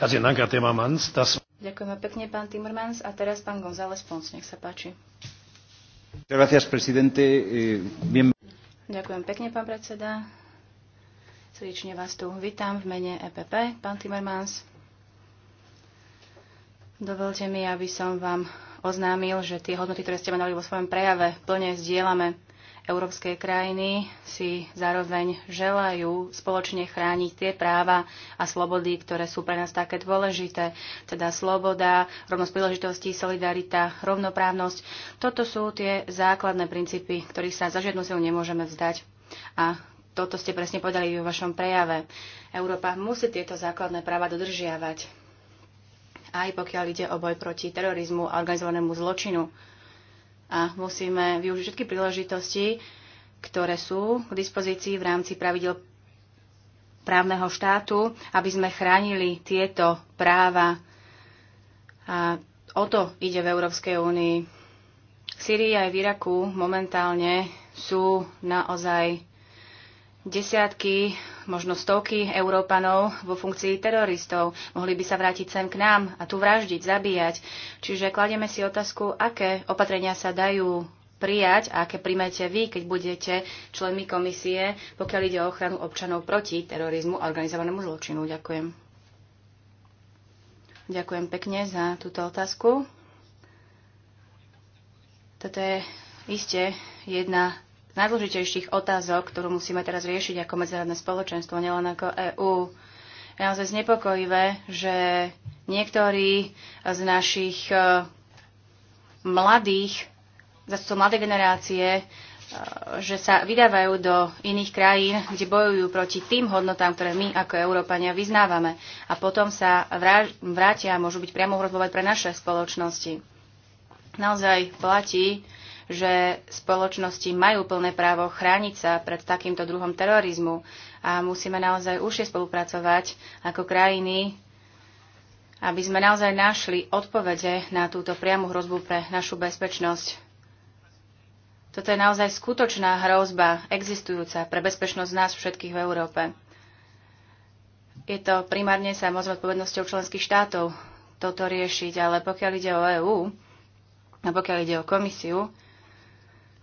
Ďakujeme pekne, pán Timmermans. A teraz pán González Pons, nech sa páči. Eh, Ďakujem pekne, pán predseda. Srdečne vás tu vítam v mene EPP, pán Timmermans. Dovolte mi, aby som vám oznámil, že tie hodnoty, ktoré ste mali vo svojom prejave, plne zdieľame. Európske krajiny si zároveň želajú spoločne chrániť tie práva a slobody, ktoré sú pre nás také dôležité, teda sloboda, rovnosť príležitostí, solidarita, rovnoprávnosť. Toto sú tie základné princípy, ktorých sa za žiadnu silu nemôžeme vzdať. A toto ste presne podali vo vašom prejave. Európa musí tieto základné práva dodržiavať aj pokiaľ ide o boj proti terorizmu a organizovanému zločinu a musíme využiť všetky príležitosti, ktoré sú k dispozícii v rámci pravidel právneho štátu, aby sme chránili tieto práva. A o to ide v Európskej únii. V Syrii aj v Iraku momentálne sú naozaj desiatky možno stovky Európanov vo funkcii teroristov. Mohli by sa vrátiť sem k nám a tu vraždiť, zabíjať. Čiže kladieme si otázku, aké opatrenia sa dajú prijať a aké príjmete vy, keď budete členmi komisie, pokiaľ ide o ochranu občanov proti terorizmu a organizovanému zločinu. Ďakujem. Ďakujem pekne za túto otázku. Toto je iste jedna najdôležitejších otázok, ktorú musíme teraz riešiť ako medzinárodné spoločenstvo, nielen ako EÚ. Je naozaj znepokojivé, že niektorí z našich e, mladých, sú mladé generácie, e, že sa vydávajú do iných krajín, kde bojujú proti tým hodnotám, ktoré my ako Európania vyznávame. A potom sa vrátia a môžu byť priamo hrozbovať pre naše spoločnosti. Naozaj platí, že spoločnosti majú plné právo chrániť sa pred takýmto druhom terorizmu a musíme naozaj užšie spolupracovať ako krajiny, aby sme naozaj našli odpovede na túto priamu hrozbu pre našu bezpečnosť. Toto je naozaj skutočná hrozba existujúca pre bezpečnosť nás všetkých v Európe. Je to primárne samozrejme odpovednosťou členských štátov toto riešiť, ale pokiaľ ide o EÚ a pokiaľ ide o komisiu,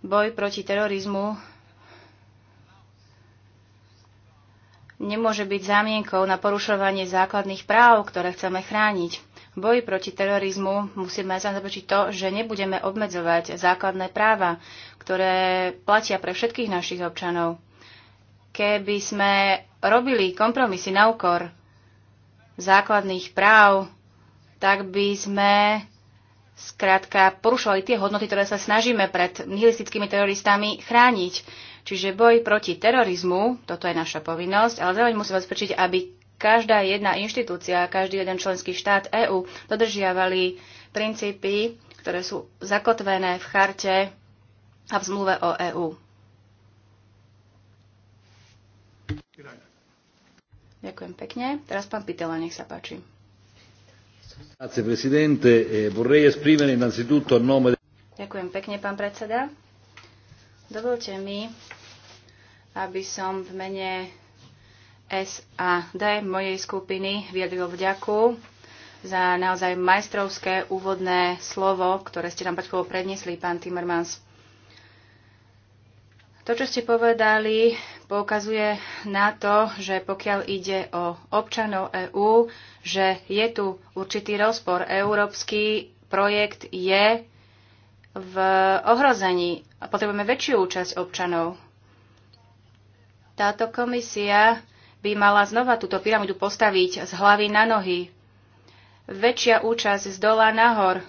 Boj proti terorizmu nemôže byť zámienkou na porušovanie základných práv, ktoré chceme chrániť. V boji proti terorizmu musíme zabezpečiť to, že nebudeme obmedzovať základné práva, ktoré platia pre všetkých našich občanov. Keby sme robili kompromisy na úkor základných práv, tak by sme skrátka porušovali tie hodnoty, ktoré sa snažíme pred nihilistickými teroristami chrániť. Čiže boj proti terorizmu, toto je naša povinnosť, ale zároveň musíme zabezpečiť, aby každá jedna inštitúcia, každý jeden členský štát EÚ dodržiavali princípy, ktoré sú zakotvené v charte a v zmluve o EÚ. Ďakujem pekne. Teraz pán Pitela, nech sa páči. E Ďakujem pekne, pán predseda. Dovolte mi, aby som v mene SAD mojej skupiny vyjadril vďaku za naozaj majstrovské úvodné slovo, ktoré ste nám pred predniesli, pán Timmermans. To, čo ste povedali, poukazuje na to, že pokiaľ ide o občanov EÚ, že je tu určitý rozpor. Európsky projekt je v ohrození a potrebujeme väčšiu účasť občanov. Táto komisia by mala znova túto pyramidu postaviť z hlavy na nohy. Väčšia účasť z dola nahor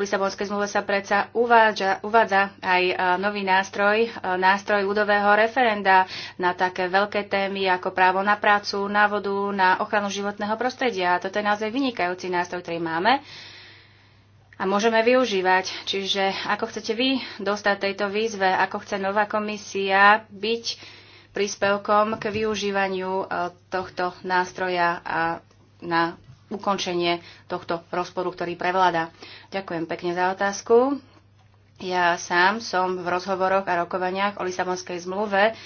Lisabonskej zmluve sa predsa uvádza, uvádza aj e, nový nástroj, e, nástroj ľudového referenda na také veľké témy ako právo na prácu, na vodu, na ochranu životného prostredia. Toto je naozaj vynikajúci nástroj, ktorý máme a môžeme využívať. Čiže ako chcete vy dostať tejto výzve, ako chce nová komisia byť príspevkom k využívaniu e, tohto nástroja a na ukončenie tohto rozporu, ktorý prevláda. Ďakujem pekne za otázku. Ja sám som v rozhovoroch a rokovaniach o Lisabonskej zmluve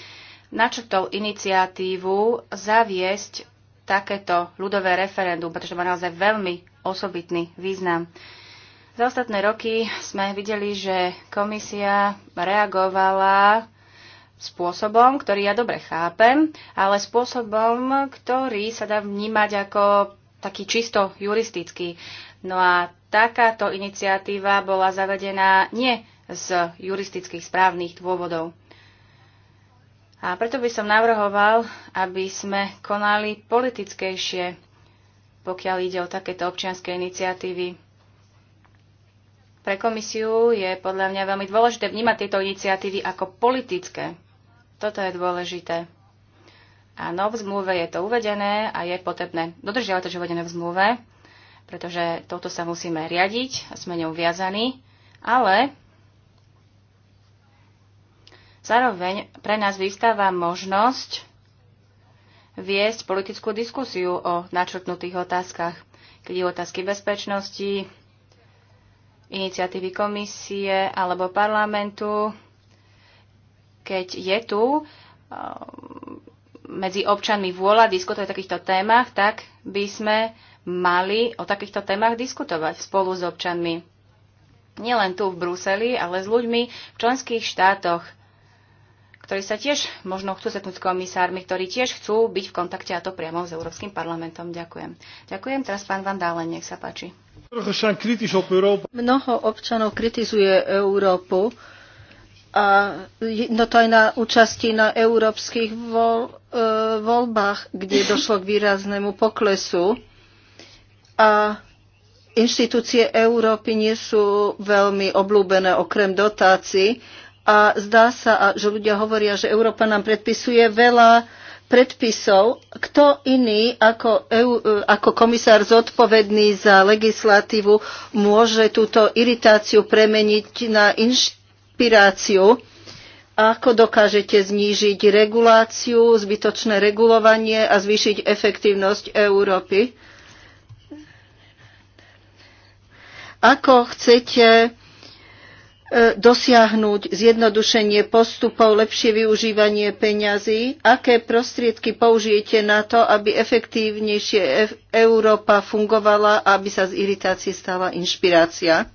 načrtol iniciatívu zaviesť takéto ľudové referendum, pretože má naozaj veľmi osobitný význam. Za ostatné roky sme videli, že komisia reagovala spôsobom, ktorý ja dobre chápem, ale spôsobom, ktorý sa dá vnímať ako taký čisto juristický. No a takáto iniciatíva bola zavedená nie z juristických správnych dôvodov. A preto by som navrhoval, aby sme konali politickejšie, pokiaľ ide o takéto občianské iniciatívy. Pre komisiu je podľa mňa veľmi dôležité vnímať tieto iniciatívy ako politické. Toto je dôležité. Áno, v zmluve je to uvedené a je potrebné dodržiavať to, čo je uvedené v zmluve, pretože touto sa musíme riadiť, sme ňou viazaní, ale zároveň pre nás vystáva možnosť viesť politickú diskusiu o načrtnutých otázkach, keď je otázky bezpečnosti, iniciatívy komisie alebo parlamentu, keď je tu medzi občanmi vôľa diskutovať o takýchto témach, tak by sme mali o takýchto témach diskutovať spolu s občanmi. Nielen tu v Bruseli, ale s ľuďmi v členských štátoch, ktorí sa tiež možno chcú setnúť s komisármi, ktorí tiež chcú byť v kontakte a to priamo s Európskym parlamentom. Ďakujem. Ďakujem. Teraz pán Van Dálen, nech sa páči. Mnoho občanov kritizuje Európu a no to aj na účasti na európskych voľ, e, voľbách, kde došlo k výraznému poklesu. A inštitúcie Európy nie sú veľmi oblúbené okrem dotácií a zdá sa, že ľudia hovoria, že Európa nám predpisuje veľa predpisov. Kto iný ako, EU, e, ako komisár zodpovedný za legislatívu môže túto iritáciu premeniť na inštitúciu inšpiráciu, ako dokážete znížiť reguláciu, zbytočné regulovanie a zvýšiť efektívnosť Európy. Ako chcete e, dosiahnuť zjednodušenie postupov, lepšie využívanie peňazí, aké prostriedky použijete na to, aby efektívnejšie Európa fungovala a aby sa z iritácie stala inšpirácia.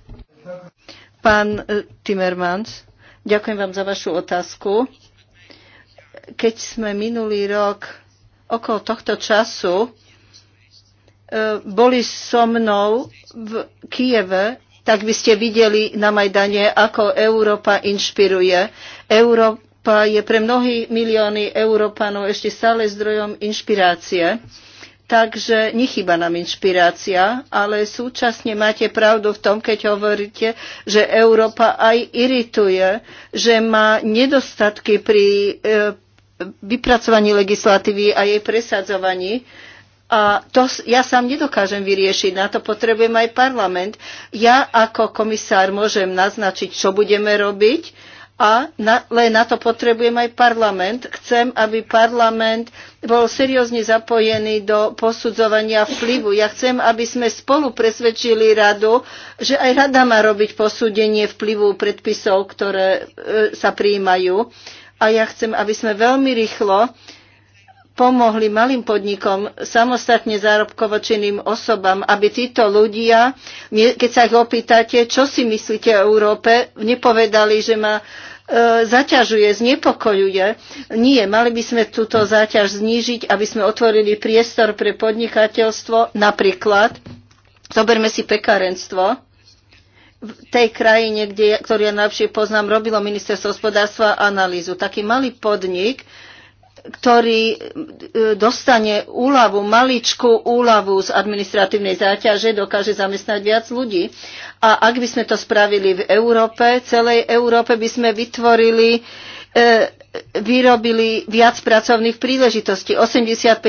Pán e, Timmermans, ďakujem vám za vašu otázku. Keď sme minulý rok okolo tohto času e, boli so mnou v Kieve, tak by ste videli na Majdane, ako Európa inšpiruje. Európa je pre mnohí milióny Európanov ešte stále zdrojom inšpirácie. Takže nechyba nám inšpirácia, ale súčasne máte pravdu v tom, keď hovoríte, že Európa aj irituje, že má nedostatky pri e, vypracovaní legislatívy a jej presadzovaní. A to ja sám nedokážem vyriešiť, na to potrebujem aj parlament. Ja ako komisár môžem naznačiť, čo budeme robiť, a na, len na to potrebujem aj parlament. Chcem, aby parlament bol seriózne zapojený do posudzovania vplyvu. Ja chcem, aby sme spolu presvedčili radu, že aj rada má robiť posúdenie vplyvu predpisov, ktoré e, sa prijímajú. A ja chcem, aby sme veľmi rýchlo pomohli malým podnikom, samostatne zárobkovočeným osobám, aby títo ľudia, keď sa ich opýtate, čo si myslíte o Európe, nepovedali, že má E, zaťažuje, znepokojuje. Nie, mali by sme túto záťaž znížiť, aby sme otvorili priestor pre podnikateľstvo. Napríklad, zoberme si pekárenstvo. V tej krajine, kde, ktorú ja najlepšie poznám, robilo ministerstvo hospodárstva analýzu. Taký malý podnik ktorý e, dostane úľavu, maličkú úľavu z administratívnej záťaže, dokáže zamestnať viac ľudí. A ak by sme to spravili v Európe, celej Európe by sme vytvorili e, vyrobili viac pracovných príležitostí. 85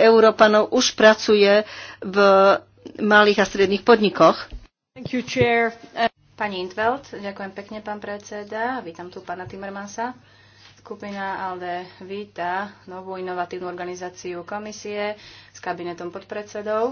Európanov už pracuje v malých a stredných podnikoch. Thank you, chair. Pani Intveld, ďakujem pekne, pán predseda. Vítam tu pána Timmermansa. Skupina ALDE víta novú inovatívnu organizáciu komisie s kabinetom podpredsedov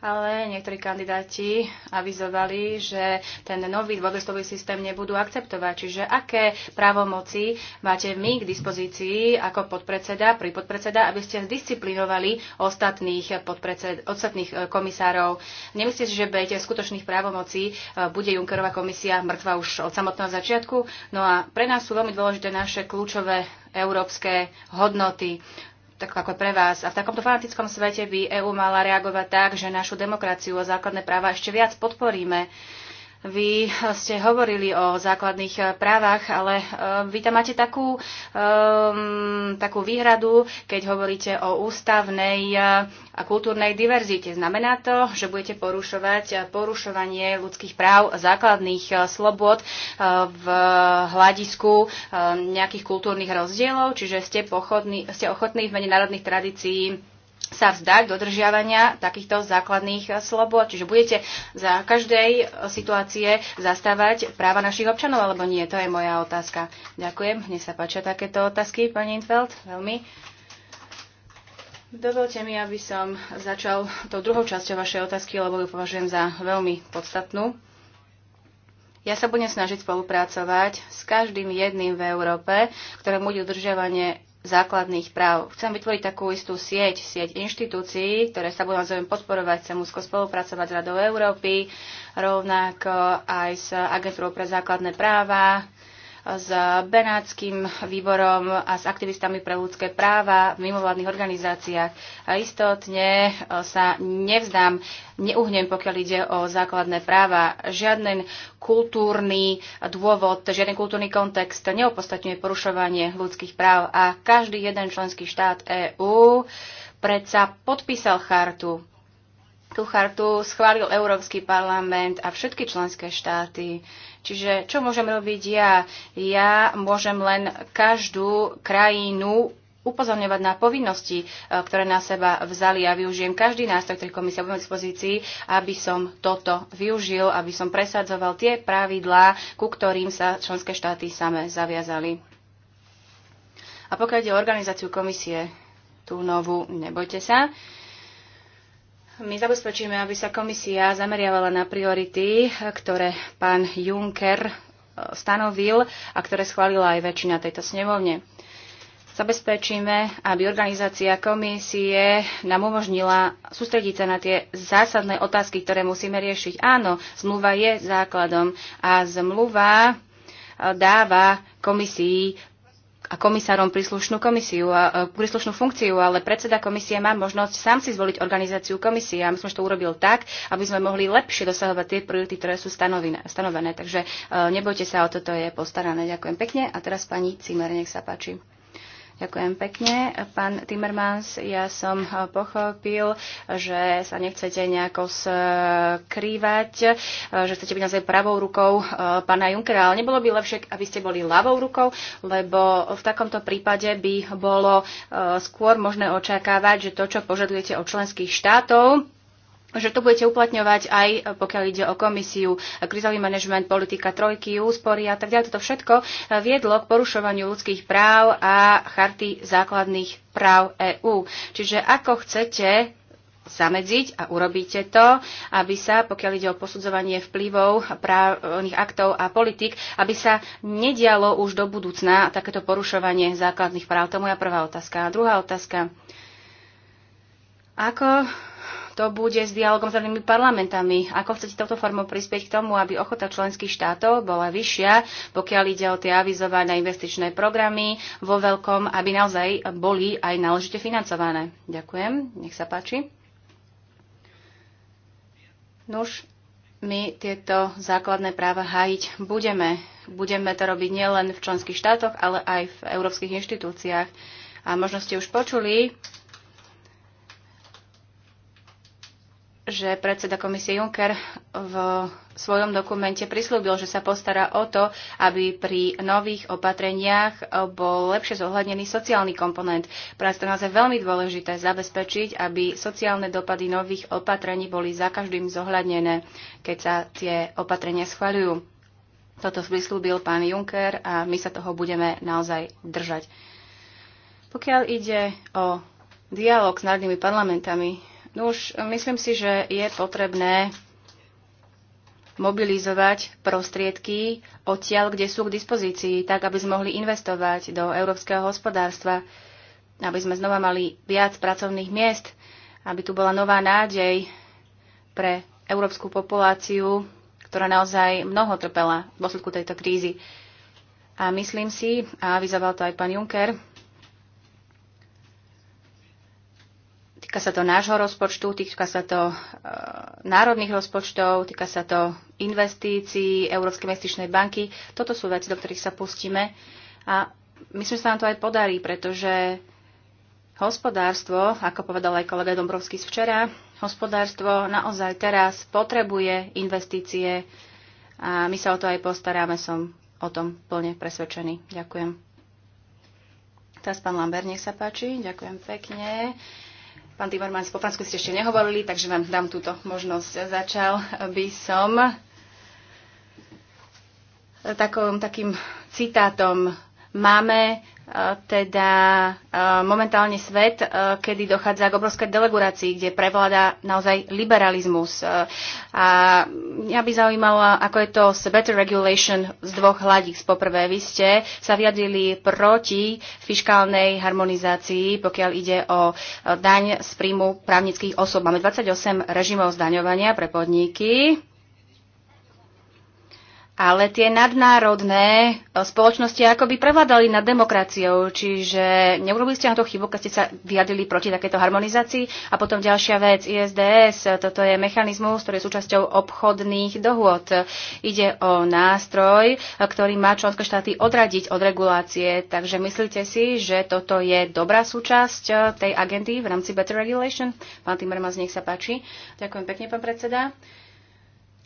ale niektorí kandidáti avizovali, že ten nový dôvestový systém nebudú akceptovať. Čiže aké právomoci máte my k dispozícii ako podpredseda, pri podpredseda, aby ste zdisciplinovali ostatných, podpredsed, ostatných e, komisárov? Nemyslíte si, že bejte skutočných právomocí e, bude Junckerová komisia mŕtva už od samotného začiatku? No a pre nás sú veľmi dôležité naše kľúčové európske hodnoty tak ako pre vás. A v takomto fanatickom svete by EÚ mala reagovať tak, že našu demokraciu a základné práva ešte viac podporíme. Vy ste hovorili o základných eh, právach, ale eh, vy tam máte takú, um, takú výhradu, keď hovoríte o ústavnej eh, a kultúrnej diverzite. Znamená to, že budete porušovať porušovanie ľudských práv, základných slobod v hľadisku nejakých kultúrnych rozdielov, čiže ste, pochodní, ste ochotní v mene národných tradícií sa vzdať dodržiavania takýchto základných slobod? Čiže budete za každej situácie zastávať práva našich občanov, alebo nie? To je moja otázka. Ďakujem. Mne sa páčia takéto otázky, pani Infeld, veľmi. Dovolte mi, aby som začal tou druhou časťou vašej otázky, lebo ju považujem za veľmi podstatnú. Ja sa budem snažiť spolupracovať s každým jedným v Európe, ktorému bude udržiavanie základných práv. Chcem vytvoriť takú istú sieť, sieť inštitúcií, ktoré sa budú navzájom podporovať, chcem úzko spolupracovať s Radou Európy, rovnako aj s Agentúrou pre základné práva, s Benátským výborom a s aktivistami pre ľudské práva v mimovládnych organizáciách. A istotne e, sa nevzdám, neuhnem, pokiaľ ide o základné práva. Žiaden kultúrny dôvod, žiaden kultúrny kontext neopostatňuje porušovanie ľudských práv a každý jeden členský štát EÚ predsa podpísal chartu. Tú chartu schválil Európsky parlament a všetky členské štáty. Čiže čo môžem robiť ja? Ja môžem len každú krajinu upozorňovať na povinnosti, e, ktoré na seba vzali. Ja využijem každý nástroj, ktorý komisia bude v dispozícii, aby som toto využil, aby som presadzoval tie pravidlá, ku ktorým sa členské štáty same zaviazali. A pokiaľ ide o organizáciu komisie, tú novú, nebojte sa, uh, my zabezpečíme, aby sa komisia zameriavala na priority, ktoré pán Juncker e, stanovil a ktoré schválila aj väčšina tejto snemovne. Zabezpečíme, aby organizácia komisie nám umožnila sústrediť sa na tie zásadné otázky, ktoré musíme riešiť. Áno, zmluva je základom a zmluva e, dáva komisii a komisárom príslušnú komisiu a e, príslušnú funkciu, ale predseda komisie má možnosť sám si zvoliť organizáciu komisie a my som to urobil tak, aby sme mohli lepšie dosahovať tie priority, ktoré sú stanovené. Takže e, nebojte sa, o toto je postarané. Ďakujem pekne. A teraz pani Cimer, nech sa páči. Ďakujem pekne. Pán Timmermans, ja som eh, pochopil, že sa nechcete nejako skrývať, eh, že chcete byť naozaj pravou rukou eh, pána Junkera, ale nebolo by lepšie, aby ste boli ľavou rukou, lebo v takomto prípade by bolo skôr možné očakávať, že to, čo požadujete od členských štátov, že to budete uplatňovať aj eh, pokiaľ ide o komisiu, eh, krizový manažment, politika trojky, úspory a tak ďalej. Toto všetko eh, viedlo k porušovaniu ľudských práv a charty základných práv EÚ. Čiže ako chcete zamedziť a urobíte to, aby sa, pokiaľ ide o posudzovanie vplyvov právnych aktov a politik, aby sa nedialo už do budúcna takéto porušovanie základných práv. To je moja prvá otázka. A druhá otázka. Ako to bude s dialogom s danými parlamentami. Ako chcete touto formou prispieť k tomu, aby ochota členských štátov bola vyššia, pokiaľ ide o tie avizované investičné programy vo veľkom, aby naozaj boli aj náležite financované? Ďakujem, nech sa páči. Nuž, my tieto základné práva hájiť budeme. Budeme to robiť nielen v členských štátoch, ale aj v európskych inštitúciách. A možno ste už počuli, že predseda komisie Juncker v svojom dokumente prislúbil, že sa postará o to, aby pri nových opatreniach bol lepšie zohľadnený sociálny komponent. Pre nás to naozaj veľmi dôležité zabezpečiť, aby sociálne dopady nových opatrení boli za každým zohľadnené, keď sa tie opatrenia schvaľujú. Toto prislúbil pán Juncker a my sa toho budeme naozaj držať. Pokiaľ ide o dialog s národnými parlamentami, No už eh, myslím si, že je potrebné mobilizovať prostriedky odtiaľ, kde sú k dispozícii, tak aby sme mohli investovať do európskeho hospodárstva, aby sme znova mali viac pracovných miest, aby tu bola nová nádej pre európsku populáciu, ktorá naozaj mnoho trpela v dôsledku tejto krízy. A myslím si, a avizoval to aj pán Juncker, Týka sa to nášho rozpočtu, týka sa to e, národných rozpočtov, týka sa to investícií Európskej investičnej banky. Toto sú veci, do ktorých sa pustíme. A myslím, že sa nám to aj podarí, pretože hospodárstvo, ako povedal aj kolega Dombrovský včera, hospodárstvo naozaj teraz potrebuje investície a my sa o to aj postaráme, som o tom plne presvedčený. Ďakujem. Teraz pán Lambert, nech sa páči. Ďakujem pekne. Pán Timmermans, po Fransku ste ešte nehovorili, takže vám dám túto možnosť. Začal by som takom, takým citátom. Máme teda e, momentálne svet, e, kedy dochádza k obrovskej delegurácii, kde prevláda naozaj liberalizmus. E, a mňa by zaujímalo, ako je to s better regulation z dvoch hľadíc. Poprvé, vy ste sa vyjadrili proti fiskálnej harmonizácii, pokiaľ ide o daň z príjmu právnických osob. Máme 28 režimov zdaňovania pre podniky ale tie nadnárodné eh, spoločnosti akoby prevládali nad demokraciou, čiže neurobili ste na to chybu, keď ste sa vyjadrili proti takéto harmonizácii. A potom ďalšia vec, ISDS, eh, toto je mechanizmus, ktorý je súčasťou obchodných dohôd. Ide o nástroj, eh, ktorý má členské štáty odradiť od regulácie, takže myslíte si, že toto je dobrá súčasť tej agendy v rámci Better Regulation? Pán Timmermans, nech sa páči. Ďakujem pekne, pán predseda.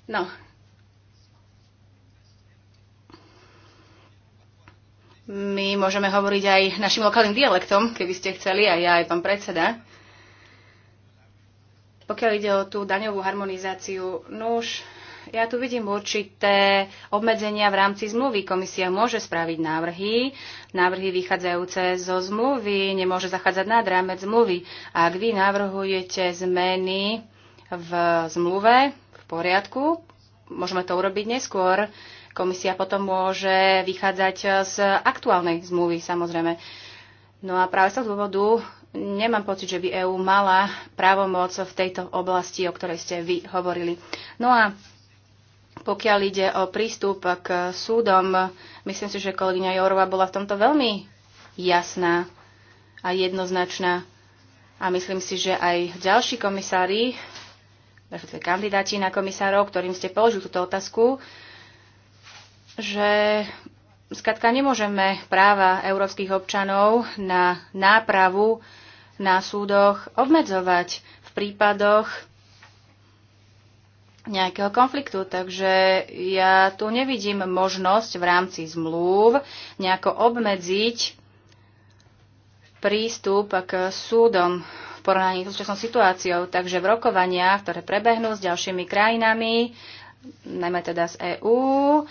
No, My môžeme hovoriť aj našim lokálnym dialektom, keby ste chceli, aj ja, aj pán predseda. Pokiaľ ide o tú daňovú harmonizáciu, nuž, no ja tu vidím určité obmedzenia v rámci zmluvy. Komisia môže spraviť návrhy, návrhy vychádzajúce zo zmluvy, nemôže zachádzať nad rámec zmluvy. ak vy navrhujete zmeny v zmluve, v poriadku, môžeme to urobiť neskôr. Komisia potom môže vychádzať e, z aktuálnej zmluvy, samozrejme. No a práve z toho dôvodu nemám pocit, že by EÚ mala právomoc v tejto oblasti, o ktorej ste vy hovorili. No a pokiaľ ide o prístup k súdom, myslím si, že kolegyňa Jorová bola v tomto veľmi jasná a jednoznačná. A myslím si, že aj ďalší komisári, respektíve kandidáti na komisárov, ktorým ste položili túto otázku, že skratka nemôžeme práva európskych občanov na nápravu na súdoch obmedzovať v prípadoch nejakého konfliktu. Takže ja tu nevidím možnosť v rámci zmluv nejako obmedziť prístup k súdom v porovnaní s súčasnou situáciou. Takže v rokovaniach, ktoré prebehnú s ďalšími krajinami, najmä teda z EÚ,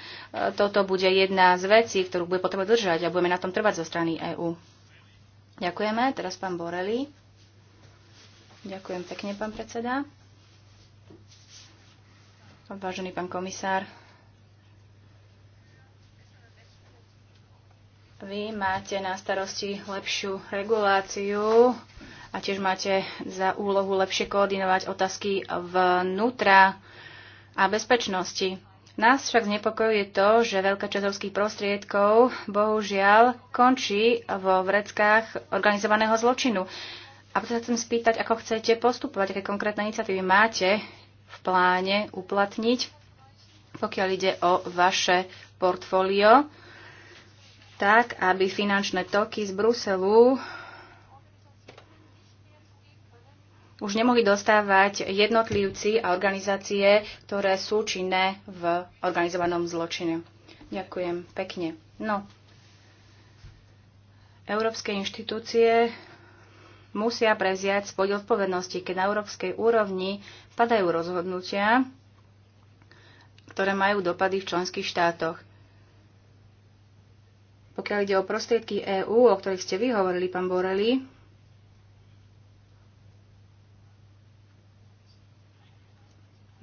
toto bude jedna z vecí, ktorú bude potrebovať držať a budeme na tom trvať zo strany EÚ. Ďakujeme. Teraz pán Borelli. Ďakujem pekne, pán predseda. Vážený pán komisár, vy máte na starosti lepšiu reguláciu a tiež máte za úlohu lepšie koordinovať otázky vnútra a bezpečnosti. Nás však znepokojuje to, že veľká časť európskych prostriedkov bohužiaľ končí vo vreckách organizovaného zločinu. A preto sa chcem spýtať, ako chcete postupovať, aké konkrétne iniciatívy máte v pláne uplatniť, pokiaľ ide o vaše portfólio, tak aby finančné toky z Bruselu už nemohli dostávať jednotlivci a organizácie, ktoré sú činné v organizovanom zločine. Ďakujem pekne. No, európske inštitúcie musia preziať svoj odpovednosti, keď na európskej úrovni padajú rozhodnutia, ktoré majú dopady v členských štátoch. Pokiaľ ide o prostriedky EÚ, o ktorých ste vyhovorili, pán Borelli,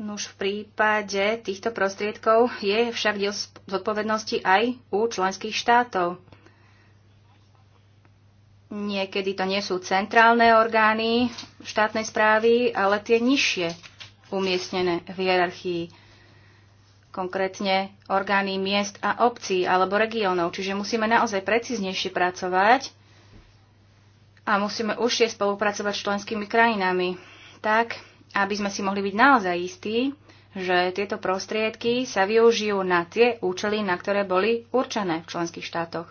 Nuž v prípade týchto prostriedkov je však diel zodpovednosti aj u členských štátov. Niekedy to nie sú centrálne orgány štátnej správy, ale tie nižšie umiestnené v hierarchii, konkrétne orgány miest a obcí alebo regiónov. Čiže musíme naozaj preciznejšie pracovať a musíme užšie spolupracovať s členskými krajinami tak, aby sme si mohli byť naozaj istí, že tieto prostriedky sa využijú na tie účely, na ktoré boli určené v členských štátoch.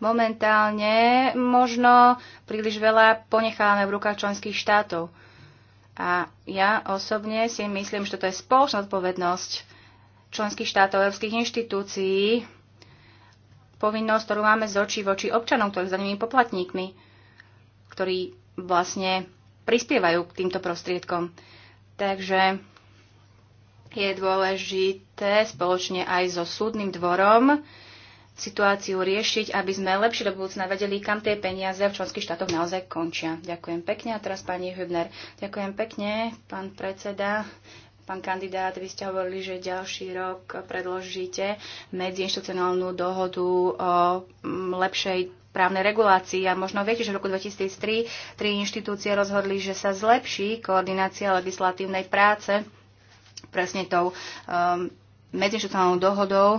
Momentálne možno príliš veľa ponechávame v rukách členských štátov. A ja osobne si myslím, že toto je spoločná odpovednosť členských štátov, európskych inštitúcií, povinnosť, ktorú máme z očí voči občanom, ktorí za nimi poplatníkmi, ktorí vlastne prispievajú k týmto prostriedkom. Takže je dôležité spoločne aj so súdnym dvorom situáciu riešiť, aby sme lepšie do budúcna vedeli, kam tie peniaze v členských štátoch naozaj končia. Ďakujem pekne. A teraz pani Hübner. Ďakujem pekne, pán predseda. Pán kandidát, vy ste hovorili, že ďalší rok predložíte medziinstitucionálnu dohodu o lepšej právnej regulácii. A možno viete, že v roku 2003 tri inštitúcie rozhodli, že sa zlepší koordinácia legislatívnej práce presne tou um, medzinštitucionálnou dohodou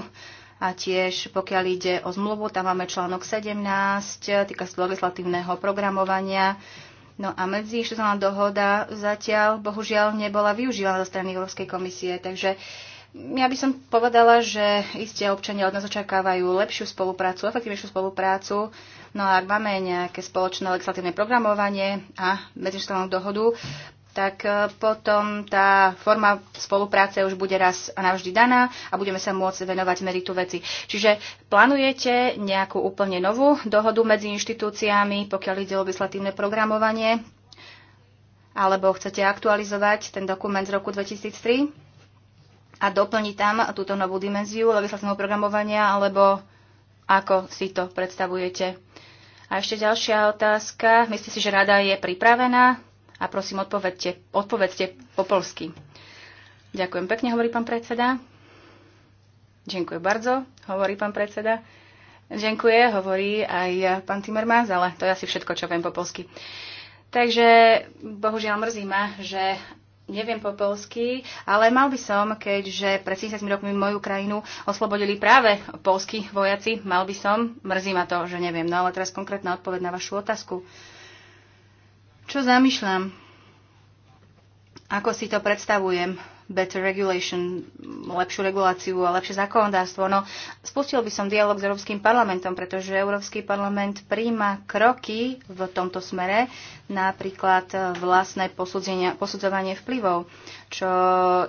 a tiež pokiaľ ide o zmluvu, tam máme článok 17, týka sa legislatívneho programovania. No a medzinštitucionálna dohoda zatiaľ bohužiaľ nebola využívaná zo strany Európskej komisie, takže uh, ja by som povedala, že iste občania od nás očakávajú lepšiu spoluprácu, efektívnejšiu spoluprácu. No a ak máme nejaké spoločné legislatívne programovanie a medzištátnu dohodu, tak e, potom tá forma spolupráce už bude raz a navždy daná a budeme sa môcť venovať meritu veci. Čiže plánujete nejakú úplne novú dohodu medzi inštitúciami, pokiaľ ide o legislatívne programovanie? Alebo chcete aktualizovať ten dokument z roku 2003? a doplniť tam túto novú dimenziu legislatívneho programovania, alebo ako si to predstavujete. A ešte ďalšia otázka. Myslíte si, že rada je pripravená? A prosím, odpovedte, odpovedzte po polsky. Ďakujem pekne, hovorí pán predseda. Ďakujem bardzo, hovorí pán predseda. Ďakujem, hovorí aj pán Timmermans, ale to je asi všetko, čo viem po polsky. Takže bohužiaľ mrzí ma, že neviem po polsky, ale mal by som, keďže pred 70 rokmi moju krajinu oslobodili práve polskí vojaci, mal by som, mrzí ma to, že neviem. No ale teraz konkrétna odpoveď na vašu otázku. Čo zamýšľam? Ako si to predstavujem? better regulation, lepšiu reguláciu a lepšie zákonodárstvo. No, spustil by som dialog s Európskym parlamentom, pretože Európsky parlament príjma kroky v tomto smere, napríklad eh, vlastné posudzovanie vplyvov, čo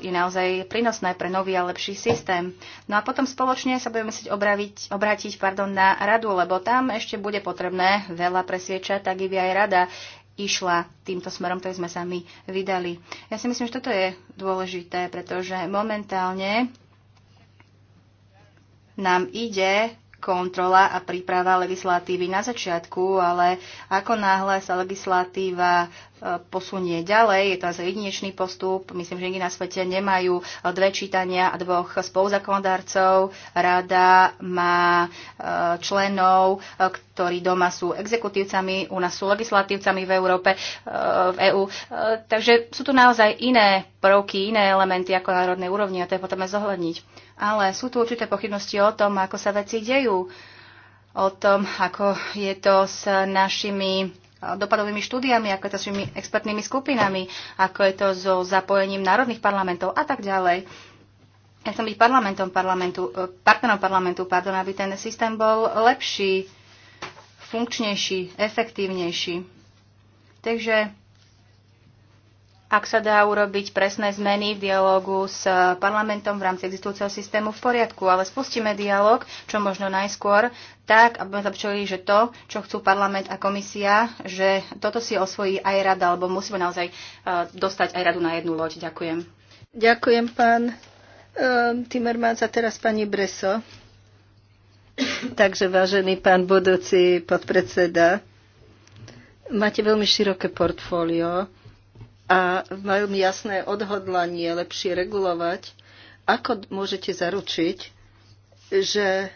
je naozaj prínosné pre nový a lepší systém. No a potom spoločne sa budeme musieť obraviť, obrátiť pardon, na radu, lebo tam ešte bude potrebné veľa presiečať tak i aj rada išla týmto smerom, ktorý sme sa my vydali. Ja si myslím, že toto je dôležité, pretože momentálne nám ide kontrola a príprava legislatívy na začiatku, ale ako náhle sa legislatíva e, posunie ďalej, je to asi jedinečný postup, myslím, že nikdy na svete nemajú e, dve čítania a dvoch spoluzakonodárcov, rada má e, členov, ktorí doma sú exekutívcami, u nás sú legislatívcami v Európe, v EÚ. Takže sú tu naozaj iné prvky, iné elementy ako národnej úrovni a to je potrebné zohľadniť ale sú tu určité pochybnosti o tom, ako sa veci dejú, o tom, ako je to s našimi e, dopadovými štúdiami, ako je to s tými expertnými skupinami, ako je to so zapojením národných parlamentov a tak ďalej. Ja chcem byť parlamentom parlamentu, e, partnerom parlamentu, pardon, aby ten systém bol lepší, funkčnejší, efektívnejší. Takže ak sa dá urobiť presné zmeny v dialogu s parlamentom v rámci existujúceho systému v poriadku, ale spustíme dialog, čo možno najskôr, tak, aby sme zapčuli, že to, čo chcú parlament a komisia, že toto si osvojí aj rada, alebo musíme naozaj e, dostať aj radu na jednu loď. Ďakujem. Ďakujem, pán e, Timmermans a teraz pani Breso. Takže, vážený pán budúci podpredseda, máte veľmi široké portfólio a majú jasné odhodlanie lepšie regulovať, ako môžete zaručiť, že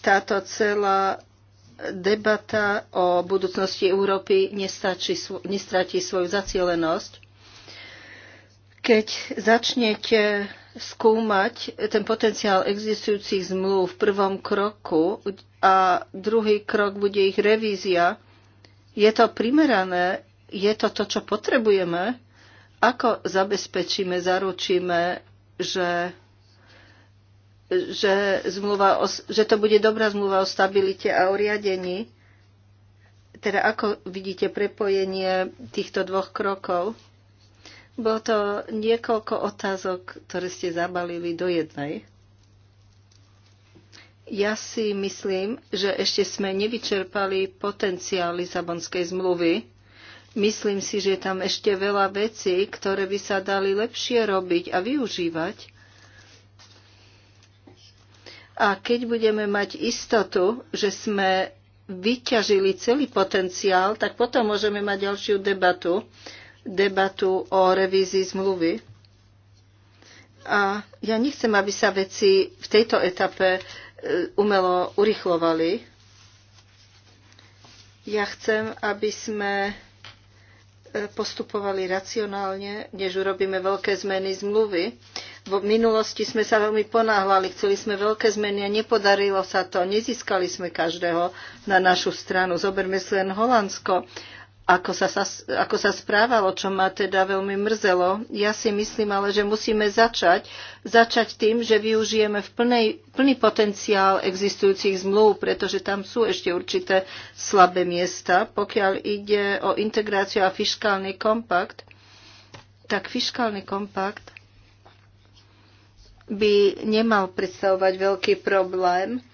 táto celá debata o budúcnosti Európy nestráti nestratí svoju zacielenosť? Keď začnete skúmať ten potenciál existujúcich zmluv v prvom kroku a druhý krok bude ich revízia, je to primerané? Je to to, čo potrebujeme? Ako zabezpečíme, zaručíme, že že, zmluva o, že to bude dobrá zmluva o stabilite a o riadení. Teda ako vidíte prepojenie týchto dvoch krokov? Bolo to niekoľko otázok, ktoré ste zabalili do jednej. Ja si myslím, že ešte sme nevyčerpali potenciál Lisabonskej zmluvy Myslím si, že je tam ešte veľa vecí, ktoré by sa dali lepšie robiť a využívať. A keď budeme mať istotu, že sme vyťažili celý potenciál, tak potom môžeme mať ďalšiu debatu, debatu o revízii zmluvy. A ja nechcem, aby sa veci v tejto etape e, umelo urychlovali. Ja chcem, aby sme postupovali racionálne, než urobíme veľké zmeny zmluvy. V minulosti sme sa veľmi ponáhľali, chceli sme veľké zmeny a nepodarilo sa to. Nezískali sme každého na našu stranu. Zoberme si len Holandsko ako sa, sa, ako sa správalo, čo ma teda veľmi mrzelo. Ja si myslím ale, že musíme začať. Začať tým, že využijeme v plnej, plný potenciál existujúcich zmluv, pretože tam sú ešte určité slabé miesta. Pokiaľ ide o integráciu a fiskálny kompakt, tak fiskálny kompakt by nemal predstavovať veľký problém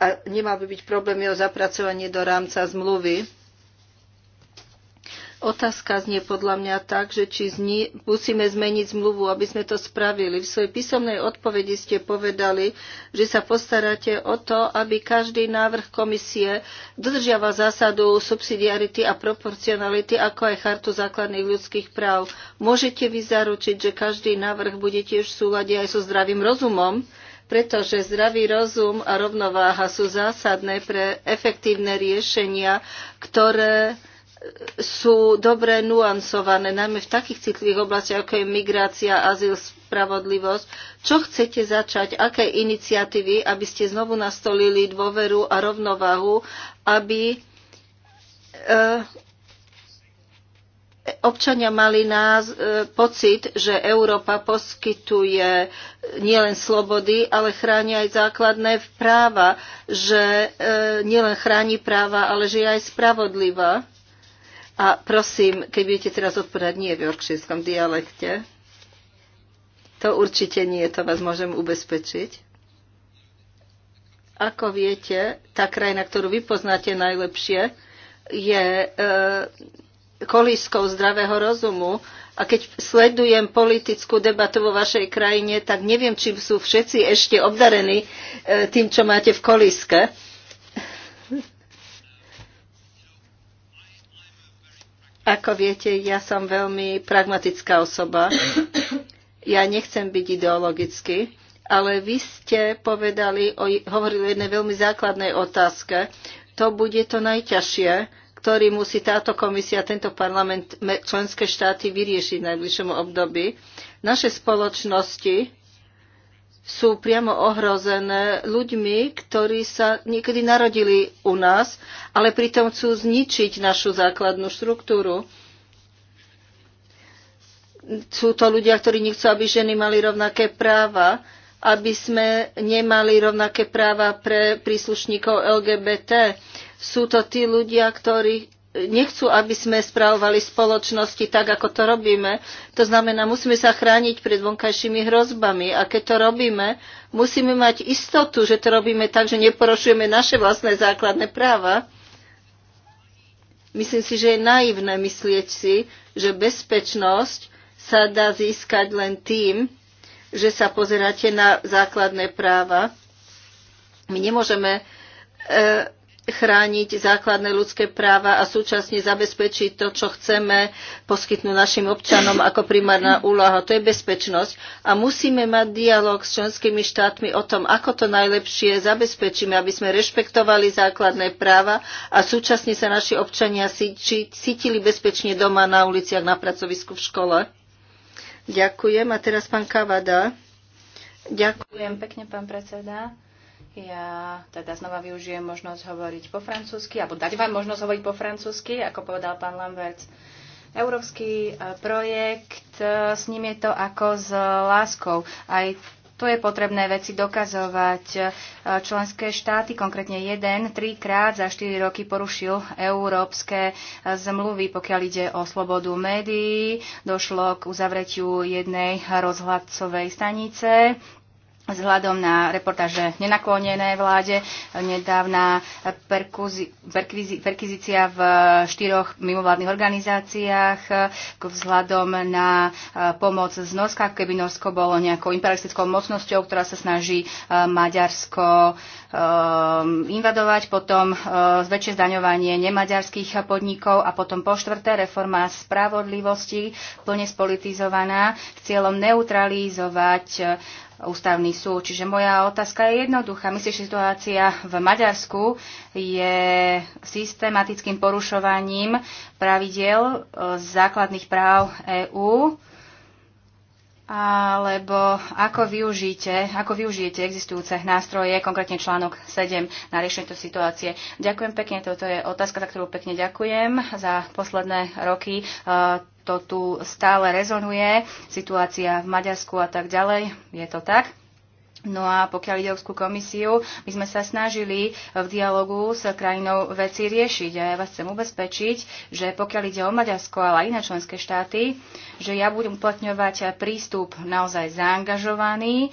a nemal by byť problém jeho zapracovanie do rámca zmluvy Otázka znie podľa mňa tak, že či zni- musíme zmeniť zmluvu, aby sme to spravili. V svojej písomnej odpovedi ste povedali, že sa postaráte o to, aby každý návrh komisie dodržiava zásadu subsidiarity a proporcionality, ako aj chartu základných ľudských práv. Môžete vy zaručiť, že každý návrh bude tiež v súlade aj so zdravým rozumom? pretože zdravý rozum a rovnováha sú zásadné pre efektívne riešenia, ktoré sú dobre nuancované, najmä v takých citlivých oblastiach, ako je migrácia, azyl, spravodlivosť. Čo chcete začať? Aké iniciatívy, aby ste znovu nastolili dôveru a rovnováhu, aby e, občania mali nás, e, pocit, že Európa poskytuje e, nielen slobody, ale chráni aj základné práva, že nielen chráni práva, ale že je aj spravodlivá. A prosím, keď budete teraz odpovedať nie v jorkšírskom dialekte, to určite nie, to vás môžem ubezpečiť. Ako viete, tá krajina, ktorú vy poznáte najlepšie, je e, kolískou zdravého rozumu. A keď sledujem politickú debatu vo vašej krajine, tak neviem, či sú všetci ešte obdarení e, tým, čo máte v kolíske. Ako viete, ja som veľmi pragmatická osoba. Ja nechcem byť ideologický, ale vy ste povedali, o, hovorili o jednej veľmi základnej otázke. To bude to najťažšie, ktorý musí táto komisia, tento parlament, členské štáty vyriešiť v najbližšom období. Naše spoločnosti sú priamo ohrozené ľuďmi, ktorí sa niekedy narodili u nás, ale pritom chcú zničiť našu základnú štruktúru. Sú to ľudia, ktorí nechcú, aby ženy mali rovnaké práva, aby sme nemali rovnaké práva pre príslušníkov LGBT. Sú to tí ľudia, ktorí nechcú, aby sme správovali spoločnosti tak, ako to robíme. To znamená, musíme sa chrániť pred vonkajšími hrozbami. A keď to robíme, musíme mať istotu, že to robíme tak, že neporušujeme naše vlastné základné práva. Myslím si, že je naivné myslieť si, že bezpečnosť sa dá získať len tým, že sa pozeráte na základné práva. My nemôžeme eh, chrániť základné ľudské práva a súčasne zabezpečiť to, čo chceme poskytnúť našim občanom ako primárna úloha. To je bezpečnosť. A musíme mať dialog s členskými štátmi o tom, ako to najlepšie zabezpečíme, aby sme rešpektovali základné práva a súčasne sa naši občania cítili bezpečne doma, na uliciach, na pracovisku, v škole. Ďakujem. A teraz pán Kavada. Ďakujem pekne, pán predseda. Ja teda znova využijem možnosť hovoriť po francúzsky, alebo dať vám možnosť hovoriť po francúzsky, ako povedal pán Lambert. Európsky e, projekt, e, s ním je to ako s láskou. Aj tu je potrebné veci dokazovať. E, členské štáty, konkrétne jeden, trikrát za 4 roky porušil európske zmluvy, pokiaľ ide o slobodu médií. Došlo k uzavretiu jednej rozhľadcovej stanice vzhľadom na reportáže nenaklonené vláde, nedávna perkvizícia v štyroch mimovládnych organizáciách, vzhľadom na e, pomoc z Norska, keby Norsko bolo nejakou imperialistickou mocnosťou, ktorá sa snaží e, Maďarsko e, invadovať, potom zväčšie zdaňovanie nemaďarských podnikov a potom po štvrté reforma spravodlivosti, plne spolitizovaná, s cieľom neutralizovať ústavný súd. Čiže moja otázka je jednoduchá. Myslím, že situácia v Maďarsku je systematickým porušovaním pravidiel e, základných práv EÚ alebo ako využijete, ako využijete existujúce nástroje, konkrétne článok 7 na riešenie tejto situácie. Ďakujem pekne, toto je otázka, za ktorú pekne ďakujem. Za posledné roky e, to tu stále rezonuje, situácia v Maďarsku a tak ďalej, je to tak. No a pokiaľ ide Európsku komisiu, my sme sa snažili v dialogu s krajinou veci riešiť. A ja vás chcem ubezpečiť, že pokiaľ ide o Maďarsko, ale aj iné členské štáty, že ja budem uplatňovať prístup naozaj zaangažovaný,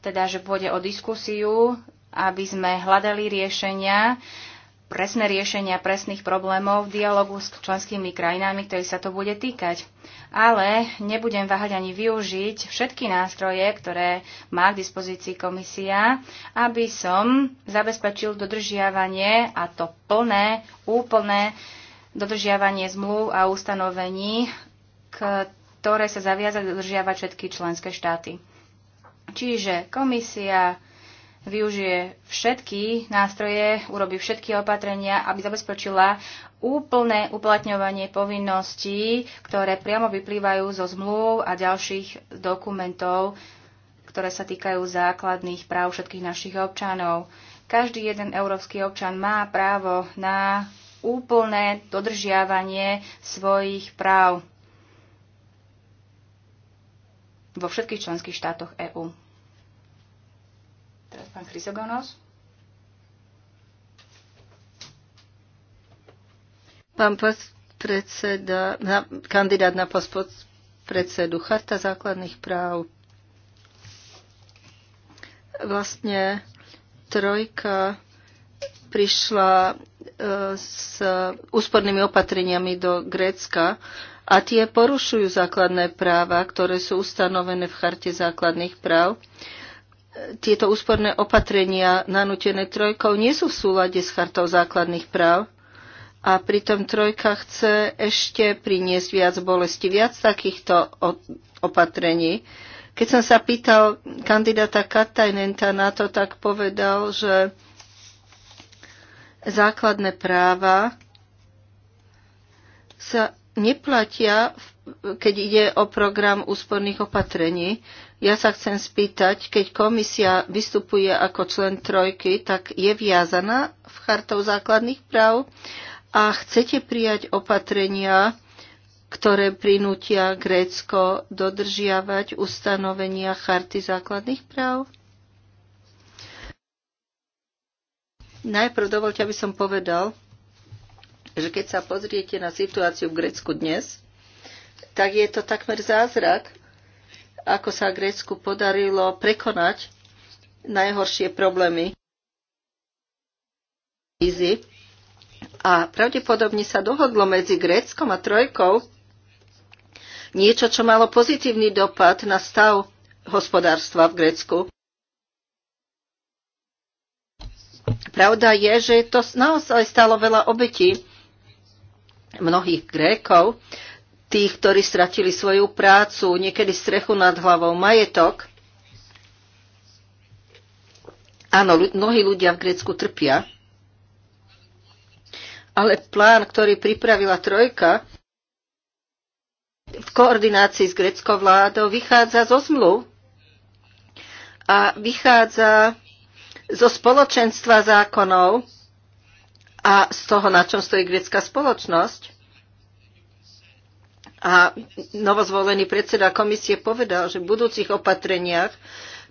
teda že pôjde o diskusiu, aby sme hľadali riešenia, presné riešenia presných problémov v dialogu s členskými krajinami, ktorých sa to bude týkať. Ale nebudem váhať ani využiť všetky nástroje, ktoré má k dispozícii komisia, aby som zabezpečil dodržiavanie a to plné, úplné dodržiavanie zmluv a ustanovení, ktoré sa zaviazali dodržiavať všetky členské štáty. Čiže komisia využije všetky nástroje, urobí všetky opatrenia, aby zabezpečila úplné uplatňovanie povinností, ktoré priamo vyplývajú zo zmluv a ďalších dokumentov, ktoré sa týkajú základných práv všetkých našich občanov. Každý jeden európsky občan má právo na úplné dodržiavanie svojich práv vo všetkých členských štátoch EÚ. Teraz pán Chrysogonos. Pán predseda, na, kandidát na post predsedu Charta základných práv. Vlastne trojka prišla e, s úspornými opatreniami do Grécka a tie porušujú základné práva, ktoré sú ustanovené v Charte základných práv tieto úsporné opatrenia nanútené trojkou nie sú v súlade s chartou základných práv a pritom trojka chce ešte priniesť viac bolesti, viac takýchto opatrení. Keď som sa pýtal kandidáta Katajnenta na to, tak povedal, že základné práva sa neplatia, keď ide o program úsporných opatrení. Ja sa chcem spýtať, keď komisia vystupuje ako člen trojky, tak je viazaná v chartou základných práv a chcete prijať opatrenia, ktoré prinútia Grécko dodržiavať ustanovenia charty základných práv? Najprv dovolte, aby som povedal, že keď sa pozriete na situáciu v Grécku dnes, tak je to takmer zázrak, ako sa Grécku podarilo prekonať najhoršie problémy krízy. A pravdepodobne sa dohodlo medzi Gréckom a Trojkou niečo, čo malo pozitívny dopad na stav hospodárstva v Grécku. Pravda je, že to naozaj stalo veľa obetí mnohých Grékov, tých, ktorí stratili svoju prácu, niekedy strechu nad hlavou, majetok. Áno, mnohí ľudia v Grécku trpia, ale plán, ktorý pripravila Trojka v koordinácii s greckou vládou, vychádza zo zmluv a vychádza zo spoločenstva zákonov a z toho, na čom stojí grecká spoločnosť. A novozvolený predseda komisie povedal, že v budúcich opatreniach,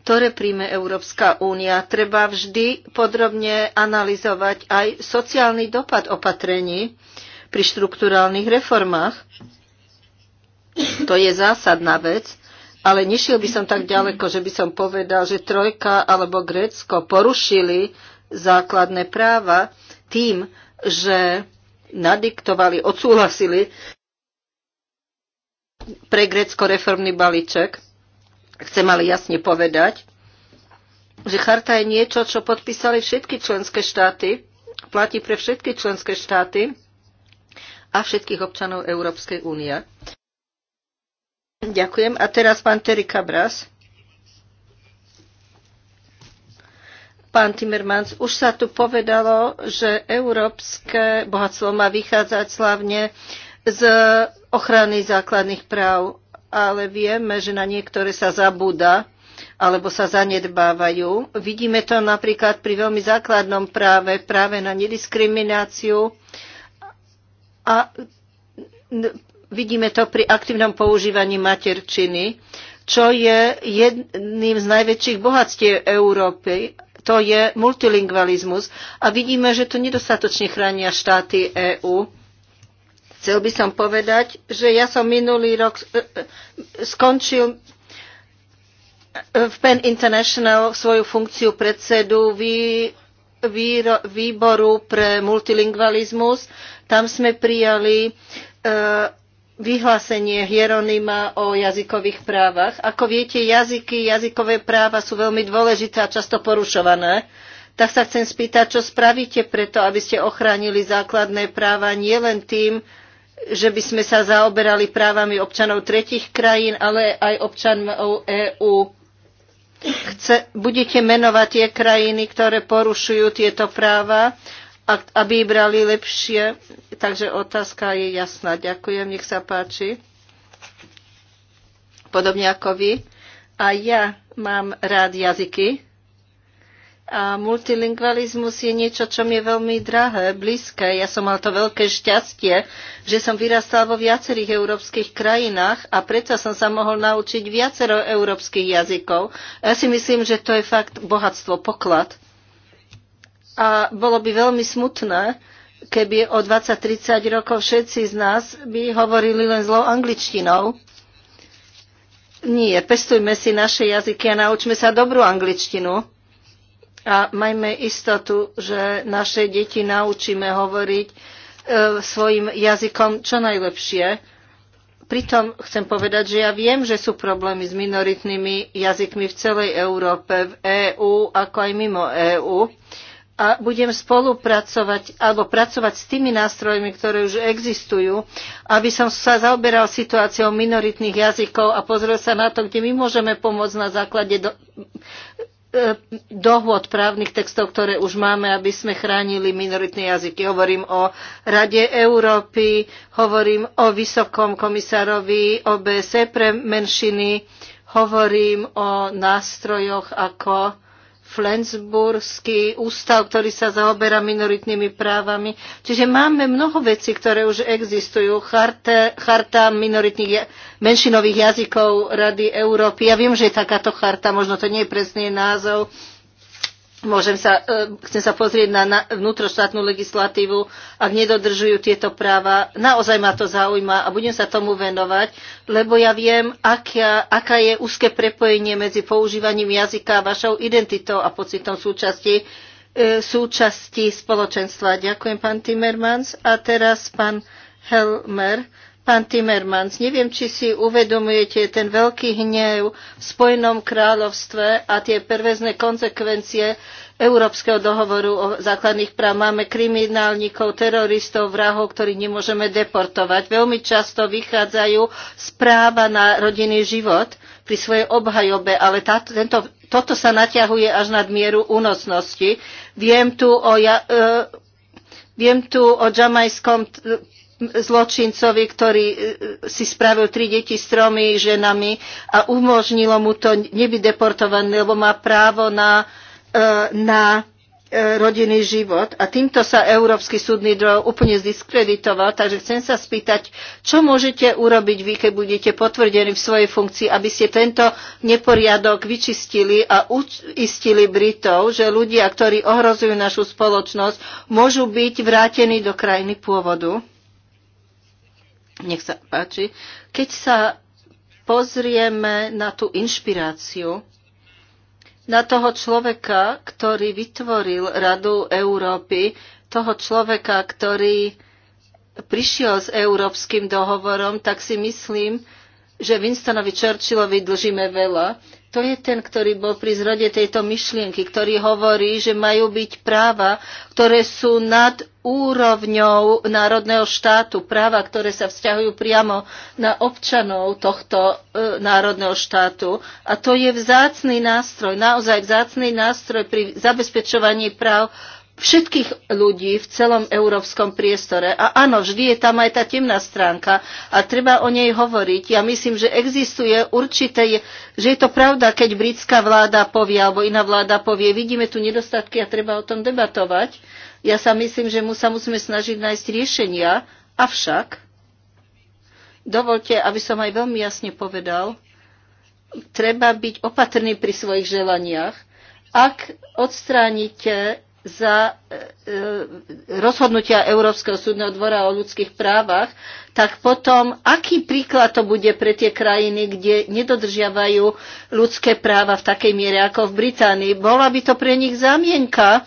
ktoré príjme Európska únia, treba vždy podrobne analyzovať aj sociálny dopad opatrení pri štruktúrálnych reformách. To je zásadná vec, ale nešiel by som tak ďaleko, že by som povedal, že Trojka alebo Grécko porušili základné práva tým, že nadiktovali, odsúhlasili pre Grécko reformný balíček. Chcem ale jasne povedať, že charta je niečo, čo podpísali všetky členské štáty, platí pre všetky členské štáty a všetkých občanov Európskej únie. Ďakujem. A teraz pán Terry Cabras. Pán Timmermans, už sa tu povedalo, že európske bohatstvo má vychádzať slavne z ochrany základných práv, ale vieme, že na niektoré sa zabúda alebo sa zanedbávajú. Vidíme to napríklad pri veľmi základnom práve, práve na nediskrimináciu a vidíme to pri aktívnom používaní materčiny, čo je jedným z najväčších bohatstiev Európy. To je multilingvalizmus a vidíme, že to nedostatočne chránia štáty EÚ Chcel by som povedať, že ja som minulý rok e, e, skončil e, v PEN International svoju funkciu predsedu vý, výro, výboru pre multilingvalizmus. Tam sme prijali vyhlásenie Hieronima o jazykových právach. Ako viete, jazyky, jazykové práva sú veľmi dôležité a často porušované. Tak sa chcem spýtať, čo spravíte preto, aby ste ochránili základné práva nielen tým, že by sme sa zaoberali právami občanov tretich krajín, ale aj občanov EÚ. Chce, budete menovať tie krajiny, ktoré porušujú tieto práva, aby brali lepšie. Takže otázka je jasná. Ďakujem, nech sa páči. Podobne ako vy. A ja mám rád jazyky. A multilingvalizmus je niečo, čo mi je veľmi drahé, blízke. Ja som mal to veľké šťastie, že som vyrastal vo viacerých európskych krajinách a preto som sa mohol naučiť viacero európskych jazykov. Ja si myslím, že to je fakt bohatstvo, poklad. A bolo by veľmi smutné, keby o 20-30 rokov všetci z nás by hovorili len zlou angličtinou. Nie, pestujme si naše jazyky a naučme sa dobrú angličtinu a majme istotu, že naše deti naučíme hovoriť e, svojim jazykom čo najlepšie. Pritom chcem povedať, že ja viem, že sú problémy s minoritnými jazykmi v celej Európe, v EÚ, ako aj mimo EÚ. A budem spolupracovať alebo pracovať s tými nástrojmi, ktoré už existujú, aby som sa zaoberal situáciou minoritných jazykov a pozrel sa na to, kde my môžeme pomôcť na základe do, E, dohôd právnych textov, ktoré už máme, aby sme chránili minoritné jazyky. Hovorím o Rade Európy, hovorím o Vysokom komisárovi OBSE pre menšiny, hovorím o nástrojoch ako Flensburský ústav, ktorý sa zaoberá minoritnými právami. Čiže máme mnoho vecí, ktoré už existujú. Charta, charta minoritných menšinových jazykov Rady Európy. Ja viem, že je takáto charta, možno to nie je presný názov, Môžem sa, e, chcem sa pozrieť na vnútroštátnu legislatívu, ak nedodržujú tieto práva. Naozaj ma to zaujíma a budem sa tomu venovať, lebo ja viem, aká, aká je úzke prepojenie medzi používaním jazyka a vašou identitou a pocitom súčasti, e, súčasti spoločenstva. Ďakujem, pán Timmermans. A teraz pán Helmer Pán Timmermans, neviem, či si uvedomujete ten veľký hnev v Spojenom kráľovstve a tie pervezné konsekvencie Európskeho dohovoru o základných práv. Máme kriminálnikov, teroristov, vrahov, ktorí nemôžeme deportovať. Veľmi často vychádzajú z práva na rodinný život pri svojej obhajobe, ale tá, tento, toto sa naťahuje až nad mieru únosnosti. Viem tu o, ja, uh, viem tu o jamajskom zločincovi, ktorý e, si spravil tri deti s tromi ženami a umožnilo mu to nebyť deportovaný, lebo má právo na, e, na e, rodinný život. A týmto sa Európsky súdny dvor úplne zdiskreditoval, takže chcem sa spýtať, čo môžete urobiť vy, keď budete potvrdení v svojej funkcii, aby ste tento neporiadok vyčistili a uistili Britov, že ľudia, ktorí ohrozujú našu spoločnosť, môžu byť vrátení do krajiny pôvodu? Nech sa páči. Keď sa pozrieme na tú inšpiráciu, na toho človeka, ktorý vytvoril Radu Európy, toho človeka, ktorý prišiel s európskym dohovorom, tak si myslím, že Winstonovi Churchillovi dlžíme veľa. To je ten, ktorý bol pri zrode tejto myšlienky, ktorý hovorí, že majú byť práva, ktoré sú nad úrovňou národného štátu, práva, ktoré sa vzťahujú priamo na občanov tohto e, národného štátu. A to je vzácný nástroj, naozaj vzácný nástroj pri zabezpečovaní práv všetkých ľudí v celom európskom priestore. A áno, vždy je tam aj tá temná stránka a treba o nej hovoriť. Ja myslím, že existuje určité, že je to pravda, keď britská vláda povie alebo iná vláda povie, vidíme tu nedostatky a treba o tom debatovať. Ja sa myslím, že mu sa musíme snažiť nájsť riešenia, avšak dovolte, aby som aj veľmi jasne povedal, treba byť opatrný pri svojich želaniach. Ak odstránite za e, e, rozhodnutia Európskeho súdneho dvora o ľudských právach, tak potom aký príklad to bude pre tie krajiny, kde nedodržiavajú ľudské práva v takej miere ako v Británii? Bola by to pre nich zámienka,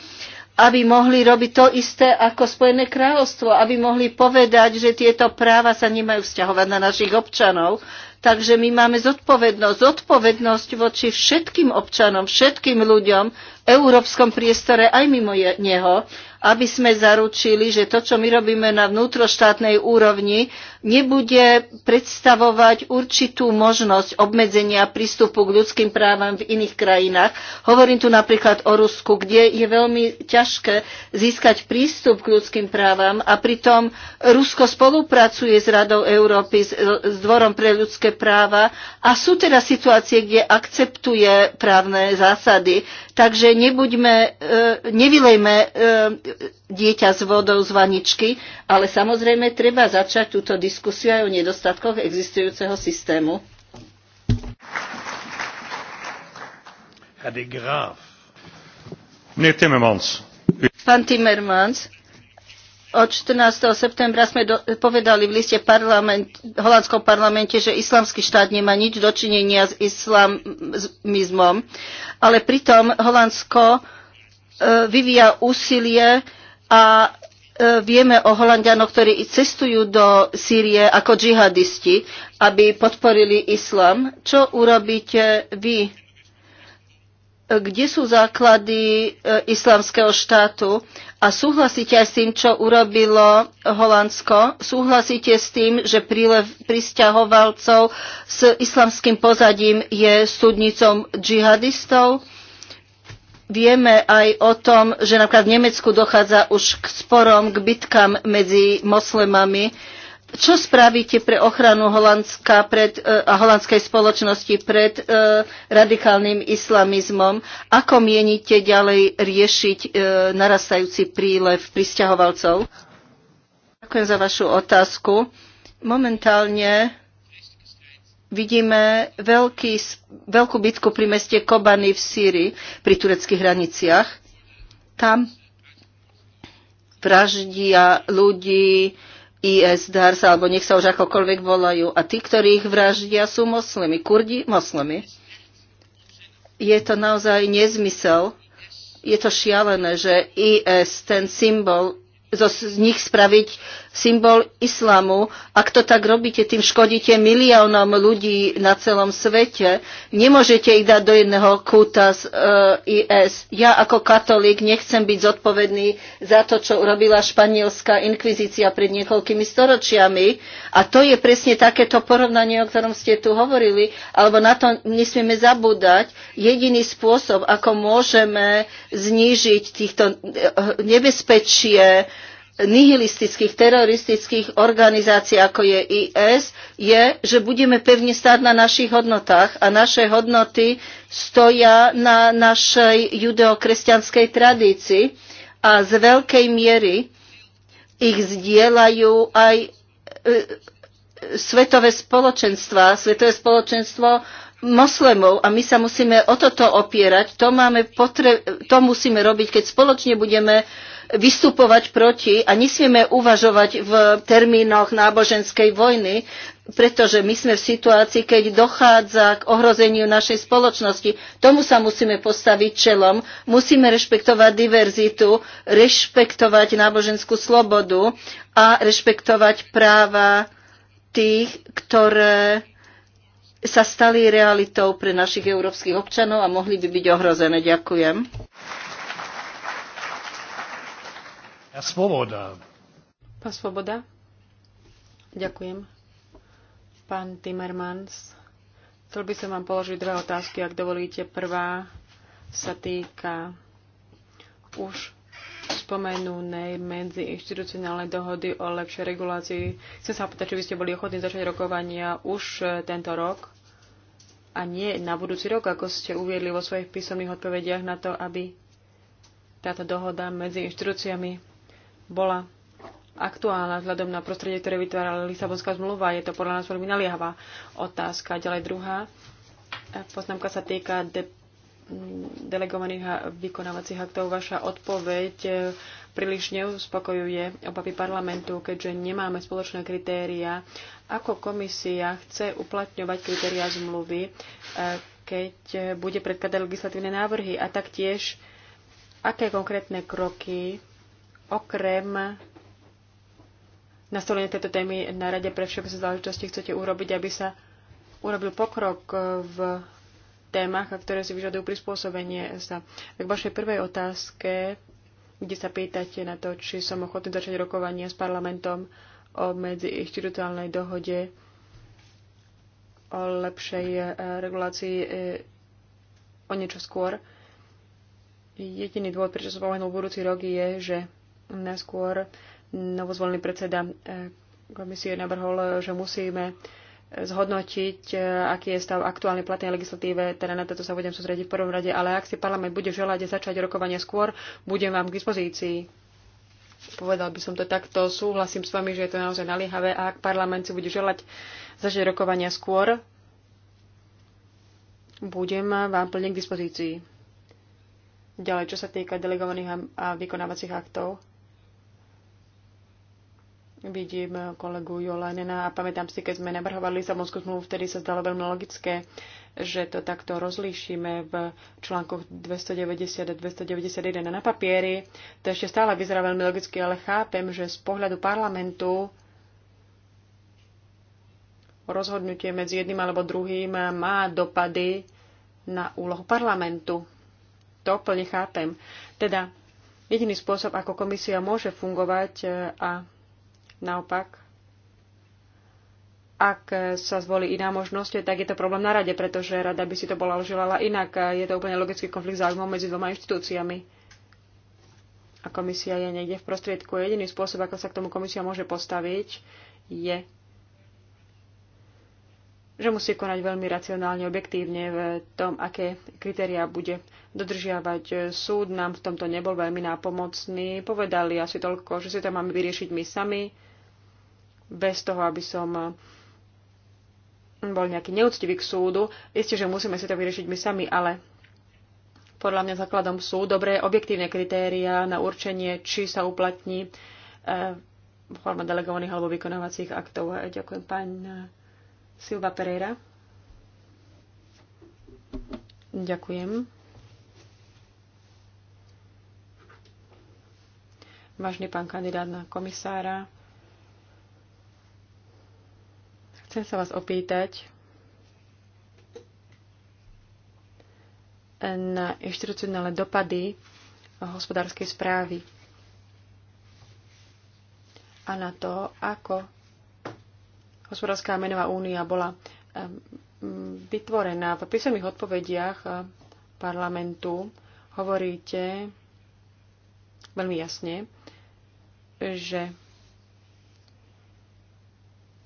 aby mohli robiť to isté ako Spojené kráľovstvo, aby mohli povedať, že tieto práva sa nemajú vzťahovať na našich občanov. Takže my máme zodpovednosť, zodpovednosť voči všetkým občanom, všetkým ľuďom, európskom priestore aj mimo neho, aby sme zaručili, že to, čo my robíme na vnútroštátnej úrovni, nebude predstavovať určitú možnosť obmedzenia prístupu k ľudským právam v iných krajinách. Hovorím tu napríklad o Rusku, kde je veľmi ťažké získať prístup k ľudským právam a pritom Rusko spolupracuje s Radou Európy, s Dvorom pre ľudské práva a sú teda situácie, kde akceptuje právne zásady. Takže nebuďme, e, nevylejme e, dieťa s vodou z vaničky, ale samozrejme treba začať túto diskusiu diskusiu aj o nedostatkoch existujúceho systému. Pán Timmermans, od 14. septembra sme do, povedali v liste parlament, holandskom parlamente, že islamský štát nemá nič dočinenia s islamizmom, ale pritom Holandsko e, vyvíja úsilie a E, vieme o Holandianoch, ktorí cestujú do Sýrie ako džihadisti, aby podporili islam. Čo urobíte vy? E, kde sú základy e, islamského štátu? A súhlasíte aj s tým, čo urobilo Holandsko? Súhlasíte s tým, že prílev pristahovalcov s islamským pozadím je studnicom džihadistov? Vieme aj o tom, že napríklad v Nemecku dochádza už k sporom, k bitkám medzi moslemami. Čo spravíte pre ochranu Holandska pred, e, a holandskej spoločnosti pred e, radikálnym islamizmom? Ako mienite ďalej riešiť e, narastajúci prílev pristahovalcov? Ďakujem za vašu otázku. Momentálne vidíme veľký, veľkú bitku pri meste Kobany v Sýrii, pri tureckých hraniciach. Tam vraždia ľudí, IS, Dars, alebo nech sa už akokoľvek volajú. A tí, ktorých vraždia, sú moslimi. Kurdi, moslimi. Je to naozaj nezmysel. Je to šialené, že IS, ten symbol, z nich spraviť symbol islamu. Ak to tak robíte, tým škodíte miliónom ľudí na celom svete. Nemôžete ich dať do jedného kúta z e, eh, IS. Ja ako katolík nechcem byť zodpovedný za to, čo urobila španielská inkvizícia pred niekoľkými storočiami. A to je presne takéto porovnanie, o ktorom ste tu hovorili, alebo na to nesmieme zabúdať. Jediný spôsob, ako môžeme znížiť týchto eh, nebezpečie, nihilistických teroristických organizácií, ako je IS, je, že budeme pevne stáť na našich hodnotách a naše hodnoty stoja na našej judeokresťanskej tradícii a z veľkej miery ich zdieľajú aj e, e svetové spoločenstva. Svetové spoločenstvo moslemov a my sa musíme o toto opierať. To, máme potre- to musíme robiť, keď spoločne budeme vystupovať proti a nesmieme uvažovať v termínoch náboženskej vojny, pretože my sme v situácii, keď dochádza k ohrozeniu našej spoločnosti. Tomu sa musíme postaviť čelom. Musíme rešpektovať diverzitu, rešpektovať náboženskú slobodu a rešpektovať práva tých, ktoré sa stali realitou pre našich európskych občanov a mohli by byť ohrozené. Ďakujem. Ja svoboda. Pán Svoboda. Ďakujem. Pán Timmermans. Chcel by som vám položiť dve otázky, ak dovolíte. Prvá sa týka už spomenúnej medzi inštitucionálnej dohody o lepšej regulácii. Chcem sa opýtať, či by ste boli ochotní začať rokovania už e, tento rok a nie na budúci rok, ako ste uviedli vo svojich písomných odpovediach na to, aby táto dohoda medzi inštitúciami bola aktuálna vzhľadom na prostredie, ktoré vytvára Lisabonská zmluva. Je to podľa nás veľmi naliehavá otázka. Ďalej druhá e, poznámka sa týka de- delegovaných a vykonávacích aktov. Vaša odpoveď eh, príliš neuspokojuje obavy parlamentu, keďže nemáme spoločné kritéria. Ako komisia chce uplatňovať kritéria zmluvy, eh, keď eh, bude predkladať legislatívne návrhy? A taktiež, aké konkrétne kroky okrem nastolenie tejto témy na Rade pre všeobecné záležitosti chcete urobiť, aby sa urobil pokrok v témach, ktoré si vyžadujú prispôsobenie sa. Tak vašej prvej otázke, kde sa pýtate na to, či som ochotný začať rokovanie s parlamentom o medzi medziinstitucionálnej dohode o lepšej eh, regulácii eh, o niečo skôr. Jediný dôvod, prečo som v budúci rok, je, že najskôr novozvolený predseda eh, komisie navrhol, že musíme zhodnotiť, e, aký je stav aktuálnej platnej legislatíve, teda na toto sa budem sústrediť v prvom rade, ale ak si parlament bude želať začať rokovania skôr, budem vám k dispozícii. Povedal by som to takto, súhlasím s vami, že je to naozaj naliehavé a ak parlament si bude želať začať rokovania skôr, budem vám plne k dispozícii. Ďalej, čo sa týka delegovaných a vykonávacích aktov, Vidím kolegu Jolanena a pamätám si, keď sme navrhovali Lisabonskú zmluvu, vtedy sa zdalo veľmi logické, že to takto rozlíšime v článkoch 290 a 291 a na papieri. To ešte stále vyzerá veľmi logicky, ale chápem, že z pohľadu parlamentu rozhodnutie medzi jedným alebo druhým má dopady na úlohu parlamentu. To plne chápem. Teda jediný spôsob, ako komisia môže fungovať a Naopak, ak sa zvolí iná možnosť, tak je to problém na rade, pretože rada by si to bola želala inak. Je to úplne logický konflikt záujmov medzi dvoma inštitúciami. A komisia je niekde v prostriedku. Jediný spôsob, ako sa k tomu komisia môže postaviť, je, že musí konať veľmi racionálne, objektívne v tom, aké kritériá bude dodržiavať. Súd nám v tomto nebol veľmi nápomocný. Povedali asi toľko, že si to máme vyriešiť my sami bez toho, aby som bol nejaký neúctivý k súdu. Isté, že musíme si to vyriešiť my sami, ale podľa mňa základom sú dobré objektívne kritéria na určenie, či sa uplatní eh, forma delegovaných alebo vykonávacích aktov. Ďakujem, pán Silva Pereira. Ďakujem. Vážny pán kandidát na komisára, Chcem sa vás opýtať na inštitucionálne dopady hospodárskej správy a na to, ako hospodárska menová únia bola vytvorená. V písomných odpovediach eh, parlamentu hovoríte veľmi jasne, že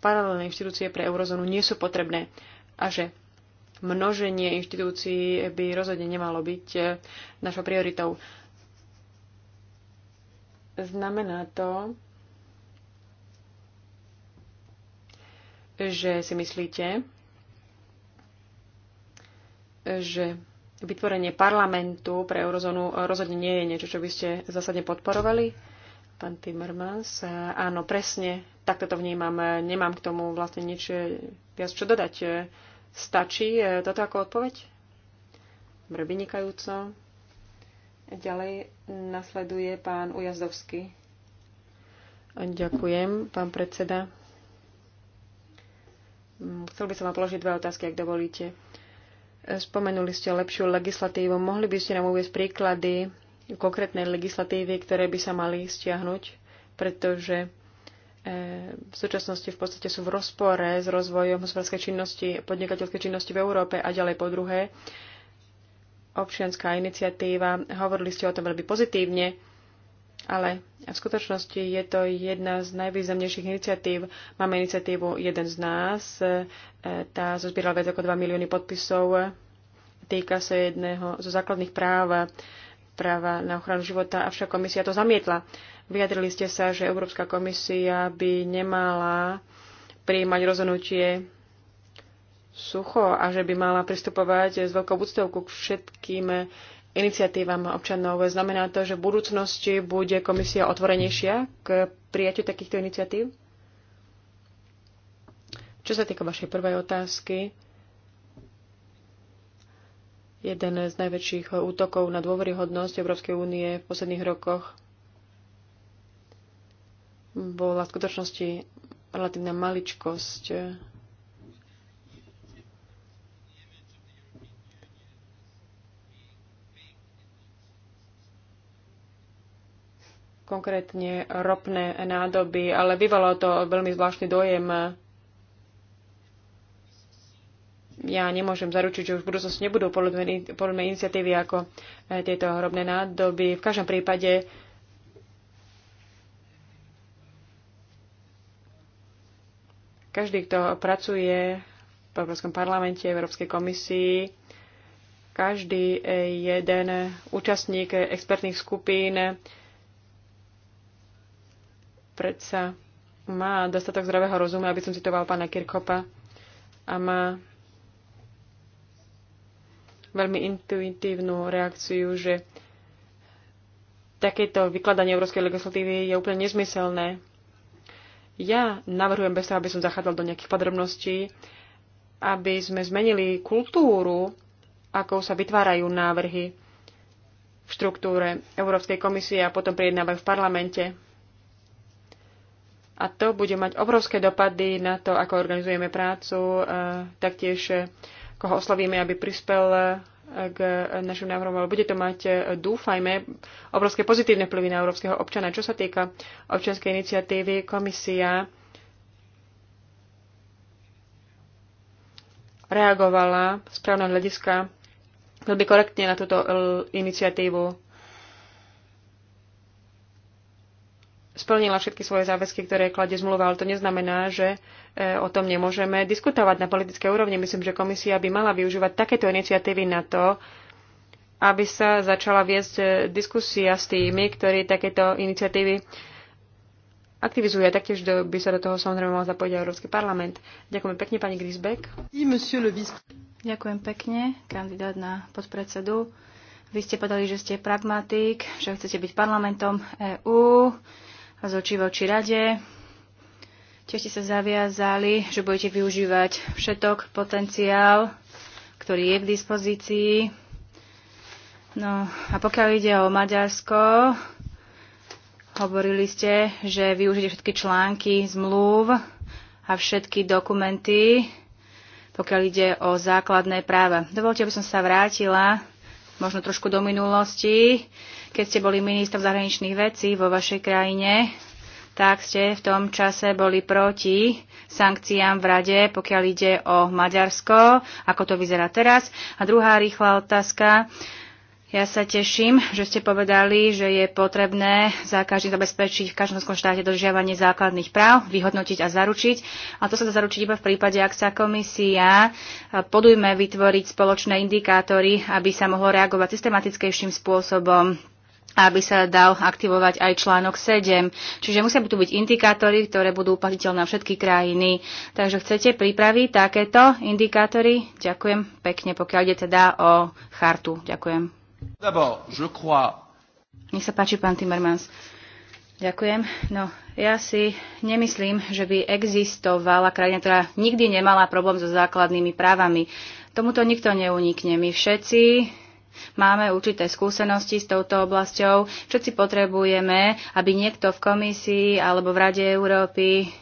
paralelné inštitúcie pre eurozónu nie sú potrebné a že množenie inštitúcií by rozhodne nemalo byť e, našou prioritou. Znamená to, že si myslíte, že vytvorenie parlamentu pre eurozónu rozhodne nie je niečo, čo by ste zásadne podporovali? Pán Timmermans, e, áno, presne, takto to vnímam. E, nemám k tomu vlastne nič e, viac čo dodať. Stačí toto ako odpoveď? Dobre, vynikajúco. Ďalej nasleduje pán Ujazdovský. Ďakujem, pán predseda. Mm, chcel by som vám položiť dve otázky, ak dovolíte. Spomenuli ste lepšiu legislatívu. Mohli by ste nám uvieť príklady konkrétnej legislatívy, ktoré by sa mali stiahnuť, pretože e, v súčasnosti v podstate sú v rozpore s rozvojom hospodárskej činnosti, podnikateľskej činnosti v Európe a ďalej po druhé. Občianská iniciatíva, hovorili ste o tom veľmi pozitívne, ale v skutočnosti je to jedna z najvýznamnejších iniciatív. Máme iniciatívu Jeden z nás, e, tá zozbierala viac ako 2 milióny podpisov, týka sa jedného zo základných práv práva na ochranu života, avšak komisia to zamietla. Vyjadrili ste sa, že Európska komisia by nemala prijímať rozhodnutie sucho a že by mala pristupovať s veľkou úctou ku všetkým iniciatívam občanov. Znamená to, že v budúcnosti bude komisia otvorenejšia k prijaťu takýchto iniciatív? Čo sa týka vašej prvej otázky, jeden z najväčších útokov na dôveryhodnosť Európskej únie v posledných rokoch bola v skutočnosti relatívna maličkosť konkrétne ropné nádoby, ale vyvalo to veľmi zvláštny dojem ja nemôžem zaručiť, že už v budúcnosti nebudú podobné iniciatívy ako eh, tieto hrobné nádoby. V každom prípade každý, kto pracuje v Európskom parlamente, v Európskej komisii, každý eh, jeden účastník expertných skupín predsa má dostatok zdravého rozumu, aby som citoval pána Kirkopa, a má veľmi intuitívnu reakciu, že takéto vykladanie európskej legislatívy je úplne nezmyselné. Ja navrhujem bez toho, aby som zachádzal do nejakých podrobností, aby sme zmenili kultúru, ako sa vytvárajú návrhy v štruktúre Európskej komisie a potom prijednávajú v parlamente. A to bude mať obrovské dopady na to, ako organizujeme prácu, taktiež koho oslovíme, aby prispel eh, k našim návrhom, ale bude to mať, eh, dúfajme, obrovské pozitívne vplyvy na európskeho občana. Čo sa týka občianskej iniciatívy, komisia reagovala správne hľadiska veľmi korektne na túto eh, iniciatívu splnila všetky svoje záväzky, ktoré klade zmluva, ale to neznamená, že e, o tom nemôžeme diskutovať na politické úrovni. Myslím, že komisia by mala využívať takéto iniciatívy na to, aby sa začala viesť e, diskusia s tými, ktorí takéto iniciatívy aktivizuje. Taktiež by sa do toho samozrejme mal zapojiť Európsky parlament. Ďakujem pekne, pani Grisbeck. Ďakujem pekne, kandidát na podpredsedu. Vy ste povedali, že ste pragmatik, že chcete byť parlamentom EÚ. EU z očí voči rade. Tiež ste sa zaviazali, že budete využívať všetok potenciál, ktorý je k dispozícii. No a pokiaľ ide o Maďarsko, hovorili ste, že využite všetky články zmluv a všetky dokumenty, pokiaľ ide o základné práva. Dovolte, aby som sa vrátila možno trošku do minulosti, keď ste boli minister zahraničných vecí vo vašej krajine, tak ste v tom čase boli proti sankciám v Rade, pokiaľ ide o Maďarsko, ako to vyzerá teraz. A druhá rýchla otázka. Ja sa teším, že ste povedali, že je potrebné za každým zabezpečiť v každom členskom štáte dodržiavanie základných práv, vyhodnotiť a zaručiť. A to sa dá zaručiť iba v prípade, ak sa komisia podujme vytvoriť spoločné indikátory, aby sa mohlo reagovať systematickejším spôsobom aby sa dal aktivovať aj článok 7. Čiže musia tu byť indikátory, ktoré budú uplatiteľné na všetky krajiny. Takže chcete pripraviť takéto indikátory? Ďakujem pekne, pokiaľ ide teda o chartu. Ďakujem. Nech sa páči, pán Timmermans. Ďakujem. No, ja si nemyslím, že by existovala krajina, ktorá nikdy nemala problém so základnými právami. Tomuto nikto neunikne. My všetci máme určité skúsenosti s touto oblasťou. Všetci potrebujeme, aby niekto v komisii alebo v Rade Európy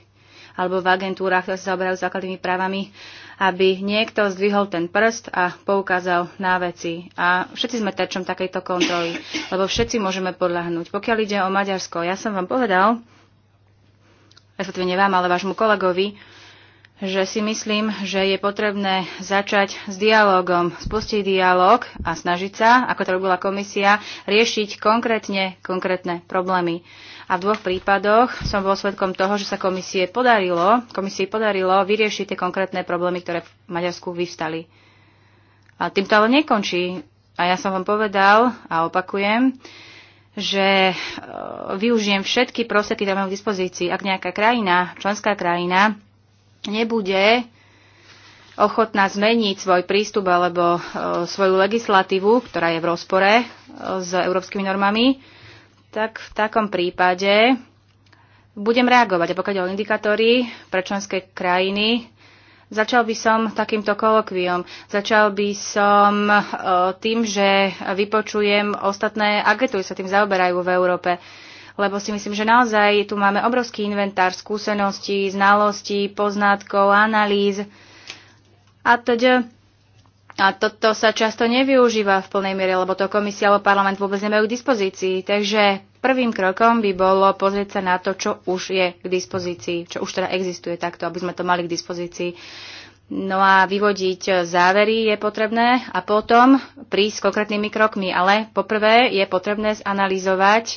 alebo v agentúrach, ktoré sa zaoberajú základnými právami, aby niekto zdvihol ten prst a poukázal na veci. A všetci sme terčom takejto kontroly, lebo všetci môžeme podľahnúť. Pokiaľ ide o Maďarsko, ja som vám povedal, respektíve vám, ale vášmu kolegovi, že si myslím, že je potrebné začať s dialogom, spustiť dialog a snažiť sa, ako to robila komisia, riešiť konkrétne konkrétne problémy. A v dvoch prípadoch som bol svedkom toho, že sa komisie podarilo, komisii podarilo vyriešiť tie konkrétne problémy, ktoré v Maďarsku vyvstali. A týmto ale nekončí. A ja som vám povedal a opakujem, že e, využijem všetky prostriedky, ktoré mám k dispozícii. Ak nejaká krajina, členská krajina, nebude ochotná zmeniť svoj prístup alebo e, svoju legislatívu, ktorá je v rozpore e, s európskymi normami, tak v takom prípade budem reagovať. A pokiaľ o indikátory pre členské krajiny, začal by som takýmto kolokviom. Začal by som e, tým, že vypočujem ostatné agentúry, sa tým zaoberajú v Európe lebo si myslím, že naozaj tu máme obrovský inventár skúseností, znalostí, poznatkov, analýz a teda a toto sa často nevyužíva v plnej miere, lebo to komisia alebo parlament vôbec nemajú k dispozícii. Takže prvým krokom by bolo pozrieť sa na to, čo už je k dispozícii, čo už teda existuje takto, aby sme to mali k dispozícii. No a vyvodiť závery je potrebné a potom prísť s konkrétnymi krokmi. Ale poprvé je potrebné zanalizovať e,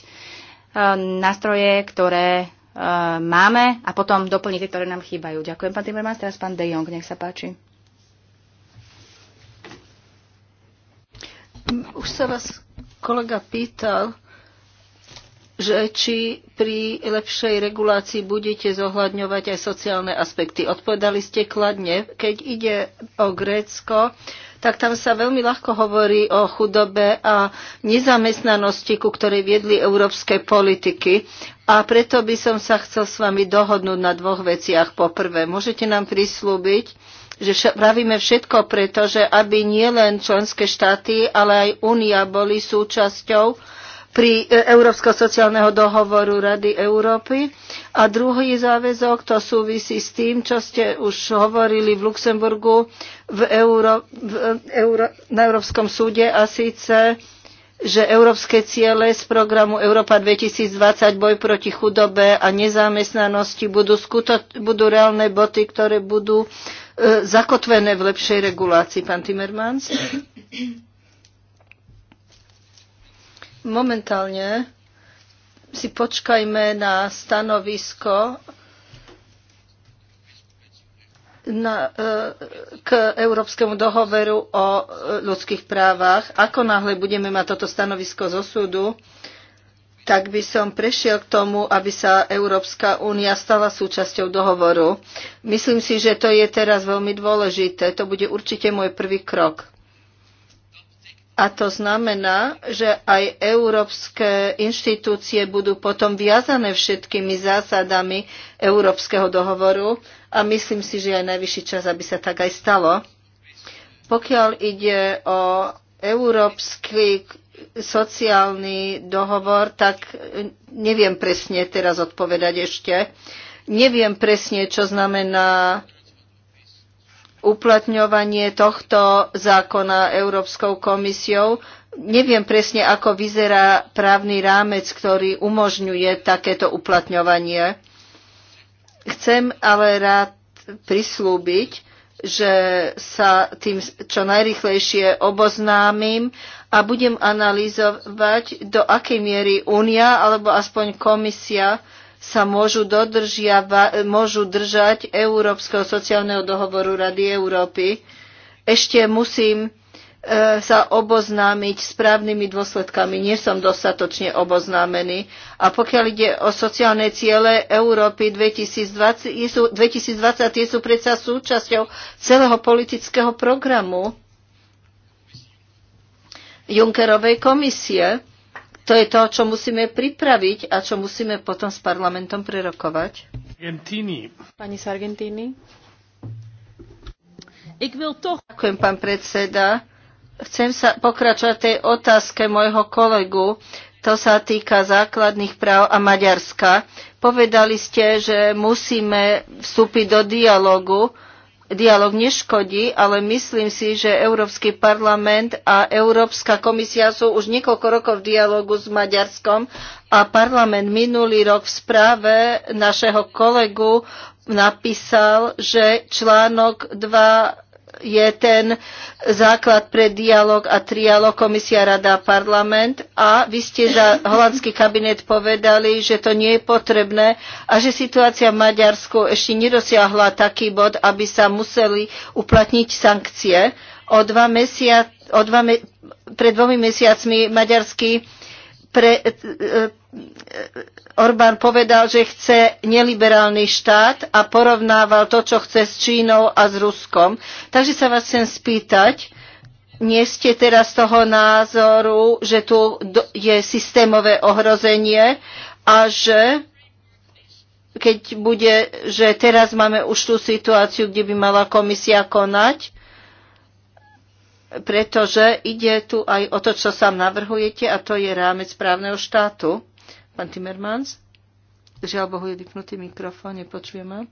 nástroje, ktoré e, máme a potom doplniť tie, ktoré nám chýbajú. Ďakujem, pán Timmermans. Teraz pán De Jong, nech sa páči. Už sa vás kolega pýtal, že či pri lepšej regulácii budete zohľadňovať aj sociálne aspekty. Odpovedali ste kladne. Keď ide o Grécko, tak tam sa veľmi ľahko hovorí o chudobe a nezamestnanosti, ku ktorej viedli európske politiky. A preto by som sa chcel s vami dohodnúť na dvoch veciach. Po prvé, môžete nám prislúbiť, že pravíme všetko preto, že aby nielen členské štáty, ale aj Únia boli súčasťou pri e, Európskeho sociálneho dohovoru Rady Európy. A druhý záväzok, to súvisí s tým, čo ste už hovorili v Luxemburgu v Euro, v e, Euro, na Európskom súde a síce že európske ciele z programu Európa 2020 boj proti chudobe a nezamestnanosti budú, skuto, budú reálne boty, ktoré budú E, zakotvené v lepšej regulácii, pán Timmermans? Momentálne si počkajme na stanovisko na, e, k Európskemu dohovoru o e, ľudských právach. Ako náhle budeme mať toto stanovisko zo súdu, tak by som prešiel k tomu, aby sa Európska únia stala súčasťou dohovoru. Myslím si, že to je teraz veľmi dôležité. To bude určite môj prvý krok. A to znamená, že aj európske inštitúcie budú potom viazané všetkými zásadami Európskeho dohovoru a myslím si, že aj najvyšší čas, aby sa tak aj stalo. Pokiaľ ide o európsky sociálny dohovor, tak neviem presne teraz odpovedať ešte. Neviem presne, čo znamená uplatňovanie tohto zákona Európskou komisiou. Neviem presne, ako vyzerá právny rámec, ktorý umožňuje takéto uplatňovanie. Chcem ale rád prislúbiť, že sa tým čo najrychlejšie oboznámim a budem analyzovať, do akej miery Únia alebo aspoň komisia sa môžu, môžu držať Európskeho sociálneho dohovoru Rady Európy. Ešte musím E, sa oboznámiť s právnymi dôsledkami. Nie som dostatočne oboznámený. A pokiaľ ide o sociálne ciele Európy 2020, 2020 tie sú predsa súčasťou celého politického programu Junckerovej komisie. To je to, čo musíme pripraviť a čo musíme potom s parlamentom prerokovať. Argentíny. Pani z Argentíny. Ďakujem, pán predseda. Chcem sa pokračovať tej otázke môjho kolegu. To sa týka základných práv a Maďarska. Povedali ste, že musíme vstúpiť do dialogu. Dialóg neškodí, ale myslím si, že Európsky parlament a Európska komisia sú už niekoľko rokov v dialogu s Maďarskom a parlament minulý rok v správe našeho kolegu napísal, že článok 2 je ten základ pre dialog a trialog Komisia, Rada a Parlament a vy ste za holandský kabinet povedali, že to nie je potrebné a že situácia v Maďarsku ešte nedosiahla taký bod, aby sa museli uplatniť sankcie. O dva mesia, o dva me, pred dvomi mesiacmi maďarský pre, e, e, Orbán povedal, že chce neliberálny štát a porovnával to, čo chce s Čínou a s Ruskom. Takže sa vás chcem spýtať, nie ste teraz toho názoru, že tu je systémové ohrozenie a že keď bude, že teraz máme už tú situáciu, kde by mala komisia konať, pretože ide tu aj o to, čo sám navrhujete, a to je rámec právneho štátu. Pán Timmermans, žiaľ Bohu je vypnutý mikrofón, nepočujeme.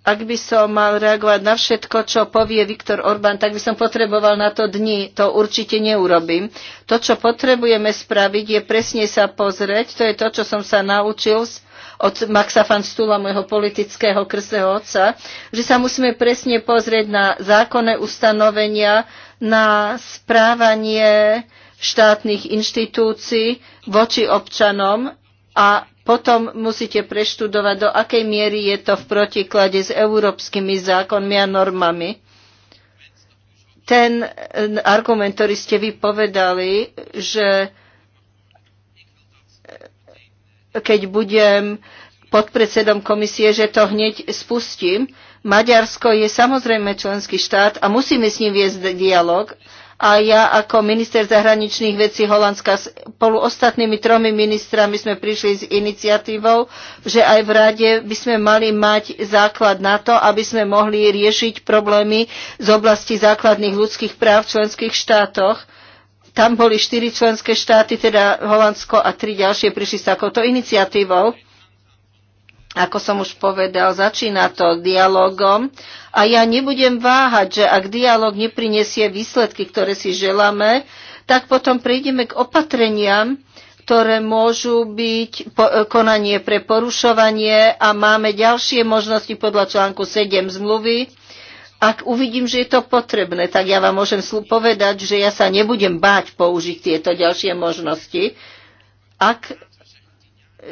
Ak by som mal reagovať na všetko, čo povie Viktor Orbán, tak by som potreboval na to dni. To určite neurobím. To, čo potrebujeme spraviť, je presne sa pozrieť. To je to, čo som sa naučil z od Maxa van Stula, môjho politického krseho otca, že sa musíme presne pozrieť na zákonné ustanovenia, na správanie štátnych inštitúcií voči občanom a potom musíte preštudovať, do akej miery je to v protiklade s európskymi zákonmi a normami. Ten e, argument, ktorý ste vy povedali, že keď budem podpredsedom komisie, že to hneď spustím. Maďarsko je samozrejme členský štát a musíme s ním viesť dialog. A ja ako minister zahraničných vecí Holandska spolu ostatnými tromi ministrami sme prišli s iniciatívou, že aj v rade by sme mali mať základ na to, aby sme mohli riešiť problémy z oblasti základných ľudských práv v členských štátoch tam boli štyri členské štáty, teda Holandsko a tri ďalšie prišli s takouto iniciatívou. Ako som už povedal, začína to dialogom a ja nebudem váhať, že ak dialog neprinesie výsledky, ktoré si želáme, tak potom prejdeme k opatreniam, ktoré môžu byť konanie pre porušovanie a máme ďalšie možnosti podľa článku 7 zmluvy, ak uvidím, že je to potrebné, tak ja vám môžem povedať, že ja sa nebudem báť použiť tieto ďalšie možnosti. Ak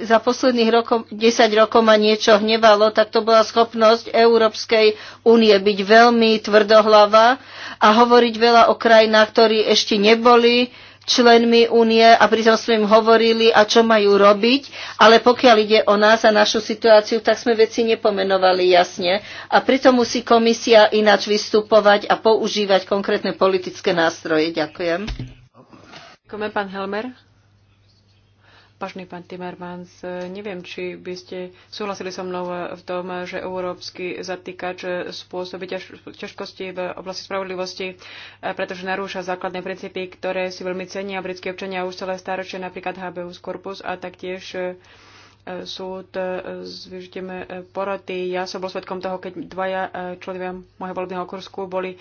za posledných rokov, 10 rokov ma niečo hnevalo, tak to bola schopnosť Európskej únie byť veľmi tvrdohlava a hovoriť veľa o krajinách, ktorí ešte neboli členmi únie a pritom sme im hovorili a čo majú robiť, ale pokiaľ ide o nás a našu situáciu, tak sme veci nepomenovali jasne a pritom musí komisia ináč vystupovať a používať konkrétne politické nástroje. Ďakujem. Ďakujeme, pán Helmer. Vážny pán Timmermans, neviem, či by ste súhlasili so mnou v tom, že európsky zatýkač spôsobí ťažkosti v oblasti spravodlivosti, pretože narúša základné princípy, ktoré si veľmi cenia britskí občania už celé staročie, napríklad habeus corpus a taktiež e, súd e, s využitím poroty. Ja som bol svetkom toho, keď dvaja e, členovia môjho volebného kursku boli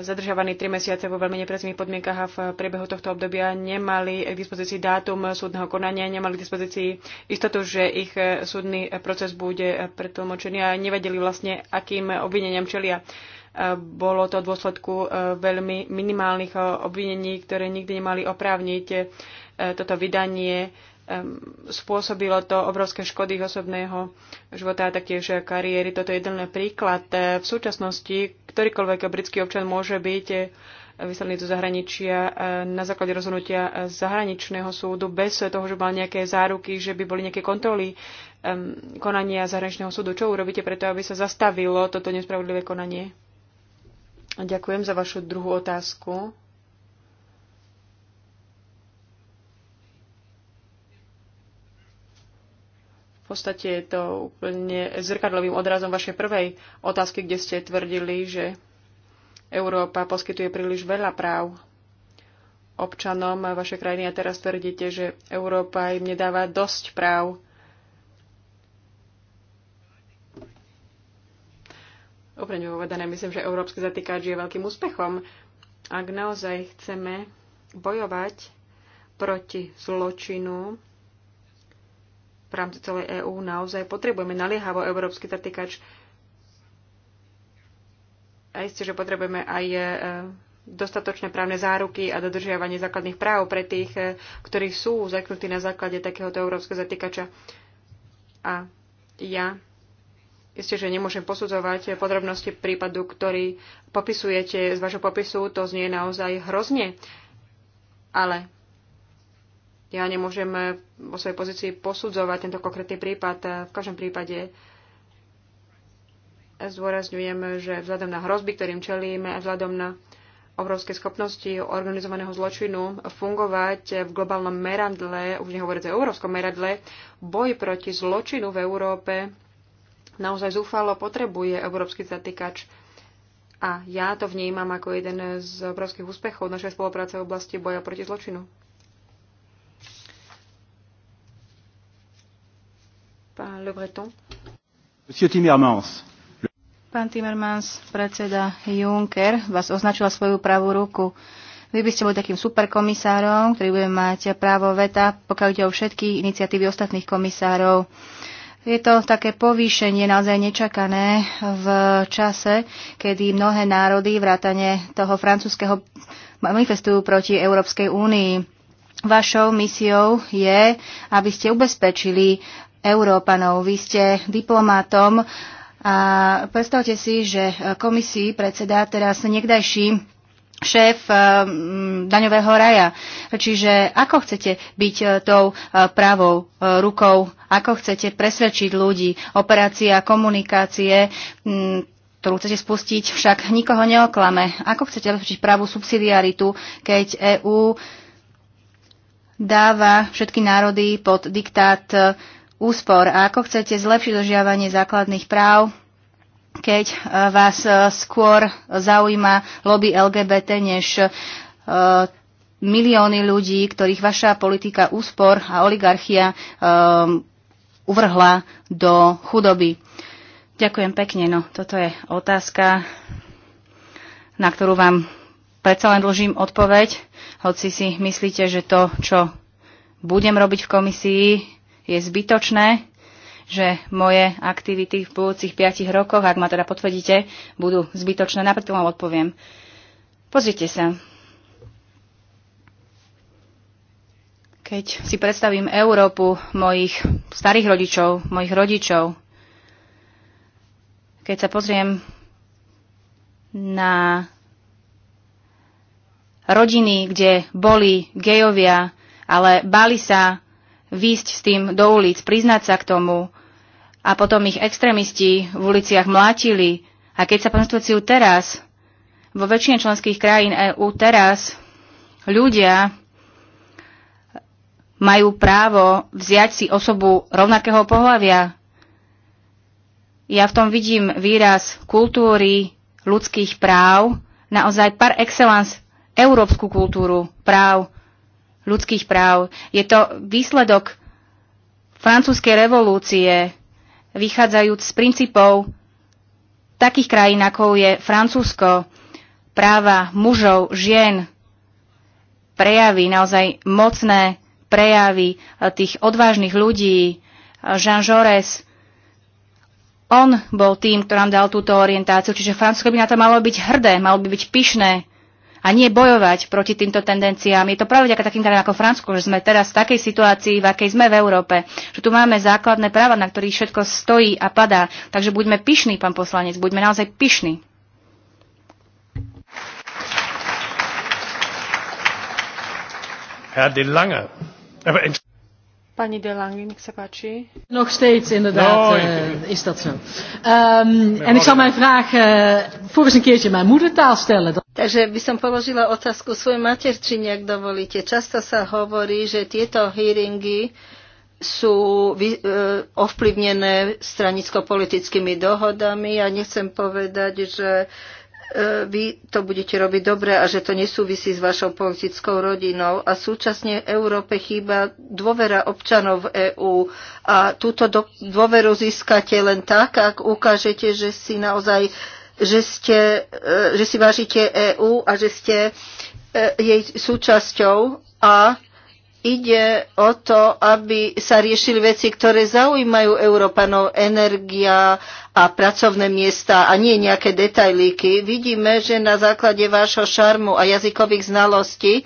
zadržiavaní tri mesiace vo veľmi nepracných podmienkach a v priebehu tohto obdobia nemali k dispozícii dátum súdneho konania, nemali k dispozícii istotu, že ich súdny proces bude pretlmočený a nevedeli vlastne, akým obvineniam čelia. Bolo to v dôsledku e, veľmi minimálnych e, obvinení, ktoré nikdy nemali oprávniť e, toto vydanie spôsobilo to obrovské škody ich osobného života a taktiež kariéry. Toto je jeden príklad. E, v súčasnosti ktorýkoľvek britský občan môže byť e, vyslaný do zahraničia e, na základe rozhodnutia zahraničného súdu bez toho, že mal nejaké záruky, že by boli nejaké kontroly konania zahraničného súdu. Čo urobíte preto, aby sa zastavilo toto nespravodlivé konanie? Ďakujem za vašu druhú otázku. V podstate je to úplne zrkadlovým odrazom vašej prvej otázky, kde ste tvrdili, že Európa poskytuje príliš veľa práv občanom vašej krajiny a teraz tvrdíte, že Európa im nedáva dosť práv. Úprimne povedané, myslím, že európsky zatýkač je veľkým úspechom. Ak naozaj chceme bojovať proti zločinu, v rámci celej EÚ naozaj potrebujeme naliehavo európsky zatýkač. A isté, že potrebujeme aj e, dostatočné právne záruky a dodržiavanie základných práv pre tých, e, ktorí sú zaknutí na základe takéhoto európskeho zatýkača. A ja Isté, že nemôžem posudzovať podrobnosti prípadu, ktorý popisujete z vašho popisu, to znie naozaj hrozne. Ale ja nemôžem eh, vo svojej pozícii posudzovať tento konkrétny prípad. Eh, v každom prípade zdôrazňujem, že vzhľadom na hrozby, ktorým čelíme a vzhľadom na obrovské schopnosti organizovaného zločinu fungovať v globálnom meradle, už nehovoriac o európskom meradle, boj proti zločinu v Európe naozaj zúfalo potrebuje európsky zatýkač. A ja to vnímam ako jeden z obrovských úspechov našej spolupráce v oblasti boja proti zločinu. Pán Le Breton. Monsieur Timmermans. Pán Timmermans, predseda Juncker, vás označila svoju pravú ruku. Vy by ste boli takým superkomisárom, ktorý bude mať právo veta, pokiaľ ide o všetky iniciatívy ostatných komisárov. Je to také povýšenie naozaj nečakané v čase, kedy mnohé národy, vrátane toho francúzského, manifestujú proti Európskej únii. Vašou misiou je, aby ste ubezpečili Európanov. Vy ste diplomátom a predstavte si, že komisii predsedá teraz niekdajší šéf eh, daňového raja. Čiže ako chcete byť eh, tou eh, pravou rukou, ako chcete presvedčiť ľudí, operácia komunikácie, mm, ktorú chcete spustiť, však nikoho neoklame. Ako chcete presvedčiť pravú subsidiaritu, keď EÚ dáva všetky národy pod diktát úspor a ako chcete zlepšiť dožiavanie základných práv, keď e, vás e, skôr zaujíma lobby LGBT než e, milióny ľudí, ktorých vaša politika úspor a oligarchia uvrhla do chudoby. Ďakujem pekne. No, toto je otázka, na ktorú vám predsa len dlžím odpoveď, hoci si myslíte, že to, čo budem robiť v komisii, je zbytočné, že moje aktivity v budúcich 5 rokoch, ak ma teda potvrdíte, budú zbytočné. Napríklad vám odpoviem. Pozrite sa. Keď si predstavím Európu mojich starých rodičov, mojich rodičov, keď sa pozriem na rodiny, kde boli gejovia, ale báli sa výjsť s tým do ulic, priznať sa k tomu a potom ich extrémisti v uliciach mlátili. A keď sa konštitujú teraz, vo väčšine členských krajín EÚ teraz ľudia majú právo vziať si osobu rovnakého pohľavia. Ja v tom vidím výraz kultúry ľudských práv, naozaj par excellence európsku kultúru práv ľudských práv. Je to výsledok francúzskej revolúcie, vychádzajúc z princípov takých krajín, ako je Francúzsko, práva mužov, žien, prejavy, naozaj mocné prejavy e, tých odvážnych ľudí. E, Jean Jaurès, on bol tým, ktorý nám dal túto orientáciu, čiže Francúzsko by na to malo byť hrdé, malo by byť pyšné a nie bojovať proti týmto tendenciám. Je to práve vďaka takým krajinám ako Francúzsko, že sme teraz v takej situácii, v akej sme v Európe, že tu máme základné práva, na ktorých všetko stojí a padá. Takže buďme pyšní, pán poslanec, buďme naozaj pyšní. Herr de Lange. Aber Pani De Lange, nech sa páči. Nog steeds inderdaad no, uh, is dat zo. Um, en ik zal mijn vraag uh, voor eens een keertje in mijn moedertaal stellen. Takže by som položila otázku svojej materčine, ak dovolíte. Často sa hovorí, že tieto hearingy sú vy, e, ovplyvnené stranicko-politickými dohodami. Ja nechcem povedať, že e, vy to budete robiť dobre a že to nesúvisí s vašou politickou rodinou. A súčasne Európe chýba dôvera občanov v EÚ. A túto dôveru získate len tak, ak ukážete, že si naozaj že, ste, e, že si vážite EÚ a že ste e, jej súčasťou a ide o to, aby sa riešili veci, ktoré zaujímajú Európanov, energia a pracovné miesta a nie nejaké detailíky. Vidíme, že na základe vášho šarmu a jazykových znalostí